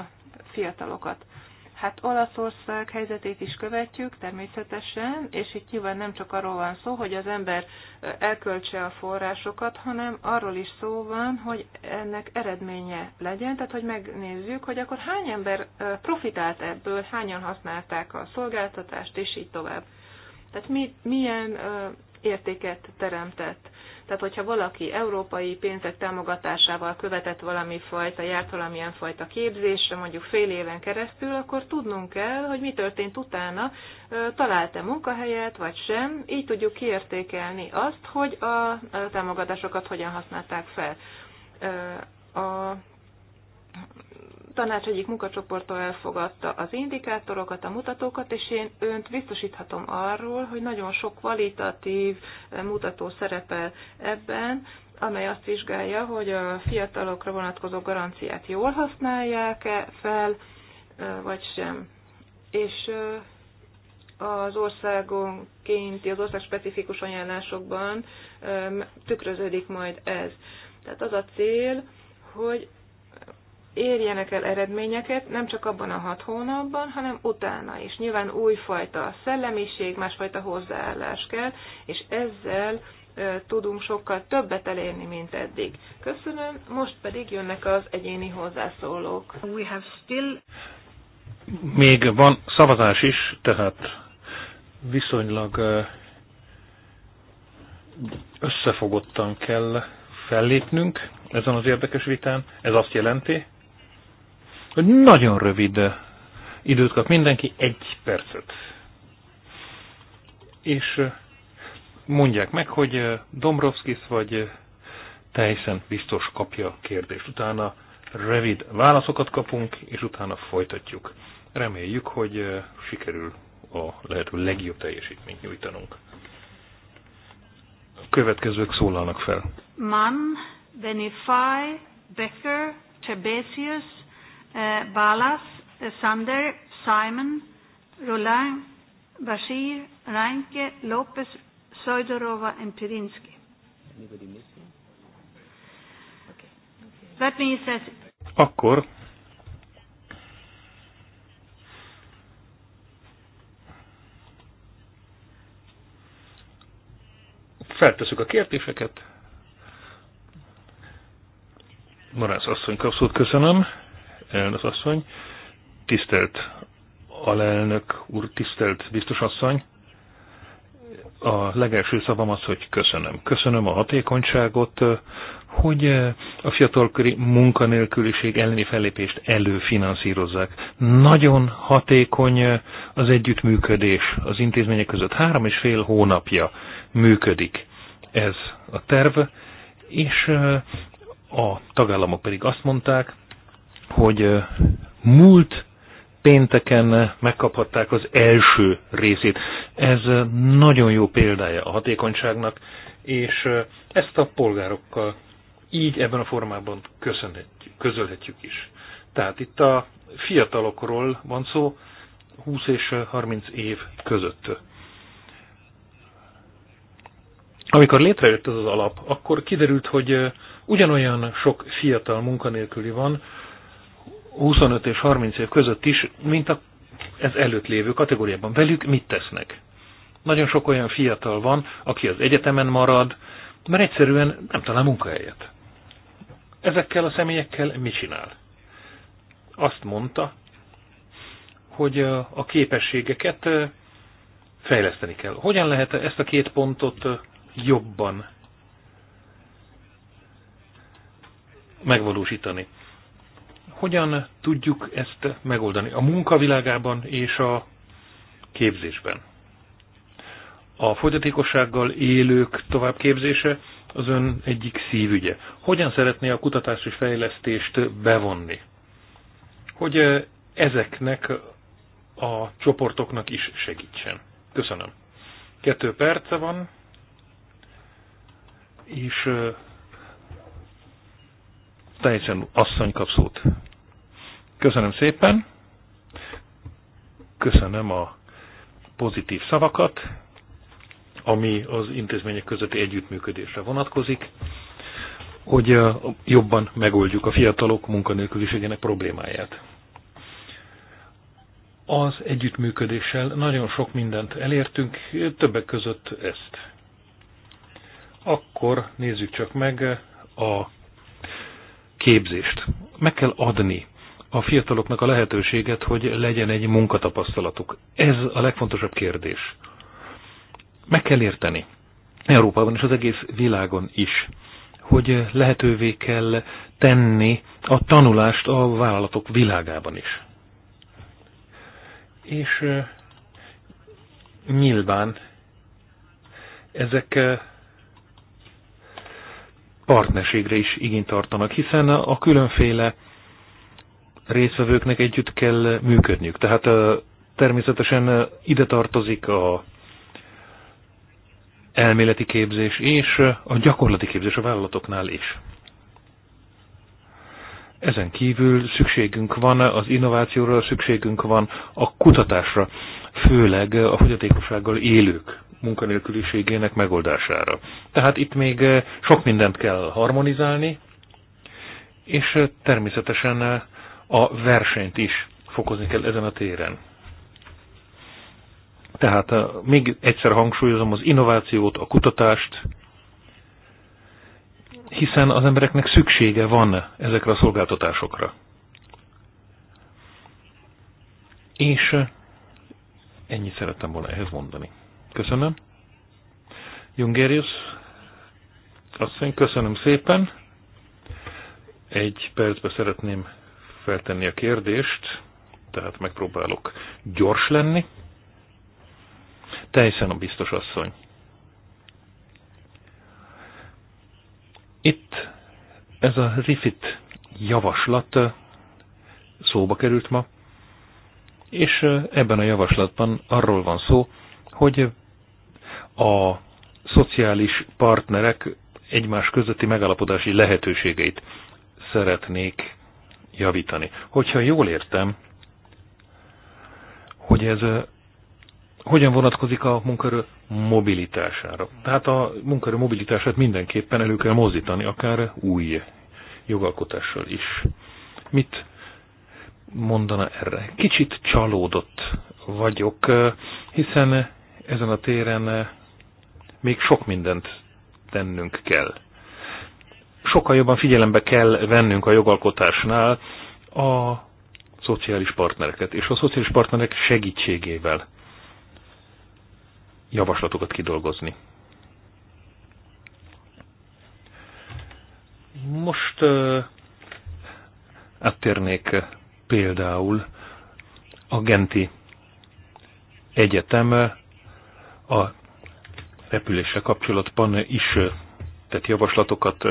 fiatalokat. Hát Olaszország helyzetét is követjük természetesen, és itt nyilván nem csak arról van szó, hogy az ember elköltse a forrásokat, hanem arról is szó van, hogy ennek eredménye legyen, tehát hogy megnézzük, hogy akkor hány ember profitált ebből, hányan használták a szolgáltatást, és így tovább. Tehát mi, milyen értéket teremtett. Tehát, hogyha valaki európai pénzek támogatásával követett valami fajta, járt valamilyen fajta képzésre, mondjuk fél éven keresztül, akkor tudnunk kell, hogy mi történt utána, talált-e munkahelyet, vagy sem. Így tudjuk kiértékelni azt, hogy a támogatásokat hogyan használták fel. A tanács egyik munkacsoporta elfogadta az indikátorokat, a mutatókat, és én önt biztosíthatom arról, hogy nagyon sok kvalitatív eh, mutató szerepel ebben, amely azt vizsgálja, hogy a fiatalokra vonatkozó garanciát jól használják-e fel, eh, vagy sem. És eh, az országonként, az ország specifikus ajánlásokban tükröződik majd ez. Tehát az a cél, hogy érjenek el eredményeket, nem csak abban a hat hónapban, hanem utána is. Nyilván újfajta szellemiség, másfajta hozzáállás kell, és ezzel tudunk sokkal többet elérni, mint eddig. Köszönöm, most pedig jönnek az egyéni hozzászólók. We have still... Még van szavazás is, tehát viszonylag összefogottan kell fellépnünk ezen az érdekes vitán. Ez azt jelenti, hogy nagyon rövid időt kap mindenki, egy percet. És mondják meg, hogy Dombrovskis vagy teljesen biztos kapja a kérdést. Utána rövid válaszokat kapunk, és utána folytatjuk. Reméljük, hogy sikerül a lehető legjobb teljesítményt nyújtanunk. A következők szólalnak fel. Mann, Benifai, Becker, Tebesius, Eh, Balas, eh, Sander, Simon, Roland, Bashir, Reinke, Lopez, Sojdorova, and Pirinsky. Anybody missing? Okay. That means that Akkor feltesszük a kérdéseket. Marász asszony köszönöm elnök asszony, tisztelt alelnök úr, tisztelt biztos asszony. A legelső szavam az, hogy köszönöm. Köszönöm a hatékonyságot, hogy a fiatalkori munkanélküliség elleni fellépést előfinanszírozzák. Nagyon hatékony az együttműködés az intézmények között. Három és fél hónapja működik ez a terv, és a tagállamok pedig azt mondták, hogy múlt pénteken megkaphatták az első részét. Ez nagyon jó példája a hatékonyságnak, és ezt a polgárokkal így ebben a formában köszönhetjük, közölhetjük is. Tehát itt a fiatalokról van szó, 20 és 30 év között. Amikor létrejött ez az alap, akkor kiderült, hogy ugyanolyan sok fiatal munkanélküli van, 25 és 30 év között is, mint a, ez előtt lévő kategóriában. Velük mit tesznek? Nagyon sok olyan fiatal van, aki az egyetemen marad, mert egyszerűen nem talál munkahelyet. Ezekkel a személyekkel mit csinál? Azt mondta, hogy a képességeket fejleszteni kell. Hogyan lehet ezt a két pontot jobban megvalósítani? Hogyan tudjuk ezt megoldani? A munkavilágában és a képzésben. A fogyatékossággal élők továbbképzése az ön egyik szívügye. Hogyan szeretné a kutatást és fejlesztést bevonni? Hogy ezeknek a csoportoknak is segítsen. Köszönöm. Kettő perce van, és teljesen asszony kapszót. Köszönöm szépen, köszönöm a pozitív szavakat, ami az intézmények közötti együttműködésre vonatkozik, hogy jobban megoldjuk a fiatalok munkanélküliségének problémáját. Az együttműködéssel nagyon sok mindent elértünk, többek között ezt. Akkor nézzük csak meg a képzést. Meg kell adni a fiataloknak a lehetőséget, hogy legyen egy munkatapasztalatuk. Ez a legfontosabb kérdés. Meg kell érteni, Európában és az egész világon is, hogy lehetővé kell tenni a tanulást a vállalatok világában is. És eh, nyilván ezek eh, partnerségre is igényt tartanak, hiszen a különféle részvevőknek együtt kell működniük. Tehát természetesen ide tartozik a elméleti képzés és a gyakorlati képzés a vállalatoknál is. Ezen kívül szükségünk van az innovációra, szükségünk van a kutatásra, főleg a fogyatékossággal élők munkanélküliségének megoldására. Tehát itt még eh, sok mindent kell harmonizálni, és eh, természetesen eh, a versenyt is fokozni kell ezen a téren. Tehát még egyszer hangsúlyozom az innovációt, a kutatást, hiszen az embereknek szüksége van ezekre a szolgáltatásokra. És ennyit szerettem volna ehhez mondani. Köszönöm. Jungerius, asszony, köszönöm szépen. Egy percbe szeretném feltenni a kérdést, tehát megpróbálok gyors lenni. Teljesen a biztos asszony. Itt ez a RIFIT javaslat szóba került ma, és ebben a javaslatban arról van szó, hogy a szociális partnerek egymás közötti megállapodási lehetőségeit szeretnék javítani. Hogyha jól értem, hogy ez hogyan vonatkozik a munkaerő mobilitására. Tehát a munkaerő mobilitását mindenképpen elő kell mozdítani, akár új jogalkotással is. Mit mondana erre? Kicsit csalódott vagyok, hiszen ezen a téren még sok mindent tennünk kell. Sokkal jobban figyelembe kell vennünk a jogalkotásnál a szociális partnereket, és a szociális partnerek segítségével javaslatokat kidolgozni. Most uh, áttérnék például a Genti Egyetem a repülésre kapcsolatban is tett javaslatokat,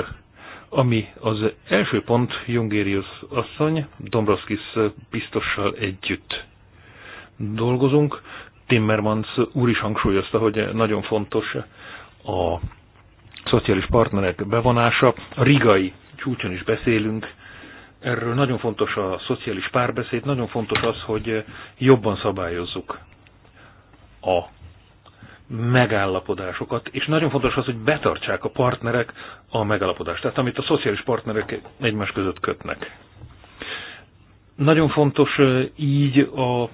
ami az első pont Jungérius asszony, Dombrovskis biztossal együtt dolgozunk. Timmermans úr is hangsúlyozta, hogy nagyon fontos a szociális partnerek bevonása. A rigai csúcson is beszélünk, erről nagyon fontos a szociális párbeszéd, nagyon fontos az, hogy jobban szabályozzuk a megállapodásokat, és nagyon fontos az, hogy betartsák a partnerek a megállapodást, tehát amit a szociális partnerek egymás között kötnek. Nagyon fontos így a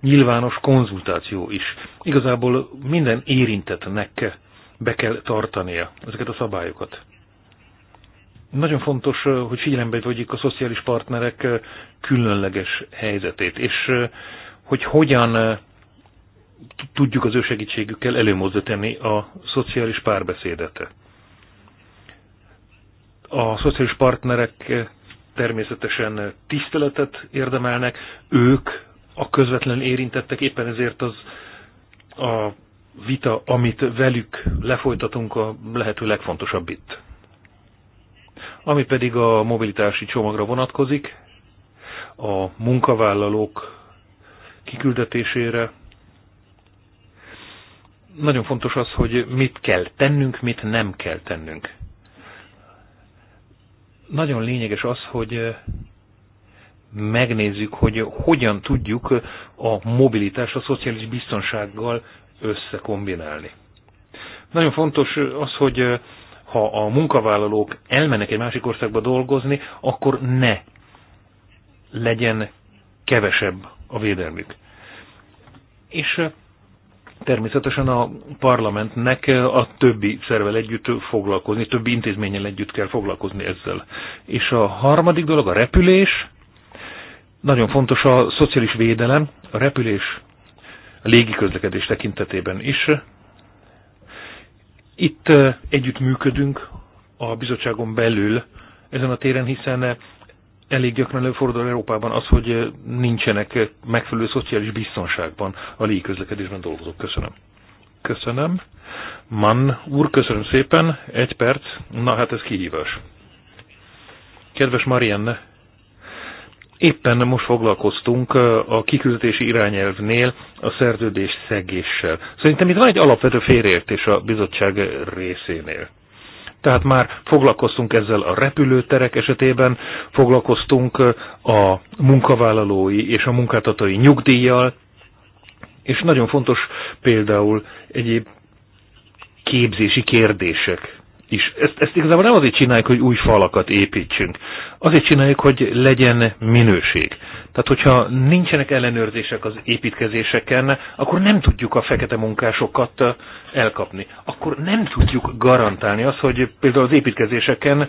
nyilvános konzultáció is. Igazából minden érintetnek be kell tartania ezeket a szabályokat. Nagyon fontos, hogy figyelembe vegyük a szociális partnerek különleges helyzetét, és hogy hogyan tudjuk az ő segítségükkel előmozdítani a szociális párbeszédet. A szociális partnerek természetesen tiszteletet érdemelnek, ők a közvetlen érintettek, éppen ezért az a vita, amit velük lefolytatunk, a lehető legfontosabb itt. Ami pedig a mobilitási csomagra vonatkozik, a munkavállalók kiküldetésére, nagyon fontos az, hogy mit kell tennünk, mit nem kell tennünk. Nagyon lényeges az, hogy eh, megnézzük, hogy hogyan tudjuk eh, a mobilitást a szociális biztonsággal összekombinálni. Nagyon fontos eh, az, hogy ha a munkavállalók elmennek egy másik országba dolgozni, akkor ne legyen kevesebb a védelmük. És természetesen a parlamentnek a többi szervel együtt foglalkozni, többi intézménnyel együtt kell foglalkozni ezzel. És a harmadik dolog a repülés. Nagyon fontos a szociális védelem, a repülés a közlekedés tekintetében is. Itt eh, együtt működünk a bizottságon belül ezen a téren, hiszen eh, elég gyakran előfordul Európában az, hogy eh, nincsenek eh, megfelelő szociális biztonságban a közlekedésben dolgozók. Köszönöm. Köszönöm. Mann úr, köszönöm szépen. Egy perc. Na hát ez kihívás. Kedves Marianne, éppen most foglalkoztunk eh, a kiküldetési irányelvnél a szerződés szegéssel. Szerintem itt van egy alapvető félreértés a bizottság részénél tehát már foglalkoztunk ezzel a repülőterek esetében, foglalkoztunk a munkavállalói és a munkáltatói nyugdíjjal, és nagyon fontos például egyéb képzési kérdések is. Ezt, ezt igazából nem azért csináljuk, hogy új falakat építsünk. Azért csináljuk, hogy legyen minőség. Tehát, hogyha nincsenek ellenőrzések az építkezéseken, akkor nem tudjuk a fekete munkásokat eh, elkapni. Akkor nem tudjuk garantálni azt, hogy például az építkezéseken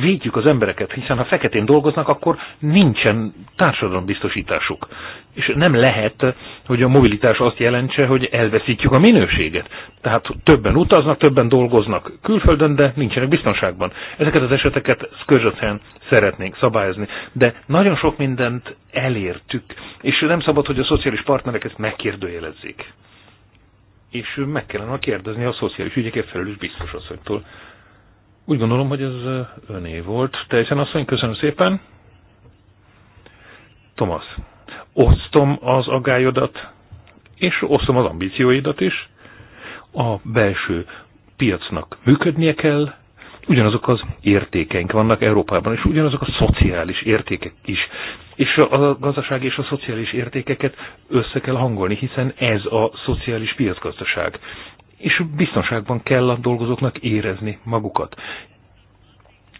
védjük az embereket, hiszen ha feketén dolgoznak, akkor nincsen társadalombiztosításuk. És nem lehet, hogy a mobilitás azt jelentse, hogy elveszítjük a minőséget. Tehát többen utaznak, többen dolgoznak külföldön, de nincsenek biztonságban. Ezeket az eseteket scourge szeretnénk szabályozni. De nagyon sok mindent elértük, és nem szabad, hogy a szociális partnerek ezt megkérdőjelezzék. És meg kellene kérdezni a szociális ügyekért felelős biztos asszonytól, úgy gondolom, hogy ez öné volt. Teljesen asszony, köszönöm szépen. Tomasz, osztom az agályodat, és osztom az ambícióidat is. A belső piacnak működnie kell, ugyanazok az értékeink vannak Európában, és ugyanazok a szociális értékek is. És a gazdaság és a szociális értékeket össze kell hangolni, hiszen ez a szociális piacgazdaság és biztonságban kell a dolgozóknak érezni magukat.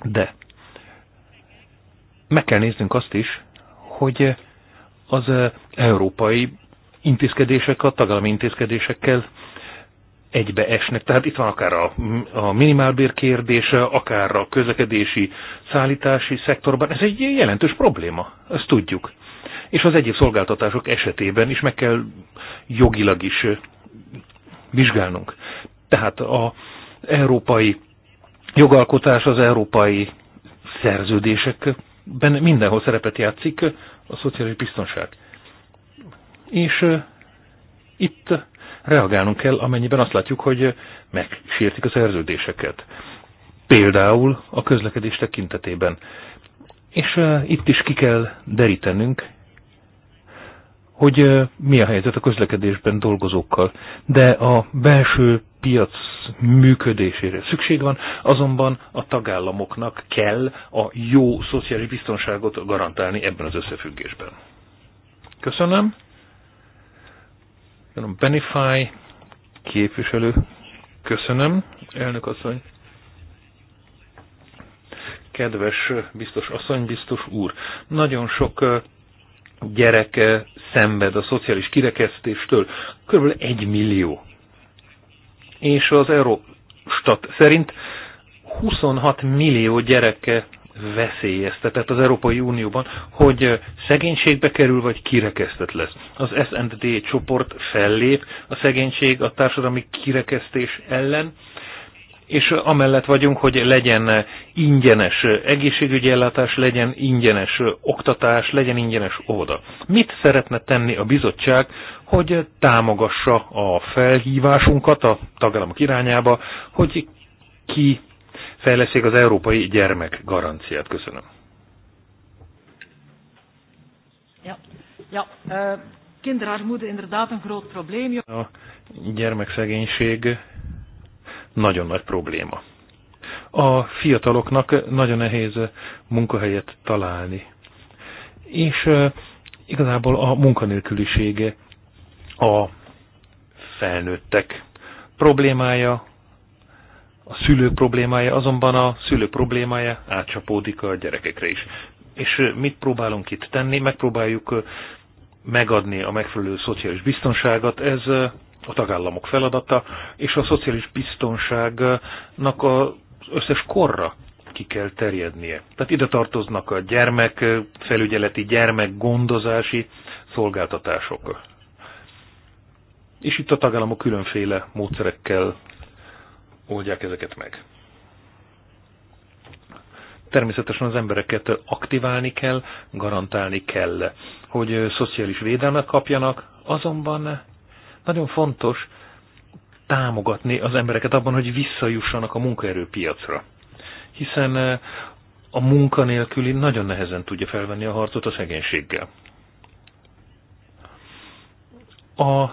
De meg kell néznünk azt is, hogy az európai intézkedések a tagállami intézkedésekkel egybeesnek. Tehát itt van akár a, a minimálbér kérdése, akár a közlekedési, szállítási szektorban. Ez egy jelentős probléma, ezt tudjuk. És az egyéb szolgáltatások esetében is meg kell jogilag is vizsgálnunk. Tehát a európai jogalkotás az európai szerződésekben mindenhol szerepet játszik a szociális biztonság. És itt reagálnunk kell, amennyiben azt látjuk, hogy megsértik a szerződéseket. Például a közlekedés tekintetében. És itt is ki kell derítenünk, hogy mi a helyzet a közlekedésben dolgozókkal. De a belső piac működésére szükség van, azonban a tagállamoknak kell a jó szociális biztonságot garantálni ebben az összefüggésben. Köszönöm. Köszönöm Benify képviselő. Köszönöm, elnök asszony. Kedves biztos asszony, biztos úr. Nagyon sok gyereke szenved a szociális kirekesztéstől, kb. 1 millió. És az Eurostat szerint 26 millió gyereke veszélyeztetett az Európai Unióban, hogy szegénységbe kerül, vagy kirekesztett lesz. Az S&D csoport fellép a szegénység, a társadalmi kirekesztés ellen, és amellett vagyunk, hogy legyen ingyenes egészségügyi ellátás, legyen ingyenes oktatás, legyen ingyenes óvoda. Mit szeretne tenni a bizottság, hogy támogassa a felhívásunkat a tagállamok irányába, hogy ki fejleszik az európai gyermek garanciát? Köszönöm. Ja, ja. Uh... Kinderarmoede inderdaad A gyermekszegénység nagyon nagy probléma. A fiataloknak nagyon nehéz munkahelyet találni. És igazából a munkanélkülisége a felnőttek problémája, a szülő problémája, azonban a szülő problémája átcsapódik a gyerekekre is. És mit próbálunk itt tenni? Megpróbáljuk megadni a megfelelő szociális biztonságot. Ez a tagállamok feladata, és a szociális biztonságnak az összes korra ki kell terjednie. Tehát ide tartoznak a gyermek felügyeleti, gyermekgondozási szolgáltatások. És itt a tagállamok különféle módszerekkel oldják ezeket meg. Természetesen az embereket aktiválni kell, garantálni kell, hogy szociális védelmet kapjanak, azonban nagyon fontos támogatni az embereket abban, hogy visszajussanak a munkaerőpiacra. Hiszen eh, a munkanélküli nagyon nehezen tudja felvenni a harcot a szegénységgel. A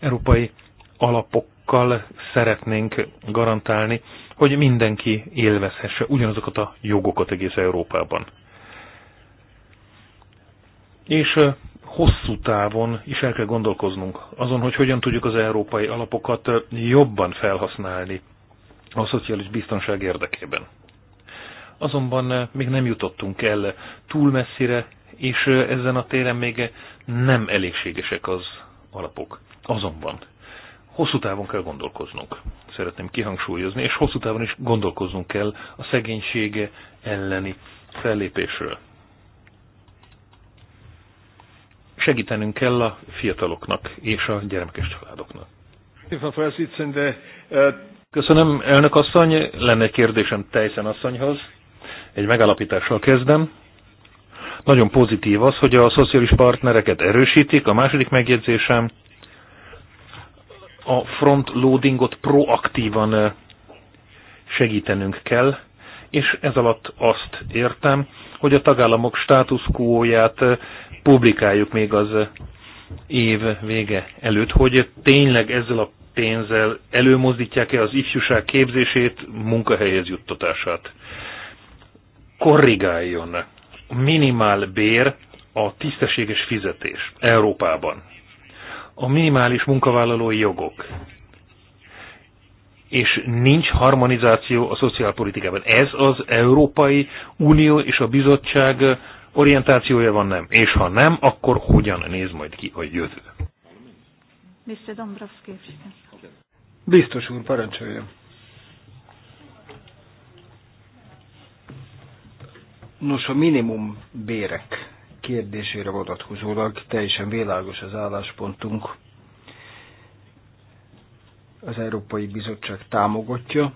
európai alapokkal szeretnénk garantálni, hogy mindenki élvezhesse ugyanazokat a jogokat egész Európában. És eh, hosszú távon is el kell gondolkoznunk azon, hogy hogyan tudjuk az európai alapokat jobban felhasználni a szociális biztonság érdekében. Azonban eh, még nem jutottunk el túl messzire, és eh, ezen a téren még nem elégségesek az alapok. Azonban hosszú távon kell gondolkoznunk, szeretném kihangsúlyozni, és hosszú távon is gondolkoznunk kell a szegénység elleni fellépésről. segítenünk kell a fiataloknak és a gyermekes családoknak. Köszönöm, elnök asszony. Lenne egy kérdésem Tejszen asszonyhoz. Egy megalapítással kezdem. Nagyon pozitív az, hogy a szociális partnereket erősítik. A második megjegyzésem a front loadingot proaktívan eh, segítenünk kell, és ez alatt azt értem, hogy a tagállamok státuszkóját eh, publikáljuk még az eh, év vége előtt, hogy tényleg ezzel a pénzzel előmozdítják-e az ifjúság képzését, munkahelyhez juttatását. Korrigáljon a minimál bér a tisztességes fizetés Európában. A minimális munkavállalói jogok és nincs harmonizáció a szociálpolitikában. Ez az Európai Unió és a bizottság orientációja van nem, és ha nem, akkor hogyan néz majd ki a jövő? Biztos úr, parancsolja. Nos, a minimum bérek kérdésére vonatkozólag teljesen világos az álláspontunk az Európai Bizottság támogatja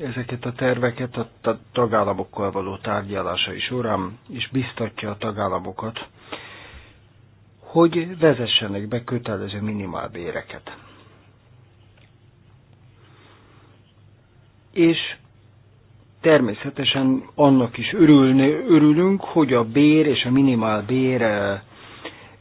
ezeket a terveket a tagállamokkal való tárgyalásai során, és biztatja a tagállamokat, hogy vezessenek be kötelező minimálbéreket. És természetesen annak is örülni, örülünk, hogy a bér és a minimálbér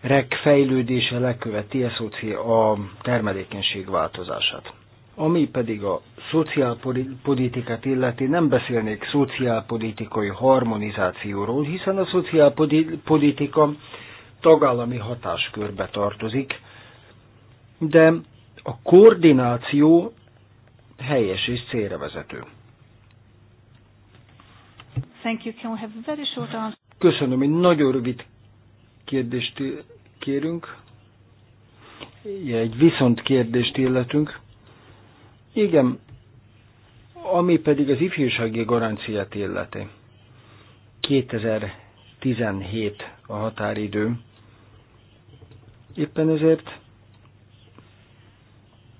rek fejlődése leköveti a, a termelékenység változását. Ami pedig a szociálpolitikát illeti, nem beszélnék szociálpolitikai harmonizációról, hiszen a szociálpolitika tagállami hatáskörbe tartozik, de a koordináció helyes és célra vezető. Thank you. Can we have a very short answer? Köszönöm, egy nagyon rövid kérdést kérünk, egy viszont kérdést illetünk. Igen, ami pedig az ifjúsági garanciát illeti. 2017 a határidő. Éppen ezért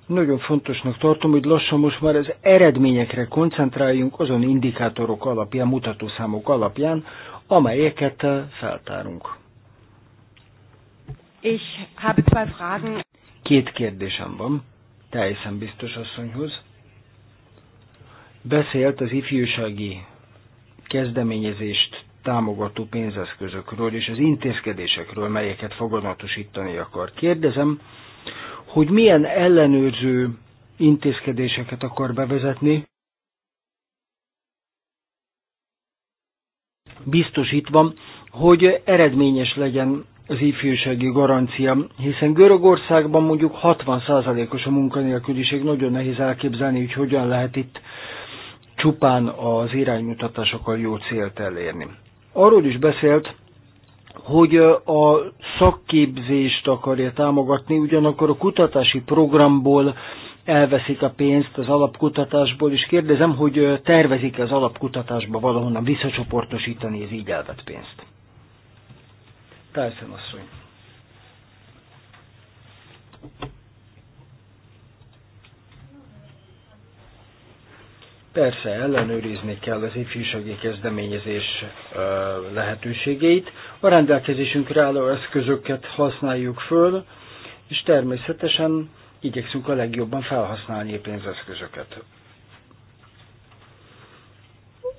nagyon fontosnak tartom, hogy lassan most már az eredményekre koncentráljunk azon indikátorok alapján, mutatószámok alapján, amelyeket feltárunk. Ich habe zwei Fragen. Két kérdésem van, teljesen biztos asszonyhoz. Beszélt az ifjúsági kezdeményezést támogató pénzeszközökről és az intézkedésekről, melyeket fogalmatosítani akar. Kérdezem, hogy milyen ellenőrző intézkedéseket akar bevezetni, biztosítva, hogy eredményes legyen az ifjúsági garancia, hiszen Görögországban mondjuk 60%-os a munkanélküliség, nagyon nehéz elképzelni, hogy hogyan lehet itt csupán az iránymutatásokkal jó célt elérni. Arról is beszélt, hogy a szakképzést akarja támogatni, ugyanakkor a kutatási programból elveszik a pénzt az alapkutatásból, és kérdezem, hogy tervezik az alapkutatásba valahonnan visszacsoportosítani az így elvett pénzt. Tyson asszony. Persze ellenőrizni kell az ifjúsági kezdeményezés lehetőségeit, a rendelkezésünkre álló eszközöket használjuk föl, és természetesen igyekszünk a legjobban felhasználni a pénzeszközöket.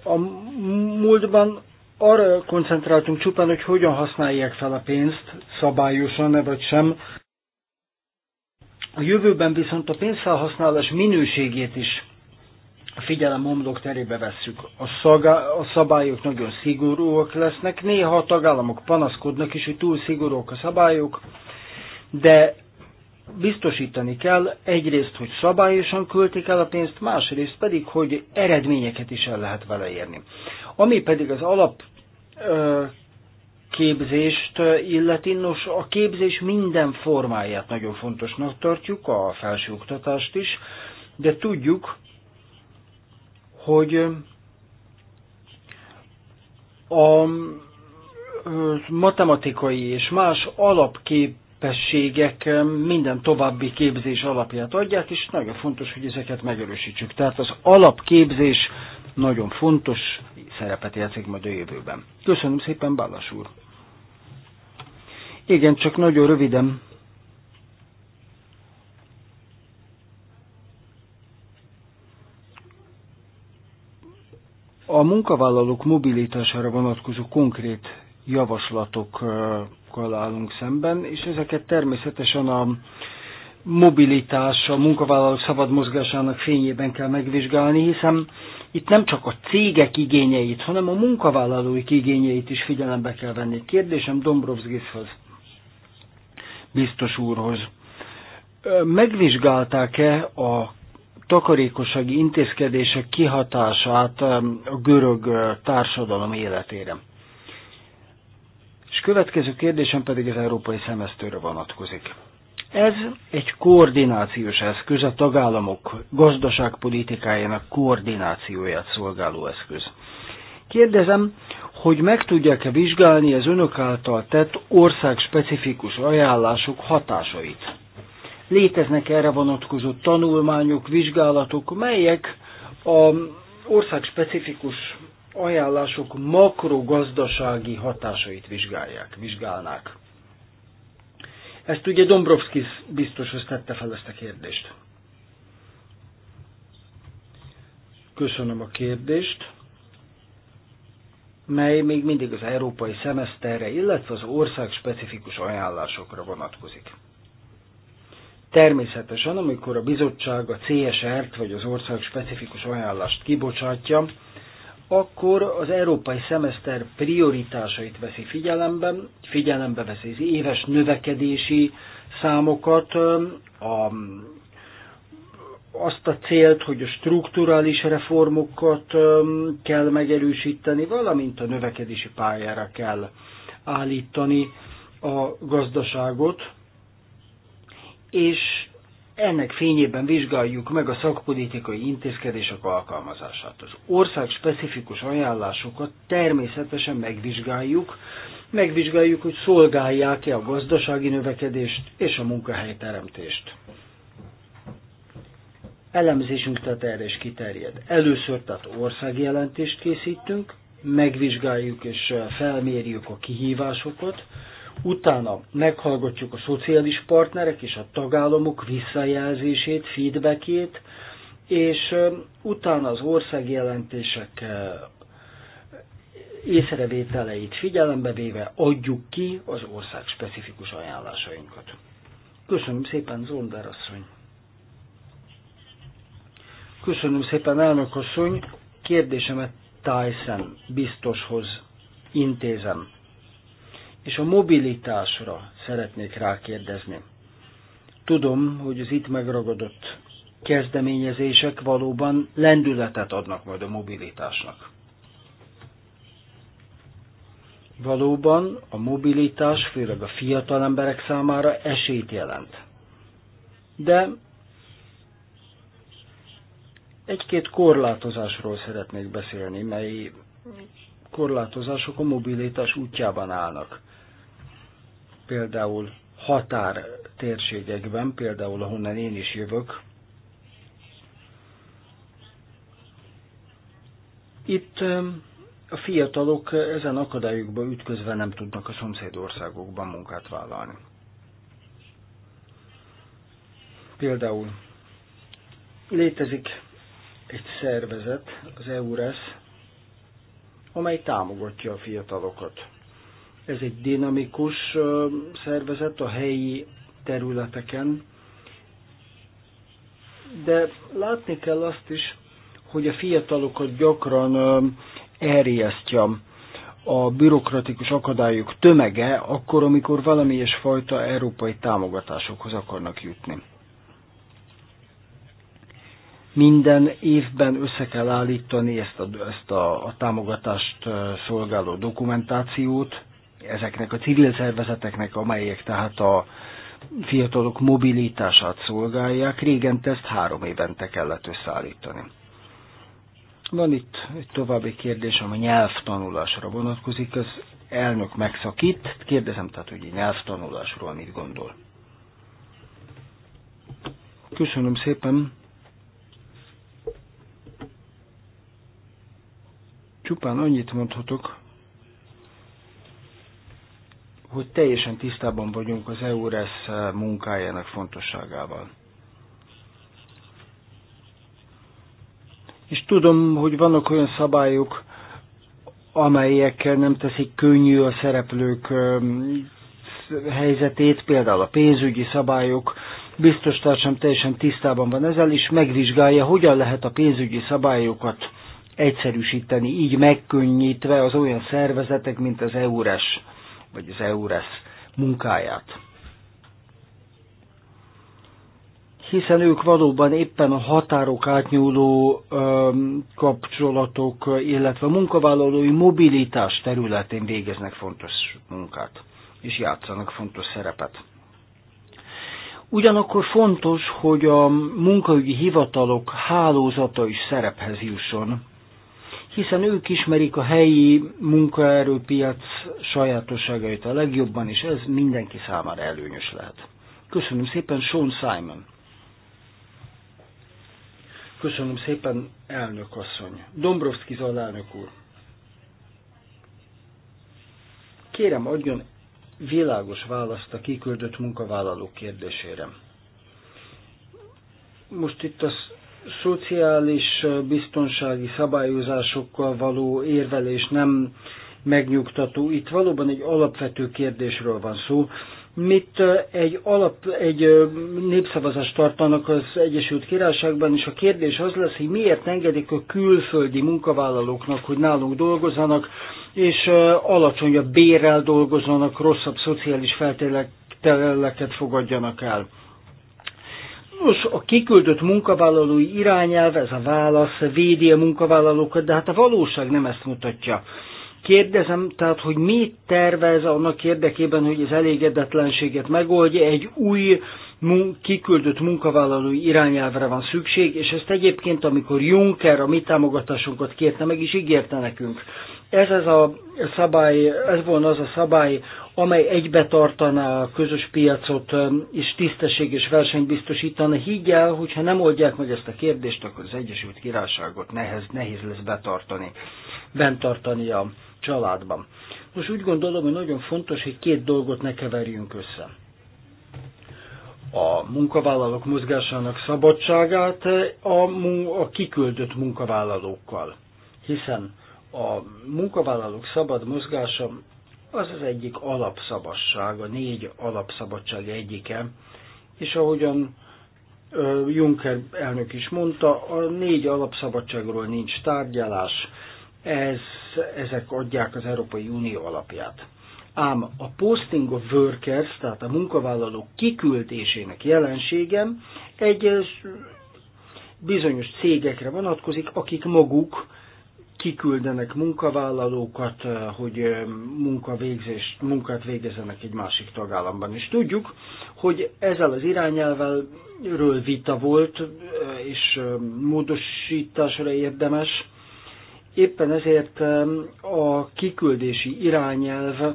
A múltban arra koncentráltunk csupán, hogy hogyan használják fel a pénzt, szabályosan ne vagy sem. A jövőben viszont a pénzfelhasználás minőségét is a figyelem homlok terébe vesszük. A, szaga, a szabályok nagyon szigorúak lesznek, néha a tagállamok panaszkodnak is, hogy túl szigorúak a szabályok, de biztosítani kell egyrészt, hogy szabályosan költik el a pénzt, másrészt pedig, hogy eredményeket is el lehet vele érni. Ami pedig az alap képzést illeti, nos, a képzés minden formáját nagyon fontosnak tartjuk, a felsőoktatást is, de tudjuk, hogy a matematikai és más alapkép képességek eh, minden további képzés alapját adják, és nagyon fontos, hogy ezeket megerősítsük. Tehát az alapképzés nagyon fontos szerepet játszik majd a jövőben. Köszönöm szépen, Bálas úr! Igen, csak nagyon röviden. A munkavállalók mobilitására vonatkozó konkrét javaslatokkal állunk szemben, és ezeket természetesen a mobilitás, a munkavállalók szabad mozgásának fényében kell megvizsgálni, hiszen itt nem csak a cégek igényeit, hanem a munkavállalóik igényeit is figyelembe kell venni. Kérdésem Dombrovskishoz, biztos úrhoz. Megvizsgálták-e a takarékossági intézkedések kihatását a görög társadalom életére? És következő kérdésem pedig az európai szemesztőre vonatkozik. Ez egy koordinációs eszköz, a tagállamok gazdaságpolitikájának koordinációját szolgáló eszköz. Kérdezem, hogy meg tudják-e vizsgálni az önök által tett országspecifikus ajánlások hatásait. Léteznek erre vonatkozó tanulmányok, vizsgálatok, melyek a országspecifikus ajánlások makrogazdasági hatásait vizsgálják, vizsgálnák. Ezt ugye Dombrovskis biztoshoz tette fel ezt a kérdést. Köszönöm a kérdést, mely még mindig az európai szemeszterre, illetve az ország specifikus ajánlásokra vonatkozik. Természetesen, amikor a bizottság a CSR-t vagy az ország specifikus ajánlást kibocsátja, akkor az európai szemeszter prioritásait veszi figyelembe, figyelembe veszi az éves növekedési számokat, a, azt a célt, hogy a strukturális reformokat kell megerősíteni, valamint a növekedési pályára kell állítani a gazdaságot, és ennek fényében vizsgáljuk meg a szakpolitikai intézkedések alkalmazását. Az ország specifikus ajánlásokat természetesen megvizsgáljuk, megvizsgáljuk, hogy szolgálják-e a gazdasági növekedést és a munkahelyteremtést. Elemzésünk tehát erre is kiterjed. Először tehát országjelentést készítünk, megvizsgáljuk és felmérjük a kihívásokat, Utána meghallgatjuk a szociális partnerek és a tagállamok visszajelzését, feedbackét, és utána az országjelentések észrevételeit figyelembe véve adjuk ki az ország specifikus ajánlásainkat. Köszönöm szépen, Zonder asszony! Köszönöm szépen, elnök asszony! Kérdésemet Tyson biztoshoz intézem és a mobilitásra szeretnék rákérdezni. Tudom, hogy az itt megragadott kezdeményezések valóban lendületet adnak majd a mobilitásnak. Valóban a mobilitás, főleg a fiatal emberek számára esélyt jelent. De egy-két korlátozásról szeretnék beszélni, mely korlátozások a mobilitás útjában állnak. Például térségekben, például ahonnan én is jövök, Itt a fiatalok ezen akadályokba ütközve nem tudnak a szomszédországokban munkát vállalni. Például létezik egy szervezet, az EURES, amely támogatja a fiatalokat. Ez egy dinamikus szervezet a helyi területeken, de látni kell azt is, hogy a fiatalokat gyakran elriasztja a bürokratikus akadályok tömege, akkor, amikor valamilyes fajta európai támogatásokhoz akarnak jutni minden évben össze kell állítani ezt a, ezt a, a támogatást szolgáló dokumentációt ezeknek a civil szervezeteknek, amelyek tehát a fiatalok mobilitását szolgálják. Régen ezt három évente kellett összeállítani. Van itt egy további kérdés, ami nyelvtanulásra vonatkozik. Az elnök megszakít. Kérdezem tehát, hogy nyelvtanulásról mit gondol. Köszönöm szépen. Csupán annyit mondhatok, hogy teljesen tisztában vagyunk az EURES munkájának fontosságával. És tudom, hogy vannak olyan szabályok, amelyekkel nem teszik könnyű a szereplők helyzetét, például a pénzügyi szabályok. Biztos társam teljesen tisztában van ezzel, és megvizsgálja, hogyan lehet a pénzügyi szabályokat egyszerűsíteni, így megkönnyítve az olyan szervezetek, mint az EURES, vagy az EURES munkáját. Hiszen ők valóban éppen a határok átnyúló ö, kapcsolatok, illetve munkavállalói mobilitás területén végeznek fontos munkát, és játszanak fontos szerepet. Ugyanakkor fontos, hogy a munkaügyi hivatalok hálózata is szerephez jusson, hiszen ők ismerik a helyi munkaerőpiac sajátosságait a legjobban, és ez mindenki számára előnyös lehet. Köszönöm szépen, Sean Simon. Köszönöm szépen, elnök asszony. Dombrovski alelnök úr. Kérem, adjon világos választ a kiküldött munkavállalók kérdésére. Most itt az szociális biztonsági szabályozásokkal való érvelés nem megnyugtató. Itt valóban egy alapvető kérdésről van szó. Mit egy, alap, egy népszavazást tartanak az Egyesült Királyságban, és a kérdés az lesz, hogy miért engedik a külföldi munkavállalóknak, hogy nálunk dolgozzanak, és alacsonyabb bérrel dolgozzanak, rosszabb szociális feltételeket fogadjanak el. Nos, a kiküldött munkavállalói irányelv, ez a válasz, védi a munkavállalókat, de hát a valóság nem ezt mutatja. Kérdezem, tehát, hogy mit tervez annak érdekében, hogy az elégedetlenséget megoldja, egy új mun- kiküldött munkavállalói irányelvre van szükség, és ezt egyébként, amikor Juncker a mi támogatásunkat kérte, meg is ígérte nekünk. Ez, ez, a szabály, ez volna az a szabály, amely egybe tartaná a közös piacot um, és tisztességes versenyt biztosítana. Higgy el, hogyha nem oldják meg ezt a kérdést, akkor az Egyesült Királyságot nehez, nehéz lesz betartani, bentartani a családban. Most úgy gondolom, hogy nagyon fontos, hogy két dolgot ne keverjünk össze. A munkavállalók mozgásának szabadságát a, a kiküldött munkavállalókkal. Hiszen a munkavállalók szabad mozgása az az egyik alapszabadság, a négy alapszabadság egyike, és ahogyan Juncker elnök is mondta, a négy alapszabadságról nincs tárgyalás, ez, ezek adják az Európai Unió alapját. Ám a posting of workers, tehát a munkavállalók kiküldésének jelensége egy bizonyos cégekre vonatkozik, akik maguk kiküldenek munkavállalókat, eh, hogy eh, munkavégzést, munkát végezzenek egy másik tagállamban. És tudjuk, hogy ezzel az irányelvelről vita volt, eh, és módosításra érdemes. Éppen ezért a kiküldési irányelv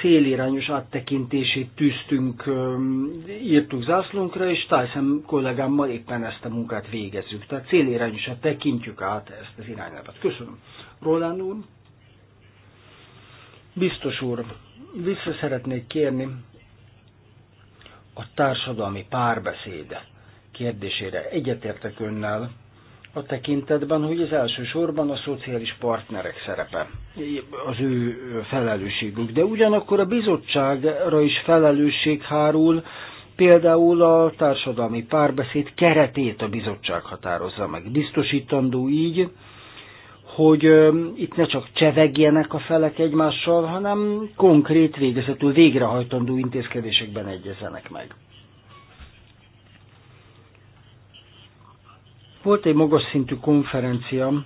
célirányos áttekintését tűztünk, írtuk zászlónkra, és Tyson kollégámmal éppen ezt a munkát végezzük. Tehát célirányosan tekintjük át ezt az irányelvet. Köszönöm. Roland úr? Biztos úr, vissza szeretnék kérni a társadalmi párbeszéd kérdésére. Egyetértek önnel, a tekintetben, hogy az elsősorban a szociális partnerek szerepe, az ő felelősségük. De ugyanakkor a bizottságra is felelősség hárul, például a társadalmi párbeszéd keretét a bizottság határozza meg. Biztosítandó így, hogy itt ne csak csevegjenek a felek egymással, hanem konkrét végezetül végrehajtandó intézkedésekben egyezenek meg. Volt egy magas szintű konferencia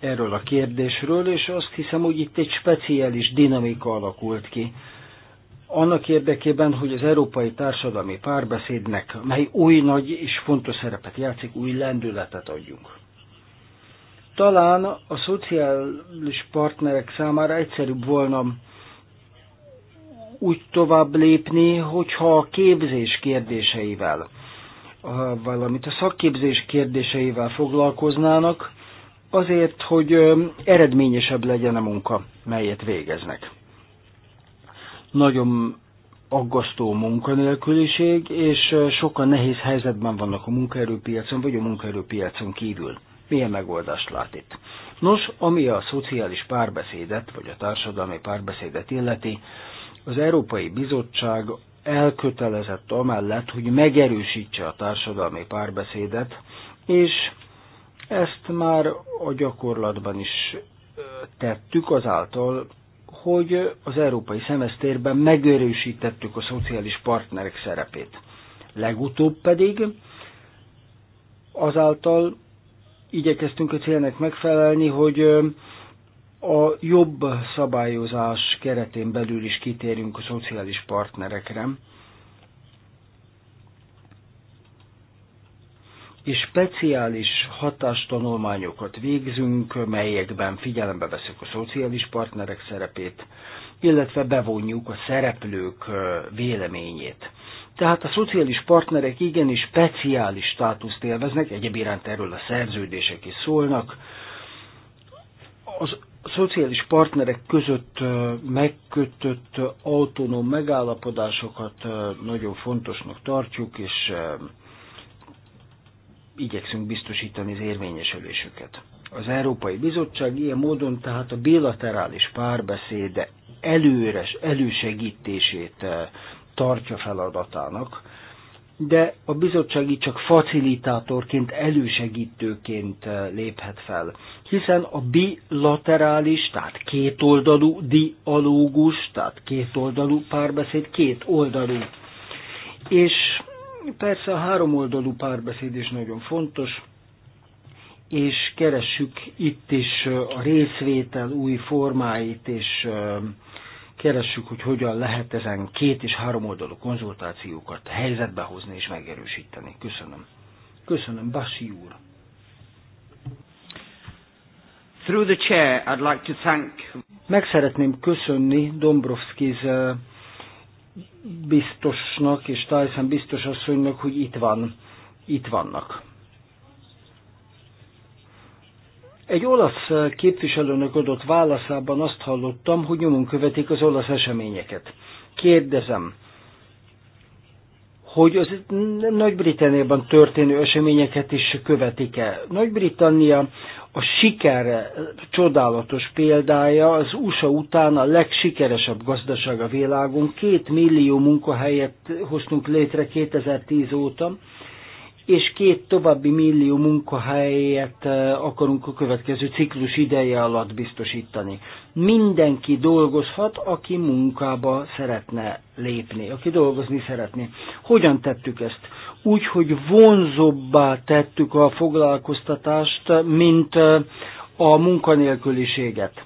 erről a kérdésről, és azt hiszem, hogy itt egy speciális dinamika alakult ki. Annak érdekében, hogy az európai társadalmi párbeszédnek, mely új nagy és fontos szerepet játszik, új lendületet adjunk. Talán a szociális partnerek számára egyszerűbb volna úgy tovább lépni, hogyha a képzés kérdéseivel valamint a szakképzés kérdéseivel foglalkoznának, azért, hogy eredményesebb legyen a munka, melyet végeznek. Nagyon aggasztó munkanélküliség, és sokan nehéz helyzetben vannak a munkaerőpiacon, vagy a munkaerőpiacon kívül. Milyen megoldást lát itt? Nos, ami a szociális párbeszédet, vagy a társadalmi párbeszédet illeti, az Európai Bizottság elkötelezett amellett, hogy megerősítse a társadalmi párbeszédet, és ezt már a gyakorlatban is tettük azáltal, hogy az európai szemesztérben megerősítettük a szociális partnerek szerepét. Legutóbb pedig azáltal igyekeztünk a célnek megfelelni, hogy a jobb szabályozás keretén belül is kitérünk a szociális partnerekre. és speciális hatástanulmányokat végzünk, melyekben figyelembe veszük a szociális partnerek szerepét, illetve bevonjuk a szereplők véleményét. Tehát a szociális partnerek igenis speciális státuszt élveznek, egyéb iránt erről a szerződések is szólnak. Az a szociális partnerek között megkötött autonóm megállapodásokat nagyon fontosnak tartjuk, és igyekszünk biztosítani az érvényesülésüket. Az Európai Bizottság ilyen módon tehát a bilaterális párbeszéde előres elősegítését tartja feladatának, de a bizottság itt csak facilitátorként, elősegítőként eh, léphet fel. Hiszen a bilaterális, tehát kétoldalú dialógus, tehát kétoldalú párbeszéd, két oldalú. És persze a háromoldalú párbeszéd is nagyon fontos, és keressük itt is eh, a részvétel új formáit, és eh, keressük, hogy hogyan lehet ezen két és három oldalú konzultációkat helyzetbe hozni és megerősíteni. Köszönöm. Köszönöm, Basi úr. Through the chair, I'd like to thank... Meg szeretném köszönni Dombrovskis eh, biztosnak és Tyson biztos asszonynak, hogy itt van. Itt vannak. Egy olasz képviselőnök adott válaszában azt hallottam, hogy nyomon követik az olasz eseményeket. Kérdezem, hogy az Nagy-Britanniában történő eseményeket is követik-e. Nagy-Britannia a siker csodálatos példája, az USA után a legsikeresebb gazdaság a világon. Két millió munkahelyet hoztunk létre 2010 óta, és két további millió munkahelyet eh, akarunk a következő ciklus ideje alatt biztosítani. Mindenki dolgozhat, aki munkába szeretne lépni, aki dolgozni szeretné. Hogyan tettük ezt? Úgy, hogy vonzóbbá tettük a foglalkoztatást, mint eh, a munkanélküliséget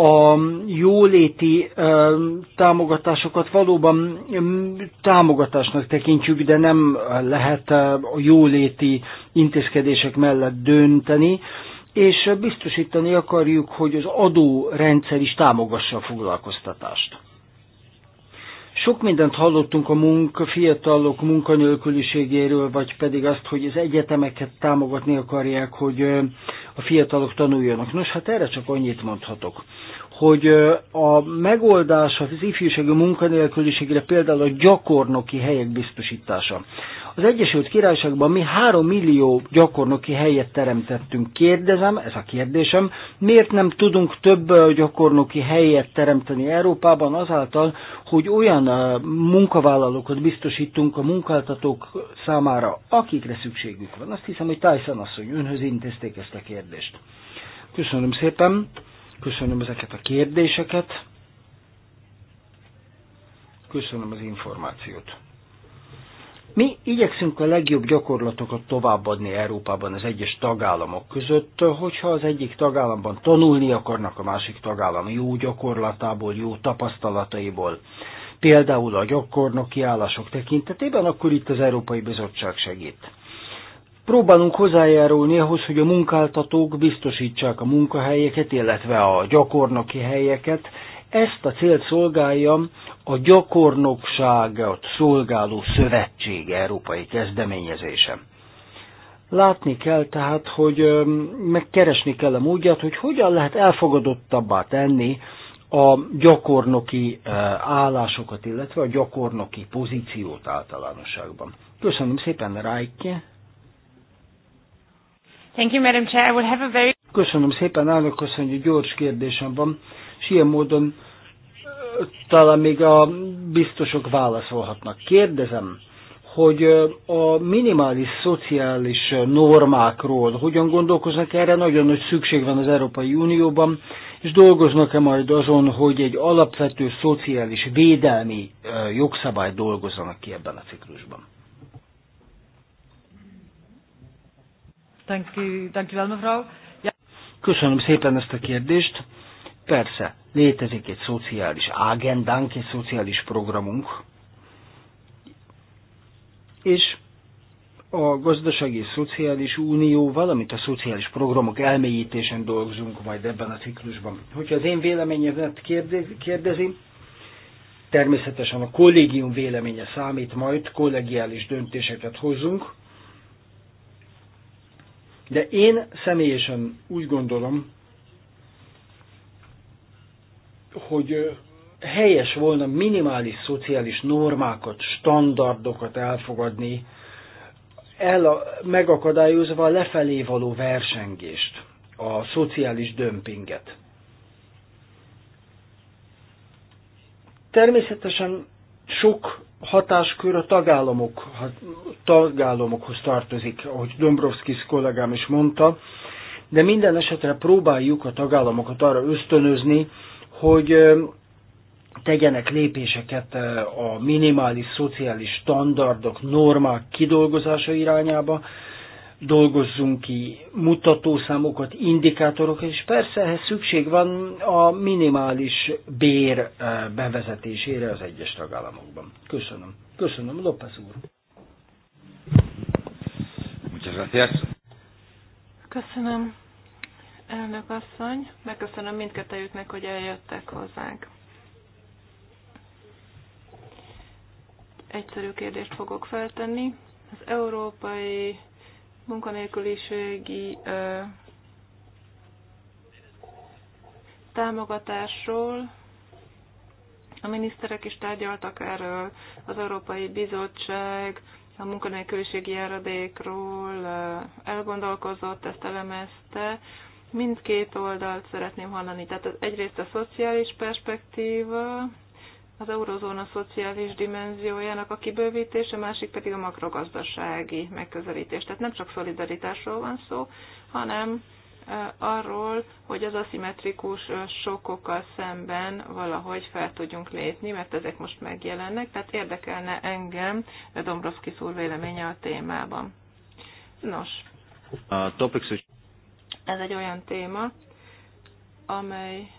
a jóléti támogatásokat valóban támogatásnak tekintjük, de nem lehet a jóléti intézkedések mellett dönteni, és biztosítani akarjuk, hogy az adórendszer is támogassa a foglalkoztatást. Sok mindent hallottunk a munka, fiatalok munkanélküliségéről, vagy pedig azt, hogy az egyetemeket támogatni akarják, hogy a fiatalok tanuljanak. Nos, hát erre csak annyit mondhatok, hogy a megoldás az ifjúsági munkanélküliségre például a gyakornoki helyek biztosítása. Az Egyesült Királyságban mi három millió gyakornoki helyet teremtettünk. Kérdezem, ez a kérdésem, miért nem tudunk több gyakornoki helyet teremteni Európában azáltal, hogy olyan munkavállalókat biztosítunk a munkáltatók számára, akikre szükségük van. Azt hiszem, hogy Tyson asszony, önhöz intézték ezt a kérdést. Köszönöm szépen, köszönöm ezeket a kérdéseket, köszönöm az információt. Mi igyekszünk a legjobb gyakorlatokat továbbadni Európában az egyes tagállamok között, hogyha az egyik tagállamban tanulni akarnak a másik tagállam jó gyakorlatából, jó tapasztalataiból, például a gyakornoki állások tekintetében, akkor itt az Európai Bizottság segít. Próbálunk hozzájárulni ahhoz, hogy a munkáltatók biztosítsák a munkahelyeket, illetve a gyakornoki helyeket, ezt a célt szolgálja a gyakornokságot szolgáló szövetség európai kezdeményezése. Látni kell tehát, hogy megkeresni kell a módját, hogy hogyan lehet elfogadottabbá tenni a gyakornoki állásokat, illetve a gyakornoki pozíciót általánosságban. Köszönöm szépen, Rájke! Thank you, Madam Chair. I will have a very... Köszönöm szépen, állok, köszönjük, gyors kérdésem van és ilyen módon talán még a biztosok válaszolhatnak. Kérdezem, hogy a minimális szociális normákról hogyan gondolkoznak erre, nagyon nagy szükség van az Európai Unióban, és dolgoznak-e majd azon, hogy egy alapvető szociális védelmi jogszabályt dolgozzanak ki ebben a ciklusban? Köszönöm szépen ezt a kérdést. Persze, Létezik egy szociális ágendánk, egy szociális programunk, és a gazdasági és szociális unió, valamint a szociális programok elmélyítésen dolgozunk majd ebben a ciklusban. Hogyha az én véleményemet kérdezi, természetesen a kollégium véleménye számít majd, kollegiális döntéseket hozunk, de én személyesen úgy gondolom, hogy helyes volna minimális szociális normákat, standardokat elfogadni, el, megakadályozva a lefelé való versengést, a szociális dömpinget. Természetesen sok hatáskör a tagállamok, tagállamokhoz tartozik, ahogy Dombrovskis kollégám is mondta, de minden esetre próbáljuk a tagállamokat arra ösztönözni, hogy tegyenek lépéseket a minimális szociális standardok, normák kidolgozása irányába, dolgozzunk ki mutatószámokat, indikátorokat, és persze ehhez szükség van a minimális bér bevezetésére az egyes tagállamokban. Köszönöm. Köszönöm, López úr. Köszönöm elnök asszony. Megköszönöm mindkettőjüknek, hogy eljöttek hozzánk. Egyszerű kérdést fogok feltenni. Az európai munkanélküliségi ö, támogatásról a miniszterek is tárgyaltak erről, az Európai Bizottság a munkanélküliségi járadékról elgondolkozott, ezt elemezte, Mindkét oldalt szeretném hallani. Tehát az egyrészt a szociális perspektíva, az eurozóna szociális dimenziójának a kibővítése, másik pedig a makrogazdasági megközelítés. Tehát nem csak szolidaritásról van szó, hanem arról, hogy az aszimmetrikus sokokkal szemben valahogy fel tudjunk lépni, mert ezek most megjelennek, tehát érdekelne engem Dombrovski szúr véleménye a témában. Nos. A topics ez egy olyan téma, amely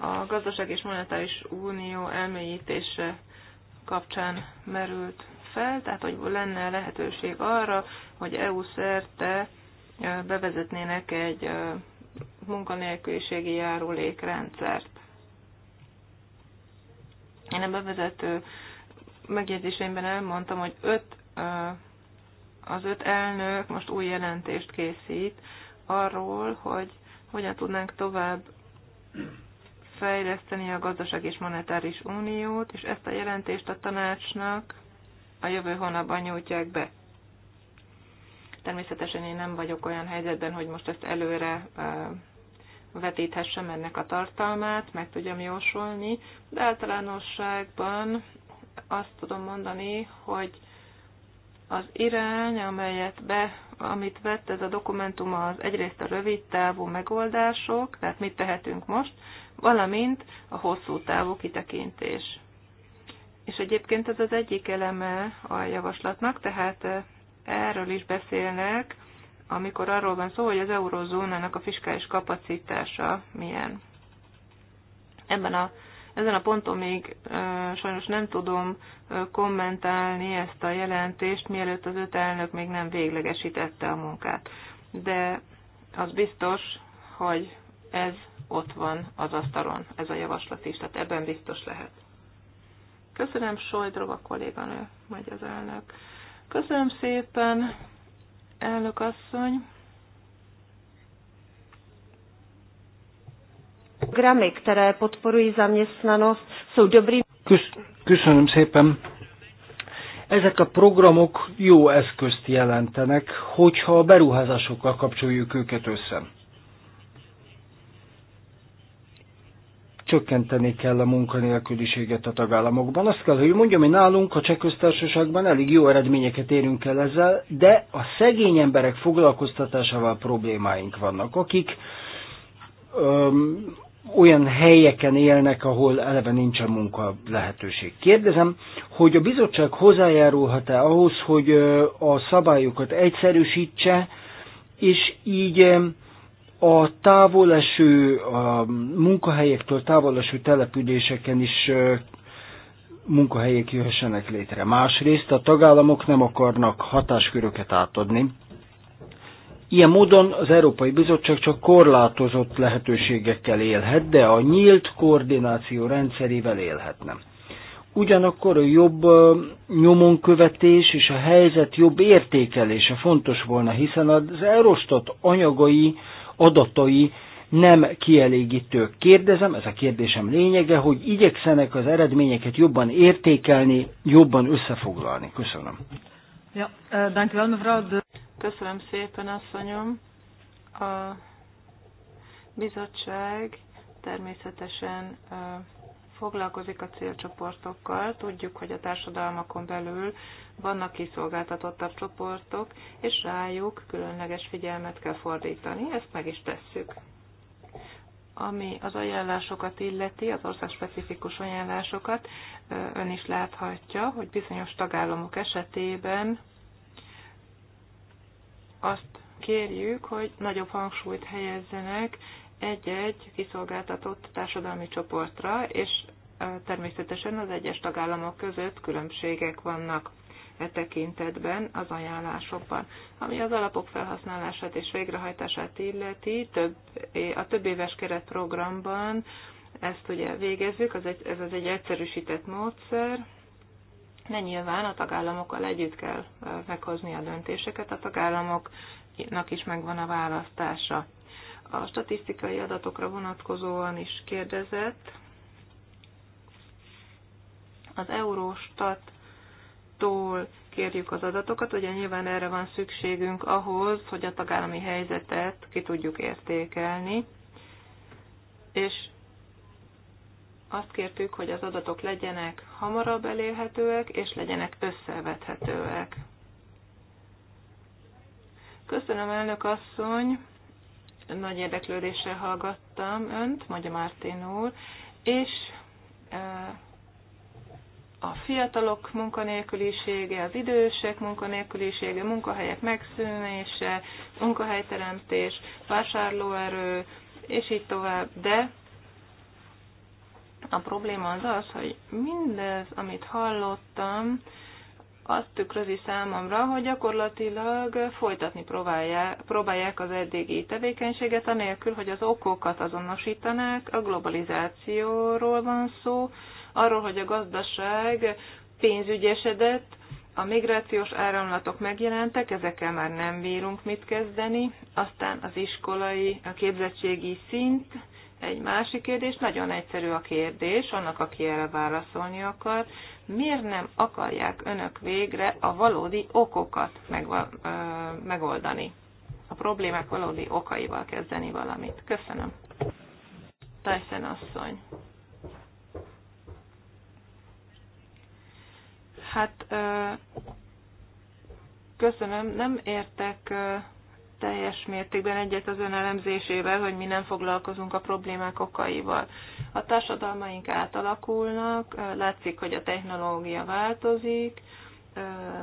a gazdaság és monetáris unió elmélyítése kapcsán merült fel, tehát hogy lenne lehetőség arra, hogy EU szerte bevezetnének egy munkanélküliségi járulékrendszert. Én a bevezető megjegyzéseimben elmondtam, hogy öt az öt elnök most új jelentést készít arról, hogy hogyan tudnánk tovább fejleszteni a gazdaság és monetáris uniót, és ezt a jelentést a tanácsnak a jövő hónapban nyújtják be. Természetesen én nem vagyok olyan helyzetben, hogy most ezt előre vetíthessem ennek a tartalmát, meg tudjam jósolni, de általánosságban azt tudom mondani, hogy az irány, amelyet be, amit vett ez a dokumentum, az egyrészt a rövid távú megoldások, tehát mit tehetünk most, valamint a hosszú távú kitekintés. És egyébként ez az egyik eleme a javaslatnak, tehát eh, erről is beszélnek, amikor arról van szó, hogy az eurozónának a fiskális kapacitása milyen. Ebben a ezen a ponton még sajnos nem tudom kommentálni ezt a jelentést, mielőtt az öt elnök még nem véglegesítette a munkát. De az biztos, hogy ez ott van az asztalon, ez a javaslat is, tehát ebben biztos lehet. Köszönöm, Sojdrova kolléganő, majd az elnök. Köszönöm szépen, elnök asszony. Programy, které podporují zaměstnanost, jsou dobrý. Köszönöm szépen. Ezek a programok jó eszközt jelentenek, hogyha a beruházásokkal kapcsoljuk őket össze. csökkenteni kell a munkanélküliséget a tagállamokban. Azt kell, hogy mondjam, hogy nálunk a cseh köztársaságban elég jó eredményeket érünk el ezzel, de a szegény emberek foglalkoztatásával problémáink vannak, akik olyan helyeken élnek, ahol eleve nincsen munka lehetőség. Kérdezem, hogy a bizottság hozzájárulhat-e ahhoz, hogy a szabályokat egyszerűsítse, és így a távoleső, a munkahelyektől távoleső településeken is munkahelyek jöhessenek létre. Másrészt a tagállamok nem akarnak hatásköröket átadni Ilyen módon az Európai Bizottság csak korlátozott lehetőségekkel élhet, de a nyílt koordináció rendszerével élhetne. Ugyanakkor a jobb nyomonkövetés és a helyzet jobb értékelése fontos volna, hiszen az Eurostat anyagai, adatai nem kielégítők. Kérdezem, ez a kérdésem lényege, hogy igyekszenek az eredményeket jobban értékelni, jobban összefoglalni. Köszönöm. Ja, uh, mevrouw. Köszönöm szépen, asszonyom. A bizottság természetesen foglalkozik a célcsoportokkal. Tudjuk, hogy a társadalmakon belül vannak kiszolgáltatottabb csoportok, és rájuk különleges figyelmet kell fordítani. Ezt meg is tesszük. Ami az ajánlásokat illeti, az országspecifikus ajánlásokat, ön is láthatja, hogy bizonyos tagállamok esetében azt kérjük, hogy nagyobb hangsúlyt helyezzenek egy-egy kiszolgáltatott társadalmi csoportra, és természetesen az egyes tagállamok között különbségek vannak e tekintetben az ajánlásokban. Ami az alapok felhasználását és végrehajtását illeti, több, a több éves keretprogramban ezt ugye végezzük, az egy, ez az egy egyszerűsített módszer, de nyilván a tagállamokkal együtt kell meghozni a döntéseket, a tagállamoknak is megvan a választása. A statisztikai adatokra vonatkozóan is kérdezett. Az Eurostat-tól kérjük az adatokat, ugye nyilván erre van szükségünk ahhoz, hogy a tagállami helyzetet ki tudjuk értékelni, és azt kértük, hogy az adatok legyenek hamarabb elérhetőek és legyenek összevethetőek. Köszönöm, elnök asszony! Nagy érdeklődéssel hallgattam önt, Magyar Mártén úr, és e, a fiatalok munkanélkülisége, az idősek munkanélkülisége, munkahelyek megszűnése, munkahelyteremtés, vásárlóerő, és így tovább. De a probléma az az, hogy mindez, amit hallottam, azt tükrözi számomra, hogy gyakorlatilag folytatni próbálják, próbálják az eddigi tevékenységet, anélkül, hogy az okokat azonosítanák. A globalizációról van szó, arról, hogy a gazdaság pénzügyesedett, a migrációs áramlatok megjelentek, ezekkel már nem bírunk mit kezdeni, aztán az iskolai, a képzettségi szint egy másik kérdés, nagyon egyszerű a kérdés, annak, aki erre válaszolni akar, miért nem akarják önök végre a valódi okokat megoldani? A problémák valódi okaival kezdeni valamit. Köszönöm. Tyson asszony. Hát köszönöm, nem értek teljes mértékben egyet az ön elemzésével, hogy mi nem foglalkozunk a problémák okaival. A társadalmaink átalakulnak, látszik, hogy a technológia változik,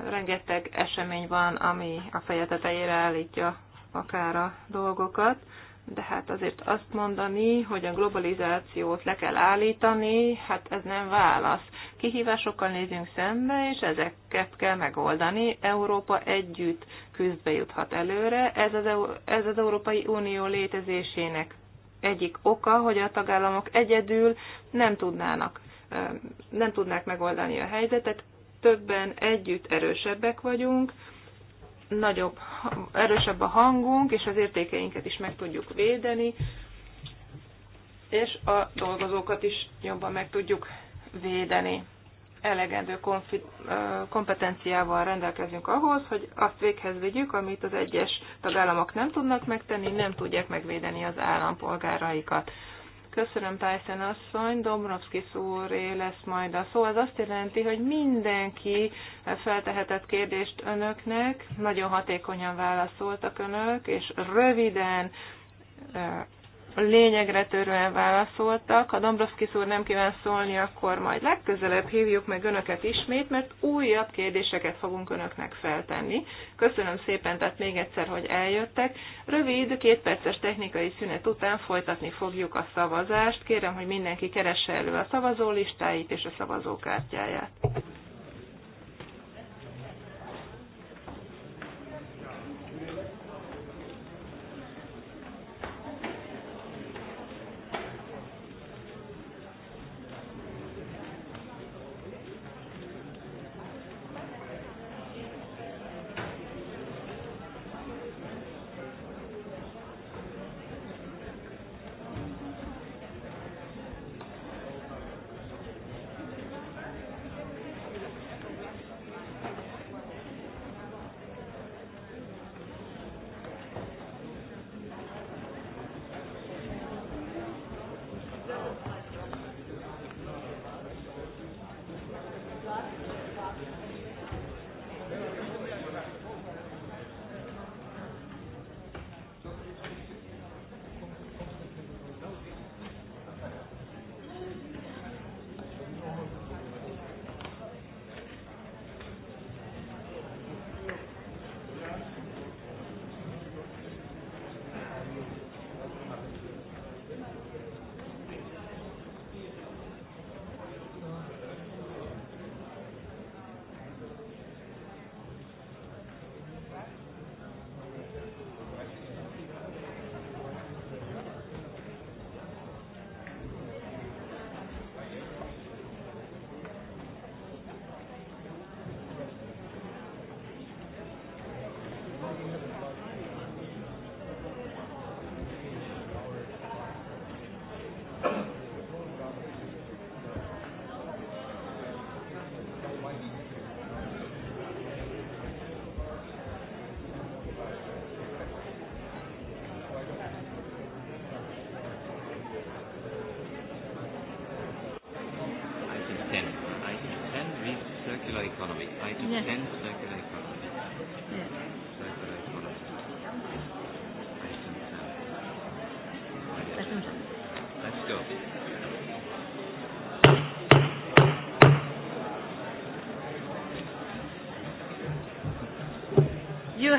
rengeteg esemény van, ami a feje tetejére állítja akár a dolgokat de hát azért azt mondani, hogy a globalizációt le kell állítani, hát ez nem válasz. Kihívásokkal nézünk szembe, és ezeket kell megoldani. Európa együtt küzdbe juthat előre. Ez az, ez az Európai Unió létezésének egyik oka, hogy a tagállamok egyedül nem tudnának, nem tudnák megoldani a helyzetet. Többen együtt erősebbek vagyunk, nagyobb, erősebb a hangunk, és az értékeinket is meg tudjuk védeni, és a dolgozókat is jobban meg tudjuk védeni. Elegendő konfi- kompetenciával rendelkezünk ahhoz, hogy azt véghez vigyük, amit az egyes tagállamok nem tudnak megtenni, nem tudják megvédeni az állampolgáraikat. Köszönöm, Tyson asszony. Dombrovszki úré lesz majd a szó. Ez azt jelenti, hogy mindenki feltehetett kérdést önöknek, nagyon hatékonyan válaszoltak önök, és röviden lényegre törően válaszoltak. Ha Dombrovskis úr nem kíván szólni, akkor majd legközelebb hívjuk meg Önöket ismét, mert újabb kérdéseket fogunk Önöknek feltenni. Köszönöm szépen, tehát még egyszer, hogy eljöttek. Rövid, kétperces technikai szünet után folytatni fogjuk a szavazást. Kérem, hogy mindenki keresse elő a szavazólistáit és a szavazókártyáját.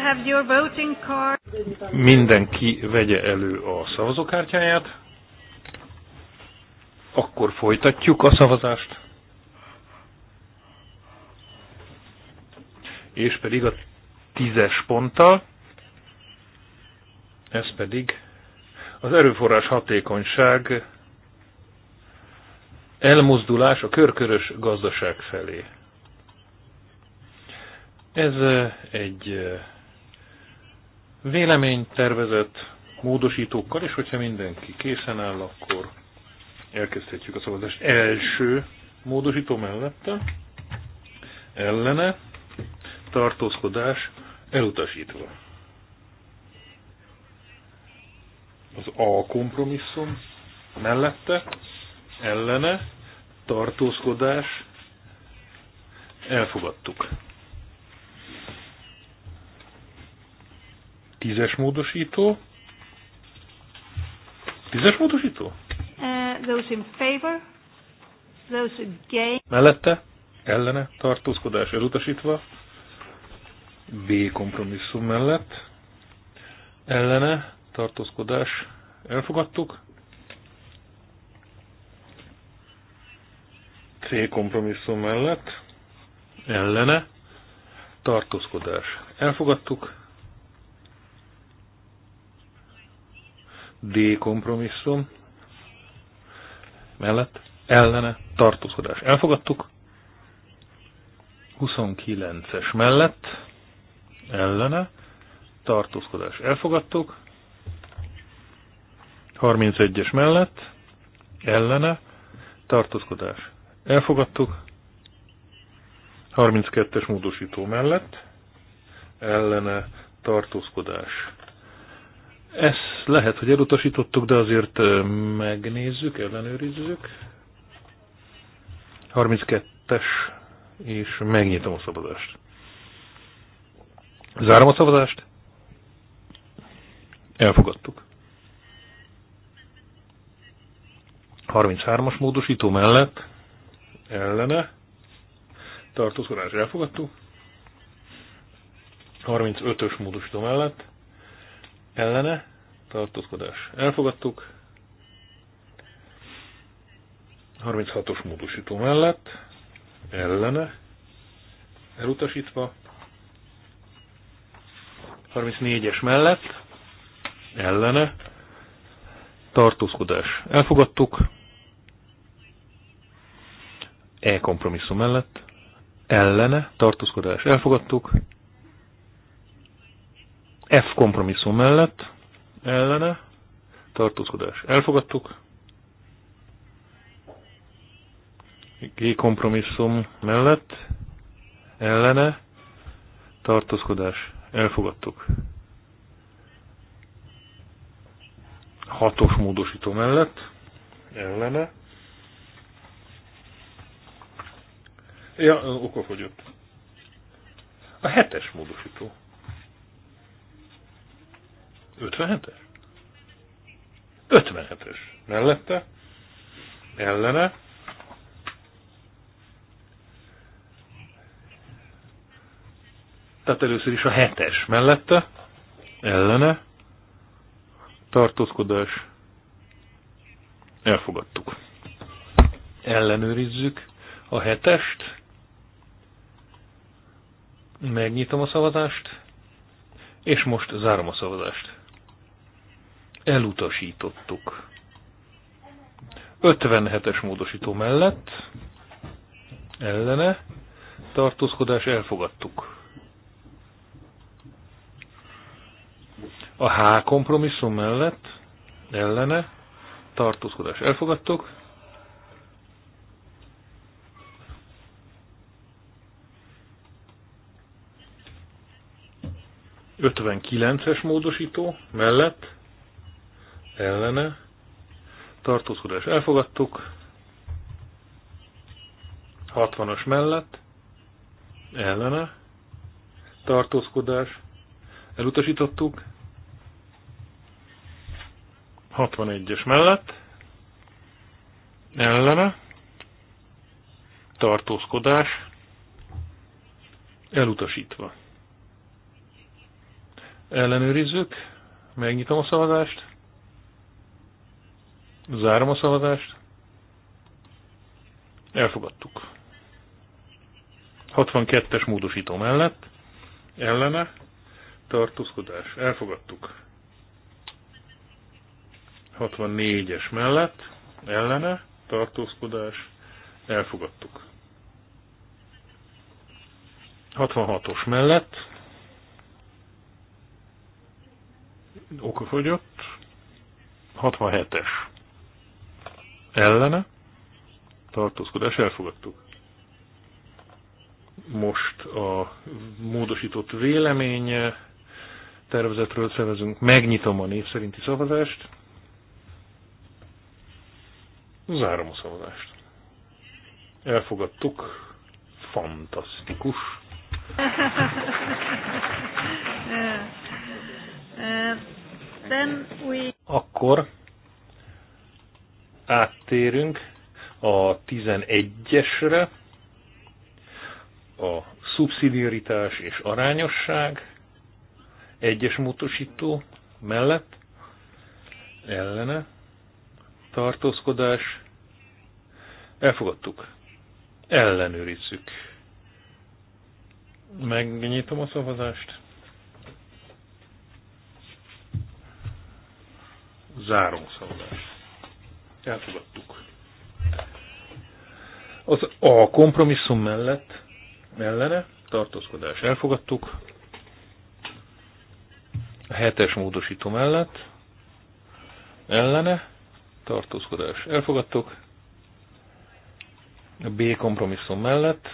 have your voting card? Mindenki vegye elő a szavazókártyáját. Akkor folytatjuk a szavazást. És pedig a tízes ponttal. Ez pedig az erőforrás hatékonyság elmozdulás a körkörös gazdaság felé. Ez eh, egy eh, tervezett módosítókkal, és hogyha mindenki készen áll, akkor elkezdhetjük a szavazást első módosító mellette, ellene, tartózkodás elutasítva. Az A kompromisszum mellette, ellene, tartózkodás elfogadtuk. Tízes módosító. Tízes módosító? Uh, those in favor, those against. Mellette, ellene, tartózkodás elutasítva. B kompromisszum mellett, ellene, tartózkodás elfogadtuk. C kompromisszum mellett, ellene, tartózkodás elfogadtuk. D kompromisszum mellett ellene tartózkodás. Elfogadtuk. 29-es mellett ellene tartózkodás. Elfogadtuk. 31-es mellett ellene tartózkodás. Elfogadtuk. 32-es módosító mellett ellene tartózkodás ezt lehet, hogy elutasítottuk, de azért megnézzük, ellenőrizzük. 32-es, és megnyitom a szavazást. Zárom a szavazást. Elfogadtuk. 33-as módosító mellett ellene tartózkodás elfogadtuk. 35-ös módosító mellett ellene, tartózkodás elfogadtuk, 36-os módosító mellett, ellene, elutasítva, 34-es mellett, ellene, tartózkodás elfogadtuk, e kompromisszum mellett, ellene, tartózkodás elfogadtuk, F kompromisszum mellett ellene tartózkodás. Elfogadtuk. G kompromisszum mellett ellene tartózkodás. Elfogadtuk. Hatos módosító mellett ellene. Ja, okofogyott. A hetes módosító. 57-es? 57-es. Mellette? Ellene? Tehát először is a 7-es. Mellette? Ellene? Tartózkodás? Elfogadtuk. Ellenőrizzük a hetest. Megnyitom a szavazást. És most zárom a szavazást elutasítottuk. 57-es módosító mellett ellene tartózkodás elfogadtuk. A H kompromisszum mellett ellene tartózkodás elfogadtuk. Ötvenkilences módosító mellett ellene, tartózkodás elfogadtuk, 60-as mellett, ellene, tartózkodás, elutasítottuk, 61-es mellett, ellene, tartózkodás, elutasítva. Ellenőrizzük, megnyitom a szavazást, Zárom a szavazást. Elfogadtuk. 62-es módosító mellett, ellene, tartózkodás. Elfogadtuk. 64-es mellett, ellene, tartózkodás. Elfogadtuk. 66-os mellett, okafogyott, 67-es ellene tartózkodás elfogadtuk. Most a módosított vélemény tervezetről szervezünk. Megnyitom a név szerinti szavazást. Zárom a szavazást. Elfogadtuk. Fantasztikus. <laughs> Akkor áttérünk a 11-esre, a szubszidiaritás és arányosság, egyes módosító mellett, ellene, tartózkodás, elfogadtuk, ellenőrizzük. Megnyitom a szavazást. Zárom szavazást. Elfogadtuk. Az A kompromisszum mellett ellene tartózkodás elfogadtuk. A hetes módosító mellett ellene tartózkodás elfogadtuk. A B kompromisszum mellett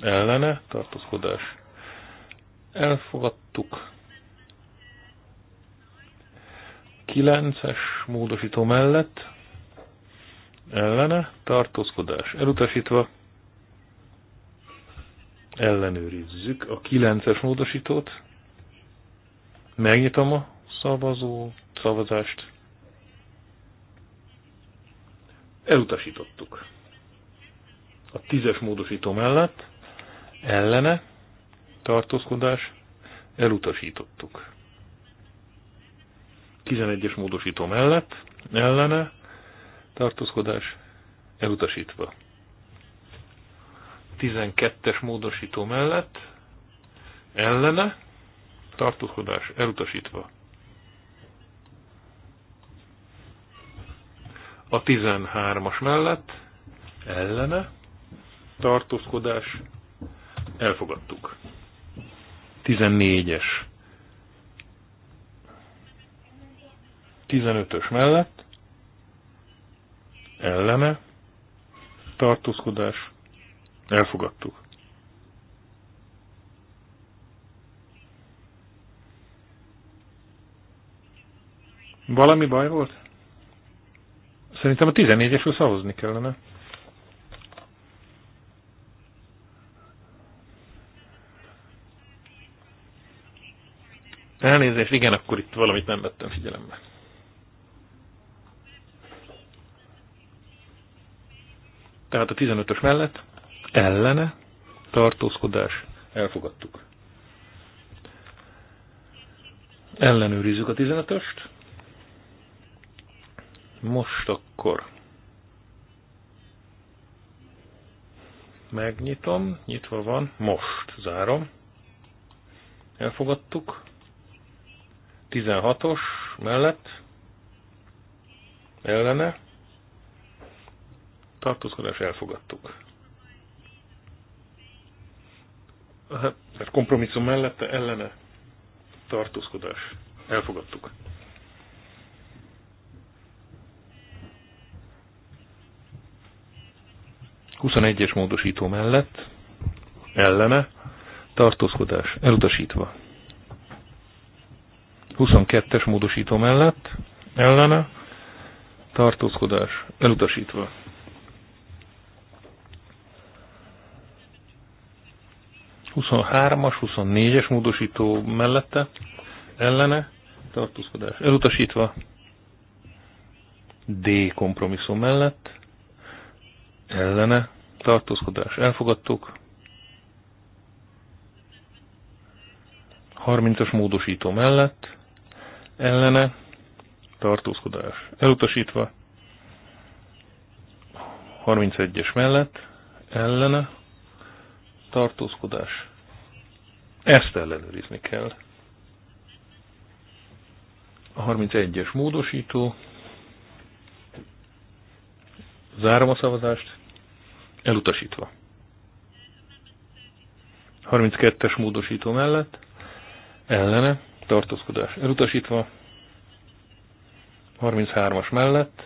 ellene tartózkodás elfogadtuk. 9-es módosító mellett ellene tartózkodás elutasítva ellenőrizzük a 9-es módosítót. Megnyitom a szavazó szavazást. Elutasítottuk. A 10-es módosító mellett ellene tartózkodás elutasítottuk. 11-es módosító mellett, ellene, tartózkodás elutasítva. 12-es módosító mellett, ellene, tartózkodás elutasítva. A 13-as mellett, ellene, tartózkodás elfogadtuk. 14-es 15-ös mellett ellene tartózkodás elfogadtuk. Valami baj volt? Szerintem a 14-esről szavazni kellene. Elnézést, igen, akkor itt valamit nem vettem figyelembe. Tehát a 15-ös mellett ellene tartózkodás elfogadtuk. Ellenőrizzük a 15-öst. Most akkor megnyitom, nyitva van, most zárom. Elfogadtuk. 16-os mellett ellene tartózkodás elfogadtuk. Mert hát, kompromisszum mellette ellene tartózkodás elfogadtuk. Huszonegyes módosító mellett ellene tartózkodás elutasítva. 22-es módosító mellett ellene tartózkodás elutasítva. 23-as, 24-es módosító mellette, ellene, tartózkodás elutasítva, D kompromisszum mellett, ellene, tartózkodás elfogadtuk, 30-as módosító mellett, ellene, tartózkodás elutasítva, 31-es mellett, ellene, tartózkodás. Ezt ellenőrizni kell. A 31-es módosító. Zárom a szavazást. Elutasítva. 32-es módosító mellett. Ellene. Tartózkodás. Elutasítva. 33-as mellett.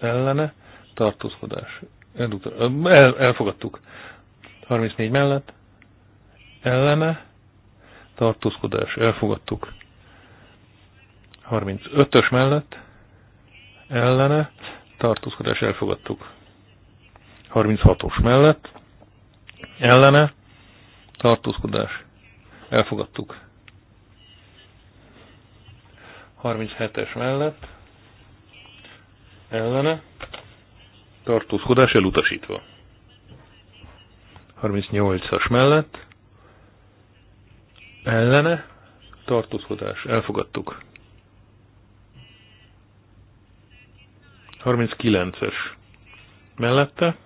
Ellene. Tartózkodás. El, elfogadtuk. 34 mellett elleme, tartózkodás elfogadtuk. 35-ös mellett ellene tartózkodás elfogadtuk. 36-os mellett ellene tartózkodás elfogadtuk. 37-es mellett ellene tartózkodás elutasítva. 38-as mellett ellene tartózkodás. Elfogadtuk. 39-es mellette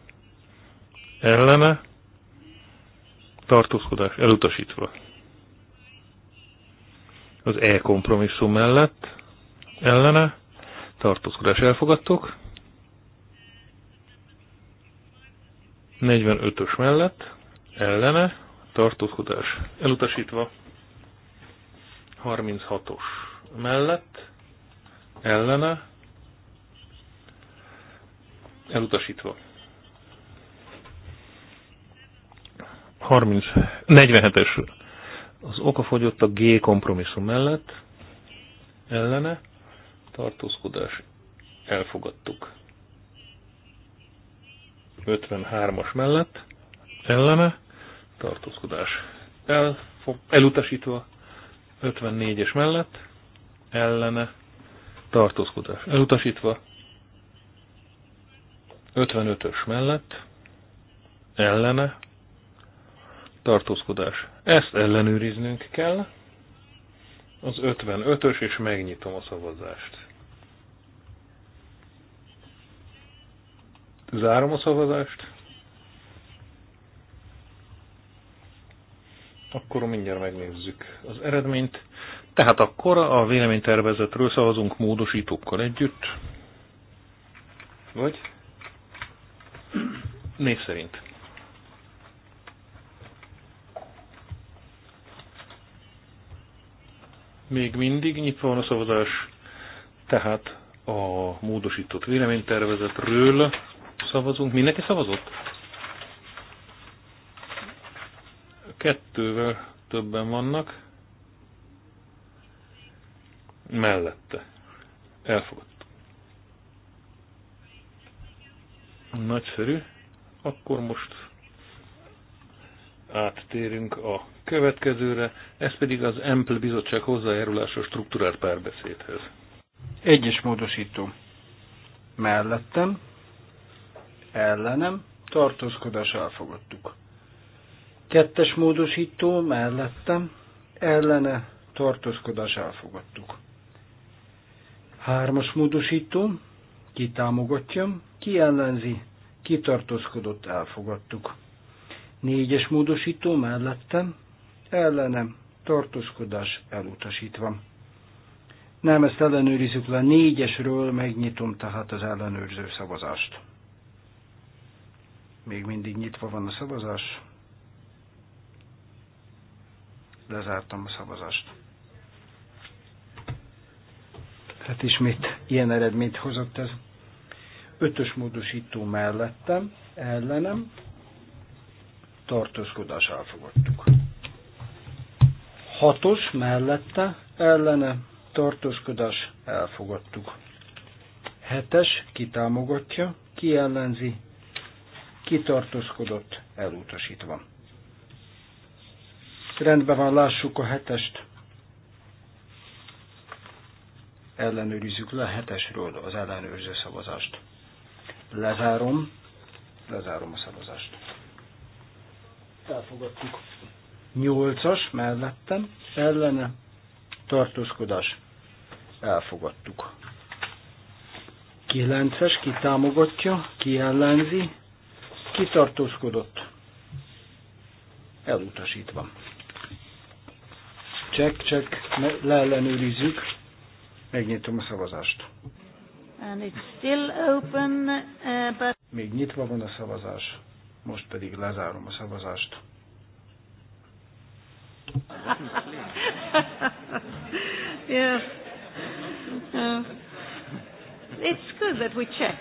ellene tartózkodás elutasítva. Az E kompromisszum mellett ellene tartózkodás elfogadtuk. 45-ös mellett ellene tartózkodás elutasítva. 36-os mellett ellene elutasítva. 47-es az okafogyott a G kompromisszum mellett ellene tartózkodás elfogadtuk. 53-as mellett ellene tartózkodás el, elutasítva 54-es mellett ellene tartózkodás elutasítva 55-ös mellett ellene tartózkodás. Ezt ellenőriznünk kell, az 55-ös, és megnyitom a szavazást. Zárom a szavazást. Akkor mindjárt megnézzük az eredményt. Tehát akkor a véleménytervezetről szavazunk módosítókkal együtt. Vagy? Név szerint. Még mindig nyitva van a szavazás, tehát a módosított véleménytervezetről szavazunk. Mindenki szavazott? Kettővel többen vannak. Mellette. Elfogadtuk. Nagyszerű. Akkor most áttérünk a következőre, ez pedig az EMPL bizottság hozzájárulása struktúrált párbeszédhez. Egyes módosító. Mellettem, ellenem, tartózkodás elfogadtuk. Kettes módosító mellettem, ellene, tartózkodás elfogadtuk. Hármas módosító, ki támogatja, ki ellenzi, ki tartózkodott, elfogadtuk. Négyes módosító mellettem, ellenem, tartózkodás elutasítva. Nem, ezt ellenőrizzük le négyesről, megnyitom tehát az ellenőrző szavazást. Még mindig nyitva van a szavazás. Lezártam a szavazást. Tehát ismét ilyen eredményt hozott ez. Ötös módosító mellettem, ellenem, tartózkodás elfogadtuk. Hatos mellette, ellene, tartózkodás elfogadtuk. Hetes kitámogatja, ki ellenzi, kitartózkodott, elutasítva. Rendben van, lássuk a hetest. Ellenőrizzük le a hetesről az ellenőrző szavazást. Lezárom, lezárom a szavazást. Elfogadtuk. Nyolcas mellettem, ellene, tartózkodás. Elfogadtuk. Kilences, ki támogatja, ki ellenzi, kitartózkodott, elutasítva. Csek, csek, leellenőrizzük, megnyitom a szavazást. And it's still open, uh, but... Még nyitva van a szavazás, most pedig lezárom a szavazást. <laughs> yes. Uh, it's good that we check.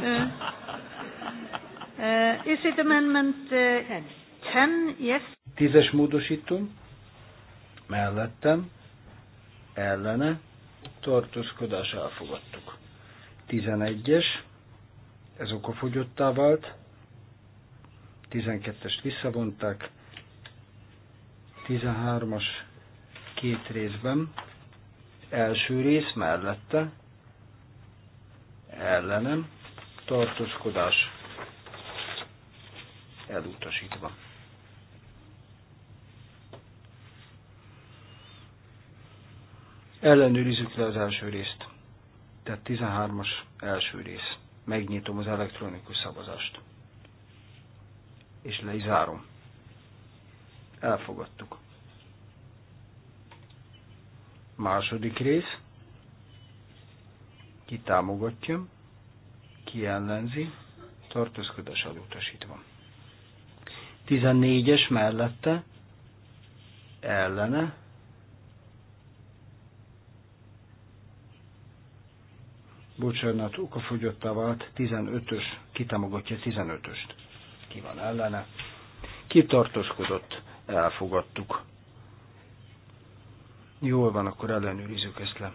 Uh, Uh, is it amendment 10? Uh, yes. Tízes módosító. Mellettem. Ellene. Tartózkodás elfogadtuk. 11-es. Ez okafogyottá vált. 12-est visszavonták. 13-as két részben. Első rész mellette ellenem tartózkodás elutasítva. Ellenőrizzük le az első részt. Tehát 13-as első rész. Megnyitom az elektronikus szavazást. És le is zárom. Elfogadtuk. Második rész. Ki támogatja, ki ellenzi, tartózkodás elutasítva. 14-es mellette ellene bocsánat, a vált 15-ös, kitámogatja 15-öst. Ki van ellene? kitartoskodott, Elfogadtuk. Jól van, akkor ellenőrizzük ezt le.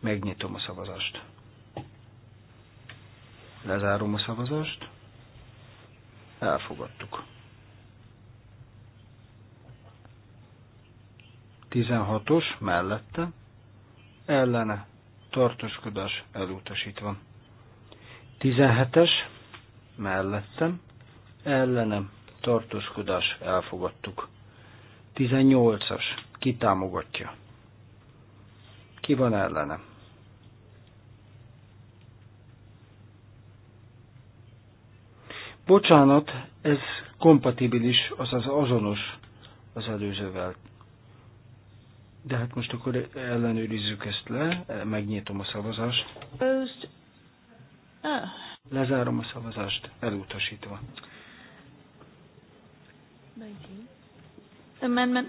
Megnyitom a szavazást. Lezárom a szavazást elfogadtuk. 16-os mellette ellene tartoskodás elutasítva. 17-es mellettem ellenem tartoskodás elfogadtuk. 18-as kitámogatja. Ki van ellenem? Bocsánat, ez kompatibilis, azaz azonos az előzővel. De hát most akkor ellenőrizzük ezt le, megnyitom a szavazást. Ah. Lezárom a szavazást, elutasítva. Amendment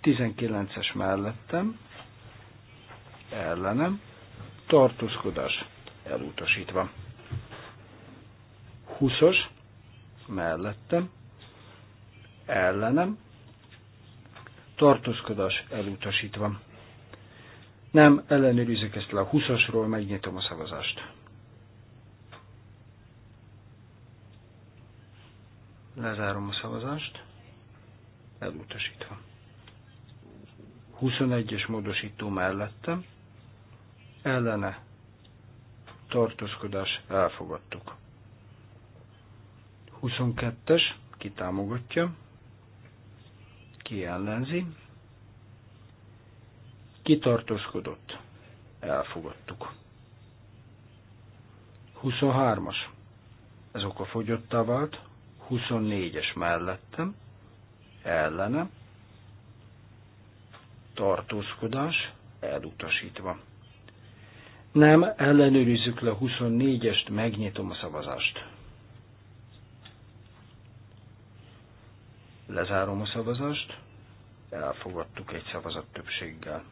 19. 19-es mellettem, ellenem, tartózkodás elutasítva. 20-as mellettem, ellenem, tartózkodás elutasítva. Nem, ellenőrizek ezt le a 20-asról, megnyitom a szavazást. Lezárom a szavazást, elutasítva. 21-es módosító mellettem, ellene tartózkodás elfogadtuk. 22-es, ki támogatja, ki ellenzi, ki tartózkodott, elfogadtuk. 23-as, ez fogyottá vált, 24-es mellettem, ellene, tartózkodás, elutasítva. Nem, ellenőrizzük le 24-est, megnyitom a szavazást. Lezárom a szavazást. Elfogadtuk egy szavazat többséggel.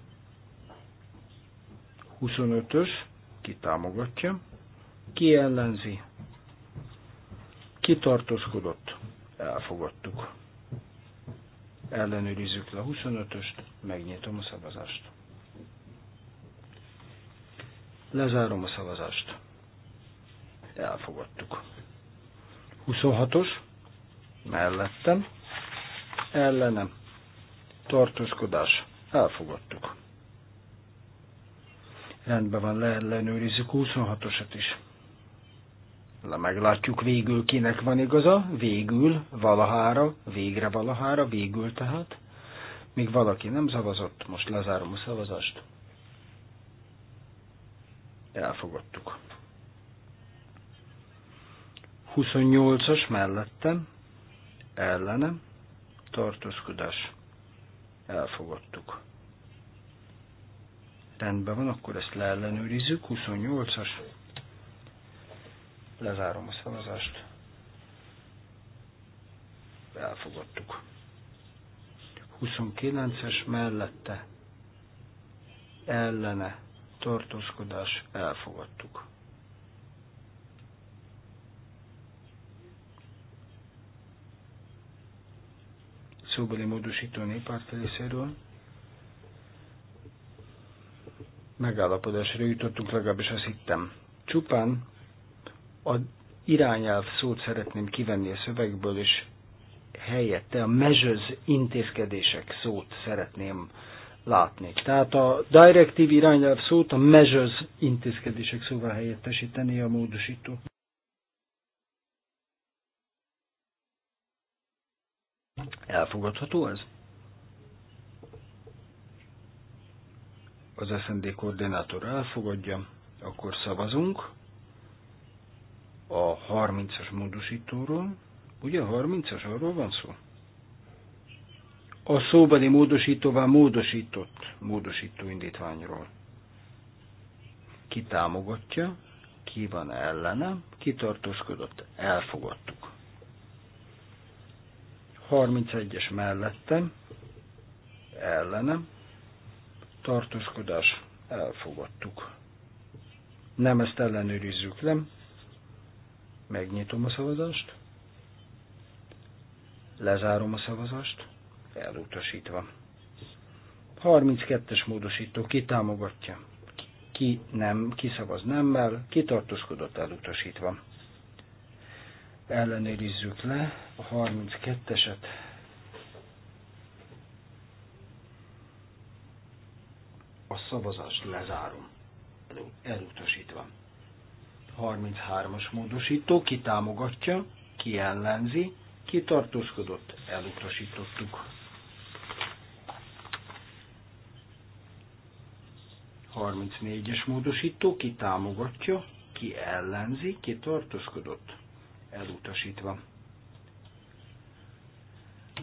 25-ös, ki támogatja, ki ellenzi, ki tartózkodott, elfogadtuk. Ellenőrizzük le a 25-öst, megnyitom a szavazást. Lezárom a szavazást. Elfogadtuk. 26-os, mellettem, ellenem tartózkodás. Elfogadtuk. Rendben van, leellenőrizzük 26-osat is. Le meglátjuk végül kinek van igaza, végül, valahára, végre valahára, végül tehát. Még valaki nem szavazott, most lezárom a szavazást. Elfogadtuk. 28-as mellettem, ellenem, tartózkodás elfogadtuk. Rendben van, akkor ezt leellenőrizzük. 28-as. Lezárom a szavazást. Elfogadtuk. 29-es mellette ellene tartózkodás elfogadtuk. szóbeli módosító néppárt részéről. Megállapodásra jutottunk, legalábbis azt hittem. Csupán az irányelv szót szeretném kivenni a szövegből, és helyette a measures intézkedések szót szeretném látni. Tehát a directive irányelv szót a measures intézkedések szóval helyettesíteni a módosító. Elfogadható ez? Az SND koordinátor elfogadja, akkor szavazunk a 30-as módosítóról. Ugye a 30-as arról van szó? A szóbeli módosítóvá módosított módosító indítványról. Ki támogatja, ki van ellene, ki tartózkodott, elfogadta. 31-es mellettem, ellenem, tartózkodás, elfogadtuk. Nem ezt ellenőrizzük, nem? Megnyitom a szavazást, lezárom a szavazást, elutasítva. 32-es módosító kitámogatja, ki nem, kiszavaz nemmel, ki elutasítva ellenőrizzük le a 32-eset. A szavazást lezárom. Elutasítva. 33-as módosító, ki támogatja, ki ellenzi, ki tartózkodott, elutasítottuk. 34-es módosító, ki támogatja, ki ellenzi, ki tartózkodott, elutasítva.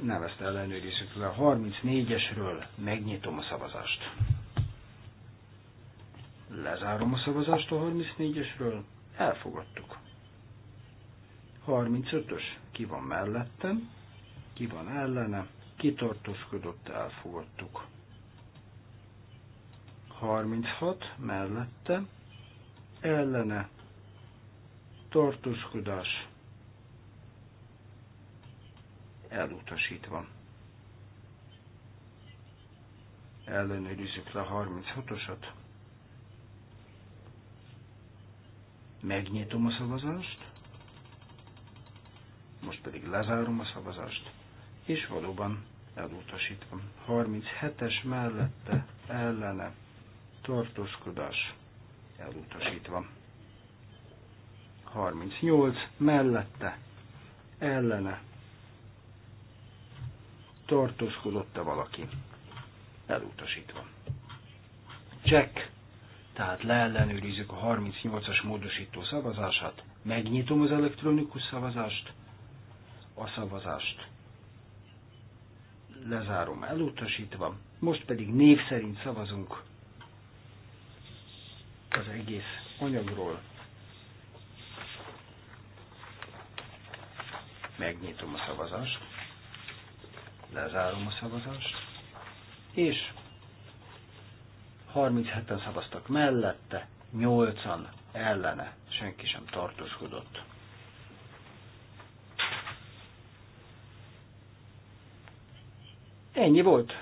Nevezte ellenőrizzük a 34-esről, megnyitom a szavazást. Lezárom a szavazást a 34-esről, elfogadtuk. 35-ös, ki van mellettem, ki van ellene, kitartózkodott, elfogadtuk. 36 mellette, ellene, tartózkodás, elutasítva. Ellenőrizzük le a 36-osat. Megnyitom a szavazást, most pedig lezárom a szavazást, és valóban elutasítva. 37-es mellette ellene tartózkodás elutasítva. 38 mellette ellene tartózkodott-e valaki. Elutasítva. Check. Tehát leellenőrizzük a 38-as módosító szavazását. Megnyitom az elektronikus szavazást. A szavazást lezárom elutasítva. Most pedig név szerint szavazunk az egész anyagról. Megnyitom a szavazást lezárom a szavazást, és 37-en szavaztak mellette, 8-an ellene, senki sem tartózkodott. Ennyi volt.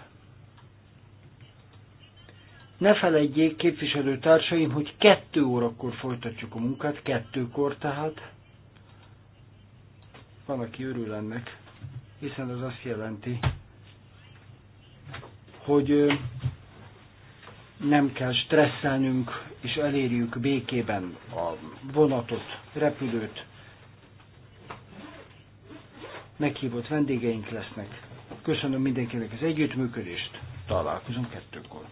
Ne felejtjék, képviselőtársaim, hogy kettő órakor folytatjuk a munkát, kettőkor tehát. Van, aki örül ennek hiszen ez azt jelenti, hogy nem kell stresszelnünk, és elérjük békében a vonatot, repülőt. Meghívott vendégeink lesznek. Köszönöm mindenkinek az együttműködést, találkozunk kettőkor.